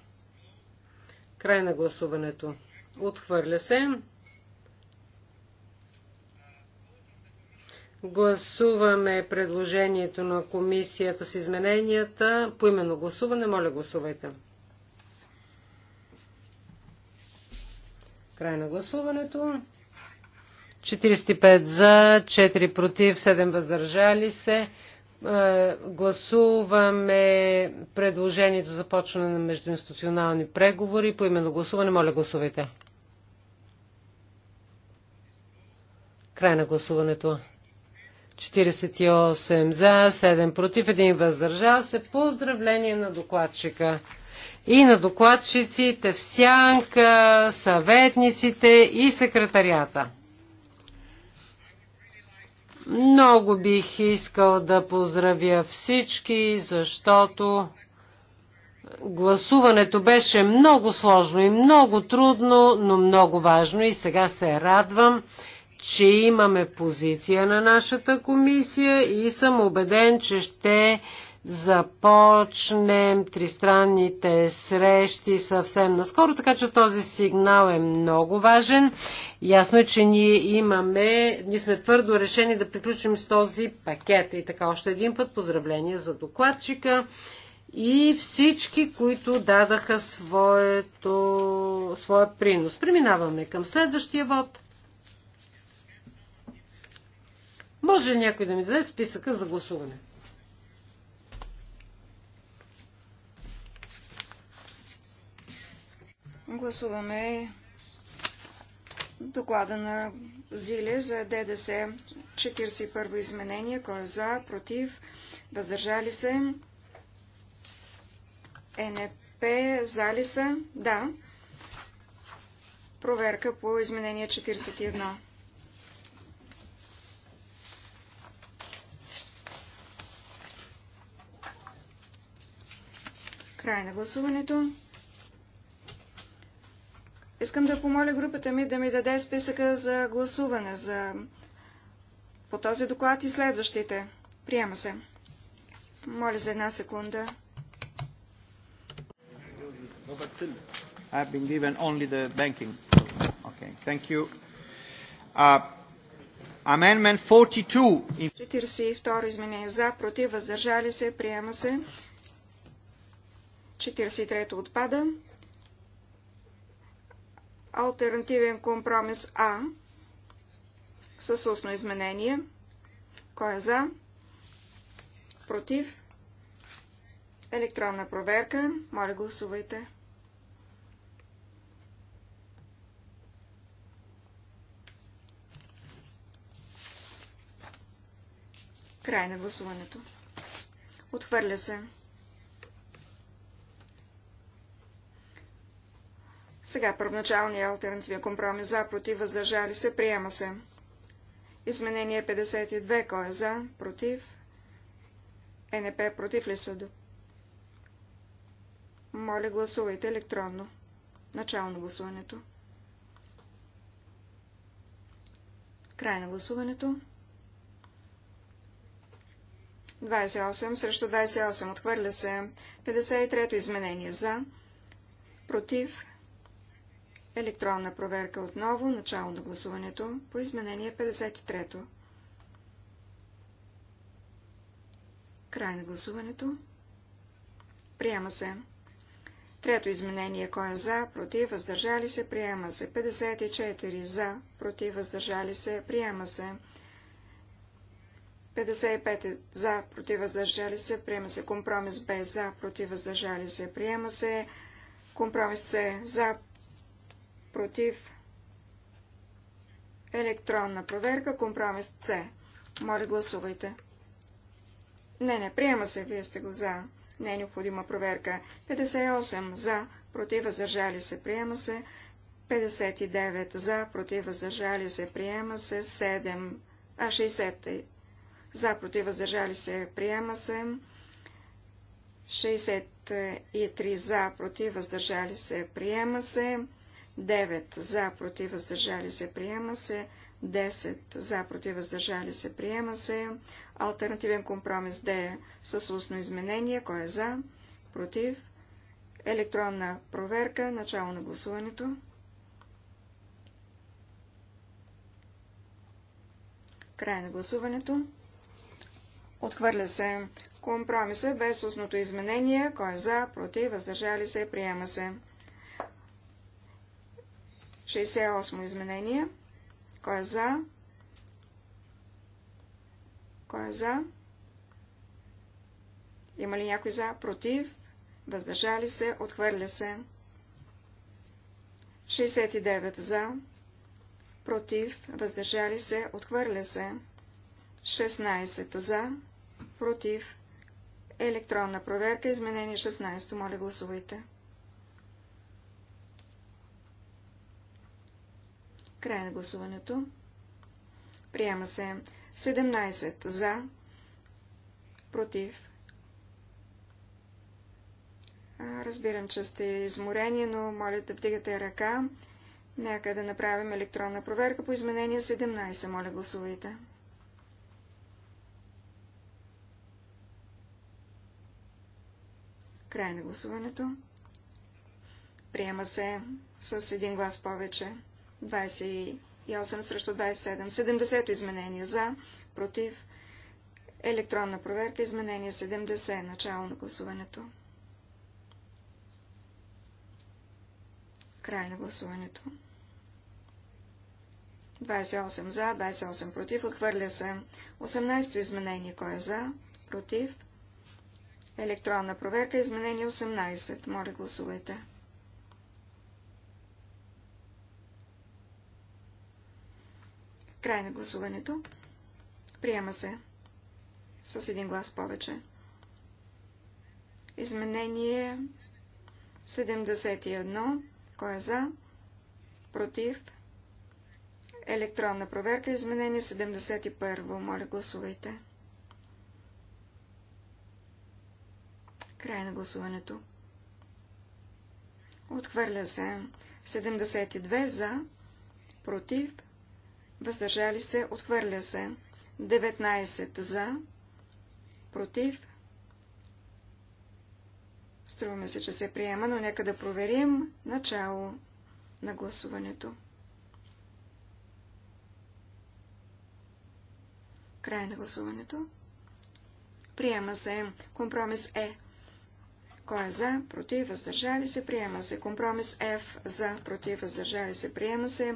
S3: Край на гласуването. Отхвърля се. Гласуваме предложението на комисията с измененията. По именно гласуване, моля гласувайте. Край на гласуването. 45 за, 4 против, 7 въздържали се. Е, гласуваме предложението за започване на междуинституционални преговори. По именно гласуване, моля гласувайте. Край на гласуването. 48 за, 7 против, 1 въздържал се. Поздравление на докладчика и на докладчиците в сянка, съветниците и секретарията. Много бих искал да поздравя всички, защото гласуването беше много сложно и много трудно, но много важно и сега се радвам, че имаме позиция на нашата комисия и съм убеден, че ще започнем тристранните срещи съвсем наскоро, така че този сигнал е много важен. Ясно е, че ние имаме, ние сме твърдо решени да приключим с този пакет. И така още един път поздравление за докладчика и всички, които дадаха своето, своя принос. Преминаваме към следващия вод. Може ли някой да ми даде списъка за гласуване?
S4: Гласуваме доклада на Зиле за ДДС 41 изменение. Кой е за, против, въздържали се? НП, зали са? Да. Проверка по изменение 41. Край на гласуването. Искам да помоля групата ми да ми даде списъка за гласуване за... по този доклад и следващите. Приема се. Моля за една секунда.
S1: I've been given only the banking. Okay, thank you. Uh, amendment 42.
S4: 42 изменение за, против, въздържали се, приема се. 43 отпада. Альтернативен компромис А с устно изменение. Кой е за? Против? Електронна проверка. Моля, гласувайте. Край на гласуването. Отхвърля се. Сега първоначалният альтернативен компромис за, против, въздържали се, приема се. Изменение 52. Кой е за? Против? Е, НП против ли са? Моля, гласувайте електронно. Начало на гласуването. Край на гласуването. 28 срещу 28. Отхвърля се. 53-то изменение за. Против. Електронна проверка отново. Начало на гласуването по изменение 53-то. Край на гласуването. Приема се. Трето изменение. Кой е за? Против? Въздържали се? Приема се. 54. За? Против? Въздържали се? Приема се. 55. За? Против? Въздържали се? Приема се. Компромис Б. За? Против? Въздържали се? Приема се. Компромис С. За? против, електронна проверка, компромис С. Моля, гласувайте. Не, не, приема се, вие сте за. Не е необходима проверка. 58 за, против, въздържали се, приема се. 59 за, против, въздържали се, приема се. 7, а 60 за, против, въздържали се, приема се. 63 за, против, въздържали се, приема се. 9 за, против, въздържали се, приема се. 10 за, против, въздържали се, приема се. Альтернативен компромис Д с устно изменение. Кой е за? Против. Електронна проверка. Начало на гласуването. Край на гласуването. Отхвърля се компромиса без устното изменение. Кой е за? Против. Въздържали се, приема се. 68 изменение. Кой е за? Кой е за? Има ли някой за? Против? Въздържали се? Отхвърля се. 69 за. Против? Въздържали се? Отхвърля се. 16 за. Против? Електронна проверка. Изменение 16. Моля гласувайте. Край на гласуването. Приема се 17 за, против. Разбирам, че сте изморени, но моля да вдигате ръка. Нека да направим електронна проверка по изменение 17. Моля, гласувайте. Край на гласуването. Приема се с един глас повече. 28 срещу 27. 70 изменение за, против, електронна проверка, изменение 70, начало на гласуването. Край на гласуването. 28 за, 28 против, отхвърля се. 18 изменение, кой е за, против, електронна проверка, изменение 18. Моля, гласувайте. Край на гласуването. Приема се. С един глас повече. Изменение 71. Кой е за? Против? Електронна проверка. Изменение 71. Моля, гласувайте. Край на гласуването. Отхвърля се. 72 за. Против? въздържали се, отхвърля се. 19 за, против. Струваме се, че се приема, но нека да проверим начало на гласуването. Край на гласуването. Приема се. Компромис Е. Кой е за? Против? Въздържали се? Приема се. Компромис Ф. За? Против? Въздържали се? Приема се.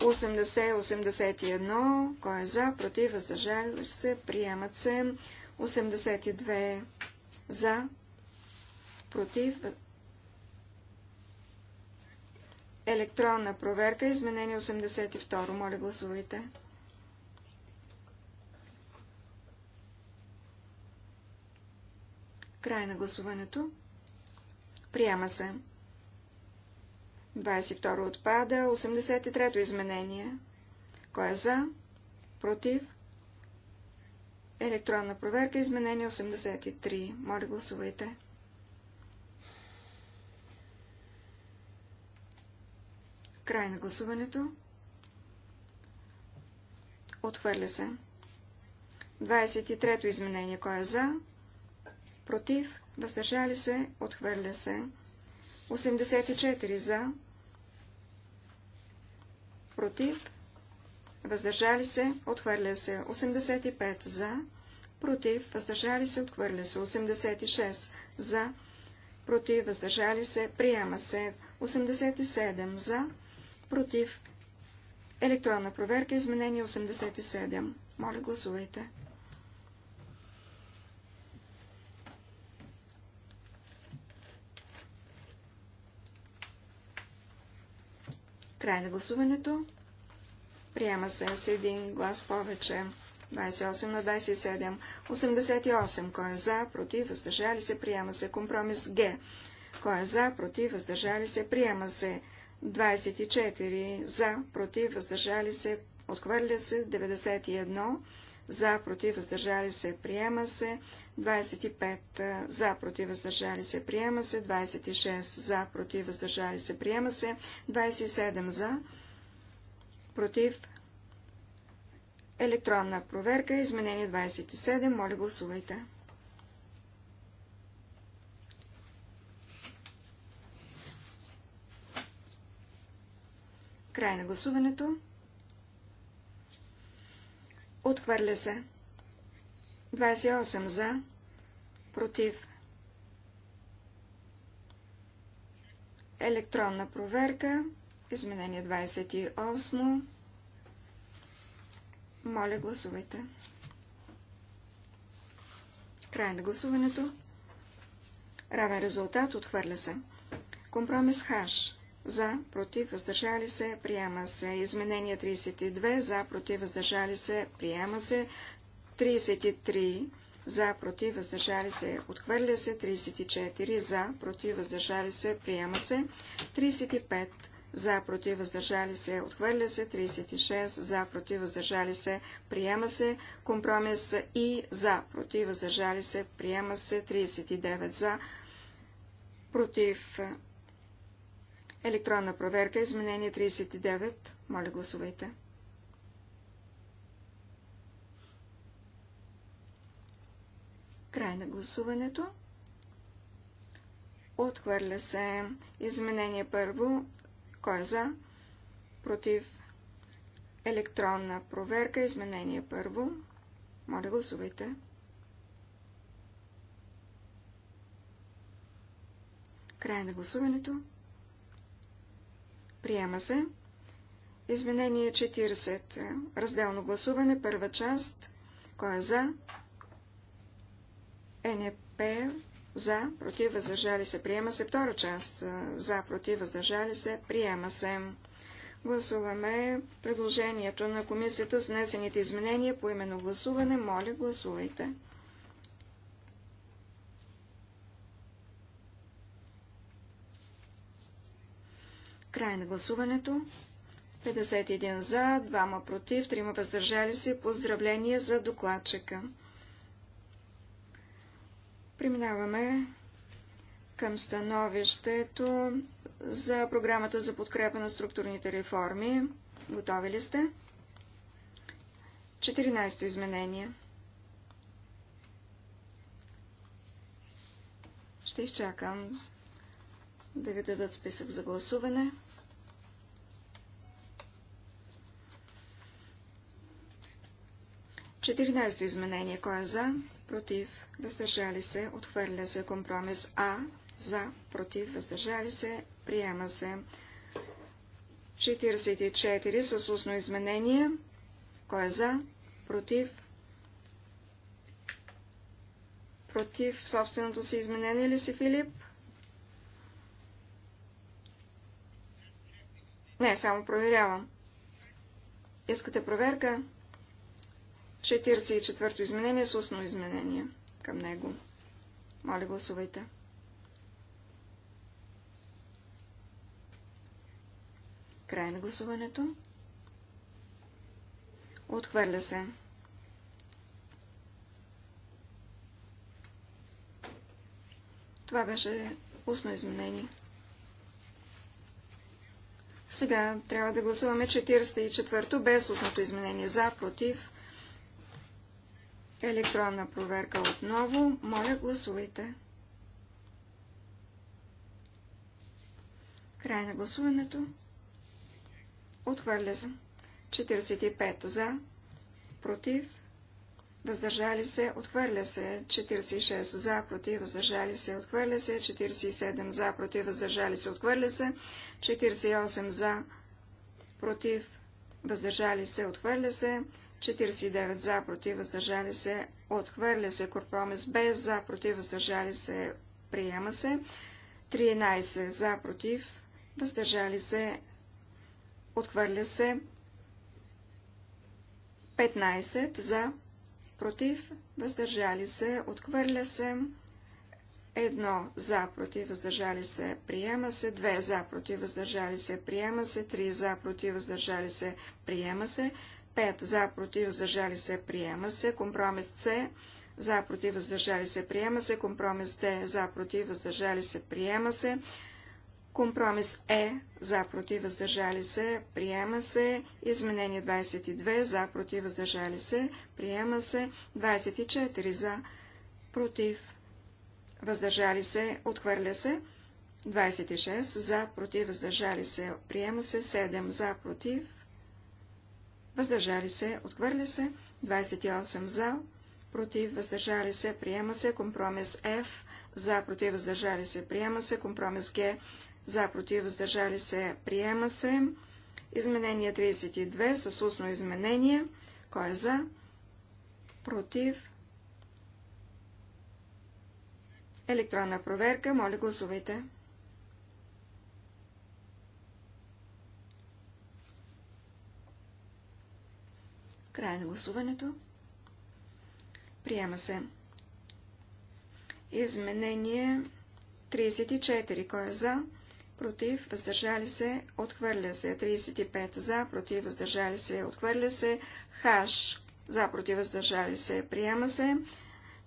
S4: 80-81, кой е за, против, въздържали се, приемат се. 82 за, против, електронна проверка, изменение 82. Моля, гласувайте. Край на гласуването. Приема се. 22 отпада. 83-то изменение. Кой е за? Против? Електронна проверка. Изменение 83. Моля, гласувайте. Край на гласуването. Отхвърля се. 23-то изменение. Кой е за? Против? Въздържали се? Отхвърля се. 84 за против, въздържали се, отхвърля се. 85 за, против, въздържали се, отхвърля се. 86 за, против, въздържали се, приема се. 87 за, против, електронна проверка, изменение 87. Моля, гласувайте. Край на гласуването. Приема се с един глас повече. 28 на 27. 88. Кой е за, против, въздържали се, приема се. Компромис Г. Кой е за, против, въздържали се, приема се. 24. За, против, въздържали се, отхвърля се. 91 за, против, въздържали се, приема се, 25 за, против, въздържали се, приема се, 26 за, против, въздържали се, приема се, 27 за, против, електронна проверка, изменение 27, моля гласувайте. Край на гласуването. Отхвърля се. 28 за. Против. Електронна проверка. Изменение 28. Моля, гласувайте. Край на гласуването. Равен резултат. Отхвърля се. Компромис хаш за, против, въздържали се, приема се. Изменение 32, за, против, въздържали се, приема се. 33, за, против, въздържали се, отхвърля се. 34, за, против, въздържали се, приема се. 35, за, против, въздържали се, отхвърля се. 36, за, против, въздържали се, приема се. Компромис и за, против, въздържали се, приема се. 39, за, против, Електронна проверка, изменение 39. Моля, гласувайте. Край на гласуването. Отхвърля се изменение първо. Кой е за? Против. Електронна проверка. Изменение първо. Моля, гласувайте. Край на гласуването. Приема се. Изменение 40. Разделно гласуване. Първа част. Кой е за? НП. За. Против. Въздържали се. Приема се. Втора част. За. Против. Въздържали се. Приема се. Гласуваме предложението на комисията с внесените изменения по именно гласуване. Моля, гласувайте. Край на гласуването. 51 за, 2 против, 3 въздържали се. Поздравление за докладчика. Преминаваме към становището за програмата за подкрепа на структурните реформи. Готови ли сте? 14 изменение. Ще изчакам да ви дадат списък за гласуване. 14 изменение. Кой е за? Против. Въздържали се. Отхвърля се. Компромис А. За. Против. Въздържали се. Приема се. 44 с устно изменение. Кой е за? Против. Против собственото си изменение ли си, Филип? Не, само проверявам. Искате проверка? 44-то изменение с устно изменение към него. Моля, гласувайте. Край на гласуването. Отхвърля се. Това беше устно изменение. Сега трябва да гласуваме 44-то без устното изменение. За, против, Електронна проверка отново. Моля, гласувайте. Край на гласуването. Отхвърля се. 45 за. Против. Въздържали се. Отхвърля се. 46 за. Против. Въздържали се. Отхвърля се. 47 за. Против. Въздържали се. Отхвърля се. 48 за. Против. Въздържали се. Отхвърля се. 49 за, против, въздържали се, отхвърля се компромис без за, против, въздържали се, приема се. 13 за, против, въздържали се, отхвърля се. 15 за, против, въздържали се, отхвърля се. 1 за, против, въздържали се, приема се. 2 за, против, въздържали се, приема се. 3 за, против, въздържали се, приема се. 5 за, против, въздържали се, приема се. Компромис С за, против, въздържали се, приема се. Компромис Д за, против, въздържали се, приема се. Компромис Е за, против, въздържали се, приема се. Изменение 22 за, против, въздържали се, приема се. 24 за, против, въздържали се, отхвърля се. 26 за, против, въздържали се, приема се. 7 за, против, въздържали се, отхвърля се, 28 за, против, въздържали се, приема се, компромис F, за, против, въздържали се, приема се, компромис Г, за, против, въздържали се, приема се, изменение 32 с устно изменение, кой е за, против, електронна проверка, моля гласувайте. Край на гласуването. Приема се. Изменение 34. Кой е за? Против, въздържали се, отхвърля се. 35. За, против, въздържали се, отхвърля се. Хаш. За, против, въздържали се, приема се.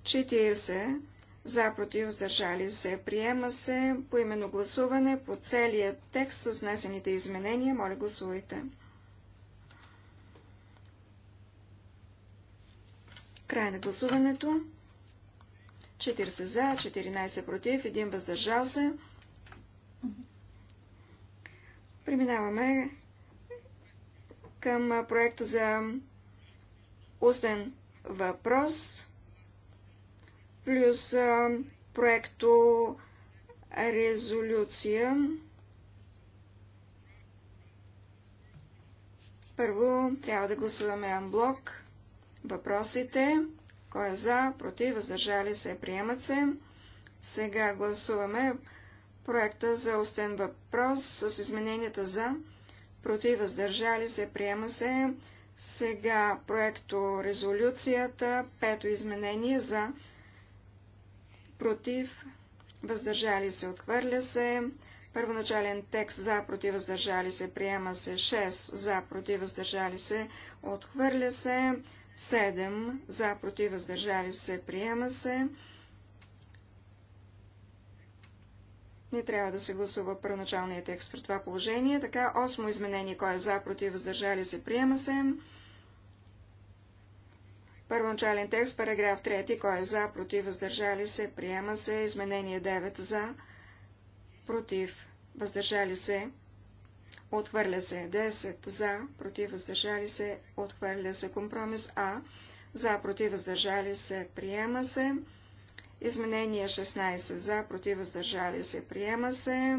S4: 40. За, против, въздържали се, приема се. По именно гласуване по целия текст с внесените изменения. Моля, гласувайте. Край на гласуването. 40 за, 14 против, 1 въздържал се. Преминаваме към проекта за устен въпрос плюс проекто резолюция. Първо трябва да гласуваме анблок въпросите. Кой е за, против, въздържали се, приемат се. Сега гласуваме проекта за устен въпрос с измененията за, против, въздържали се, приема се. Сега проекто резолюцията, пето изменение за, против, въздържали се, отхвърля се. Първоначален текст за против въздържали се приема се 6 за против въздържали се отхвърля се 7 за, против, въздържали се, приема се. Не трябва да се гласува първоначалния текст при това положение. Така, 8 изменение, кой е за, против, въздържали се, приема се. Първоначален текст, параграф 3, кой е за, против, въздържали се, приема се. Изменение 9 за, против, въздържали се, отхвърля се. 10 за, против, въздържали се, отхвърля се. Компромис А, за, против, въздържали се, приема се. Изменение 16 за, против, въздържали се, приема се.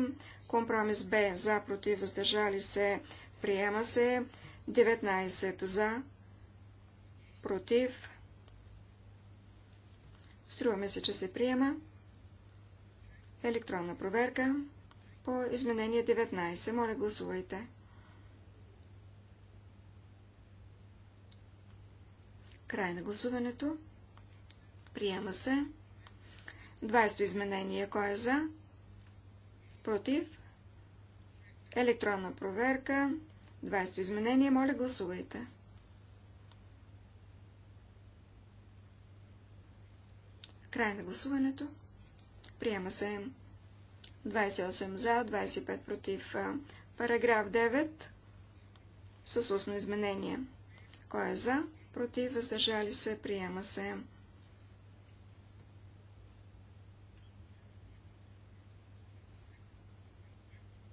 S4: Компромис Б за, против, въздържали се, приема се. 19 за, против. Струваме се, че се приема. Електронна проверка по изменение 19. Моля, гласувайте. Край на гласуването. Приема се. 20 изменение. Кой е за? Против? Електронна проверка. 20 изменение. Моля, гласувайте. Край на гласуването. Приема се. 28 за, 25 против. Параграф 9 с устно изменение. Кой е за? Против, въздържали се, приема се.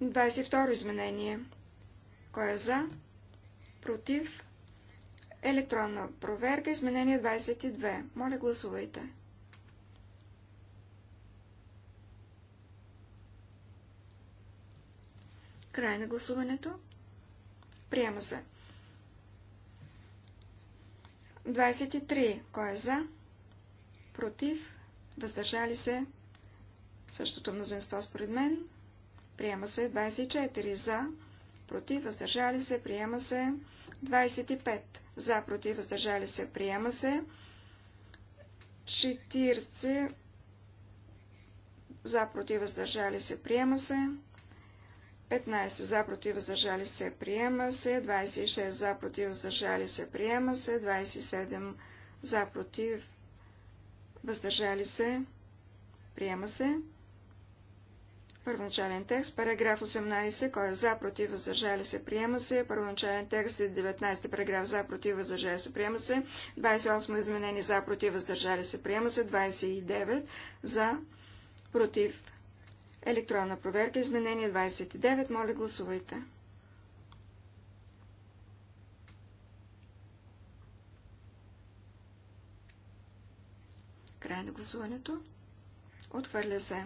S4: Двадесет второ изменение. Кой е за? Против. Електронна проверка. Изменение 22. Моля, гласувайте. Край на гласуването. Приема се. 23. Кой е за? Против? Въздържали се? Същото мнозинство според мен. Приема се 24. За? Против? Въздържали се? Приема се. 25. За? Против? Въздържали се? Приема се. 40. За? Против? Въздържали се? Приема се. 15 за против въздържали се приема се, 26 за против въздържали се приема се, 27 за против въздържали се приема се. Първоначален текст, параграф 18, кой е за, против, въздържали се, приема се. Първоначален текст, 19 е параграф за, против, въздържали се, приема се. 28 изменени за, против, въздържали се, приема се. 29 за, против, Електронна проверка. Изменение 29. Моля, гласувайте. Край на гласуването. Отвърля се.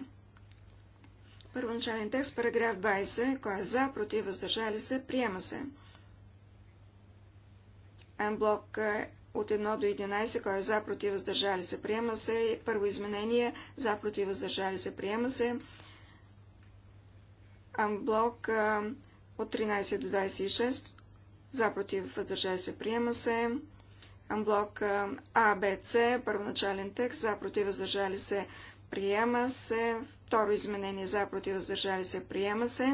S4: Първоначален текст, параграф 20. Кой е за, против, въздържали се, приема се. Анблок е, от 1 до 11, кой е за, против, въздържали се, приема се. Първо изменение, за, против, въздържали се, приема се. Амблок от 13 до 26. За против въздържали се приема се. Амблок А, Б, С. Първоначален текст. За против въздържали се приема се. Второ изменение. За против въздържали се приема се.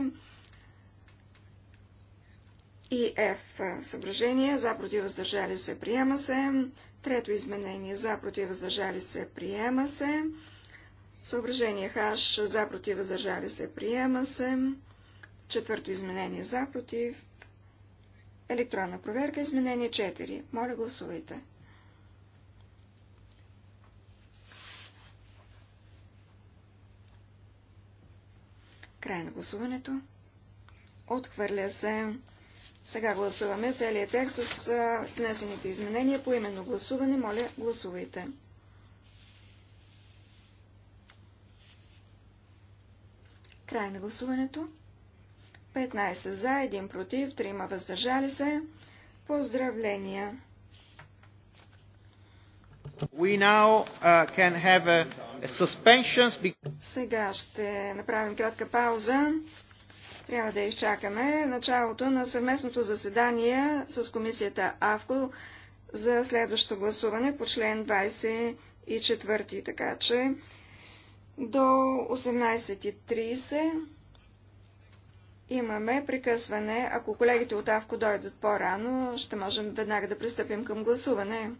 S4: И Ф Съображение. За против въздържали се приема се. Трето изменение. За против въздържали се приема се. Съображение хаш за против въздържали се приема се. Четвърто изменение за против. Електронна проверка изменение 4. Моля гласувайте. Край на гласуването. Отхвърля се. Сега гласуваме целият текст с внесените изменения по именно гласуване. Моля, гласувайте. Край на гласуването. 15 за, 1 против, 3 въздържали се. Поздравления!
S1: We now uh, can have a suspensions.
S4: Сега ще направим кратка пауза. Трябва да изчакаме началото на съвместното заседание с комисията АВКО за следващото гласуване по член 24. Така че до 18.30 имаме прекъсване. Ако колегите от АВКО дойдат по-рано, ще можем веднага да пристъпим към гласуване.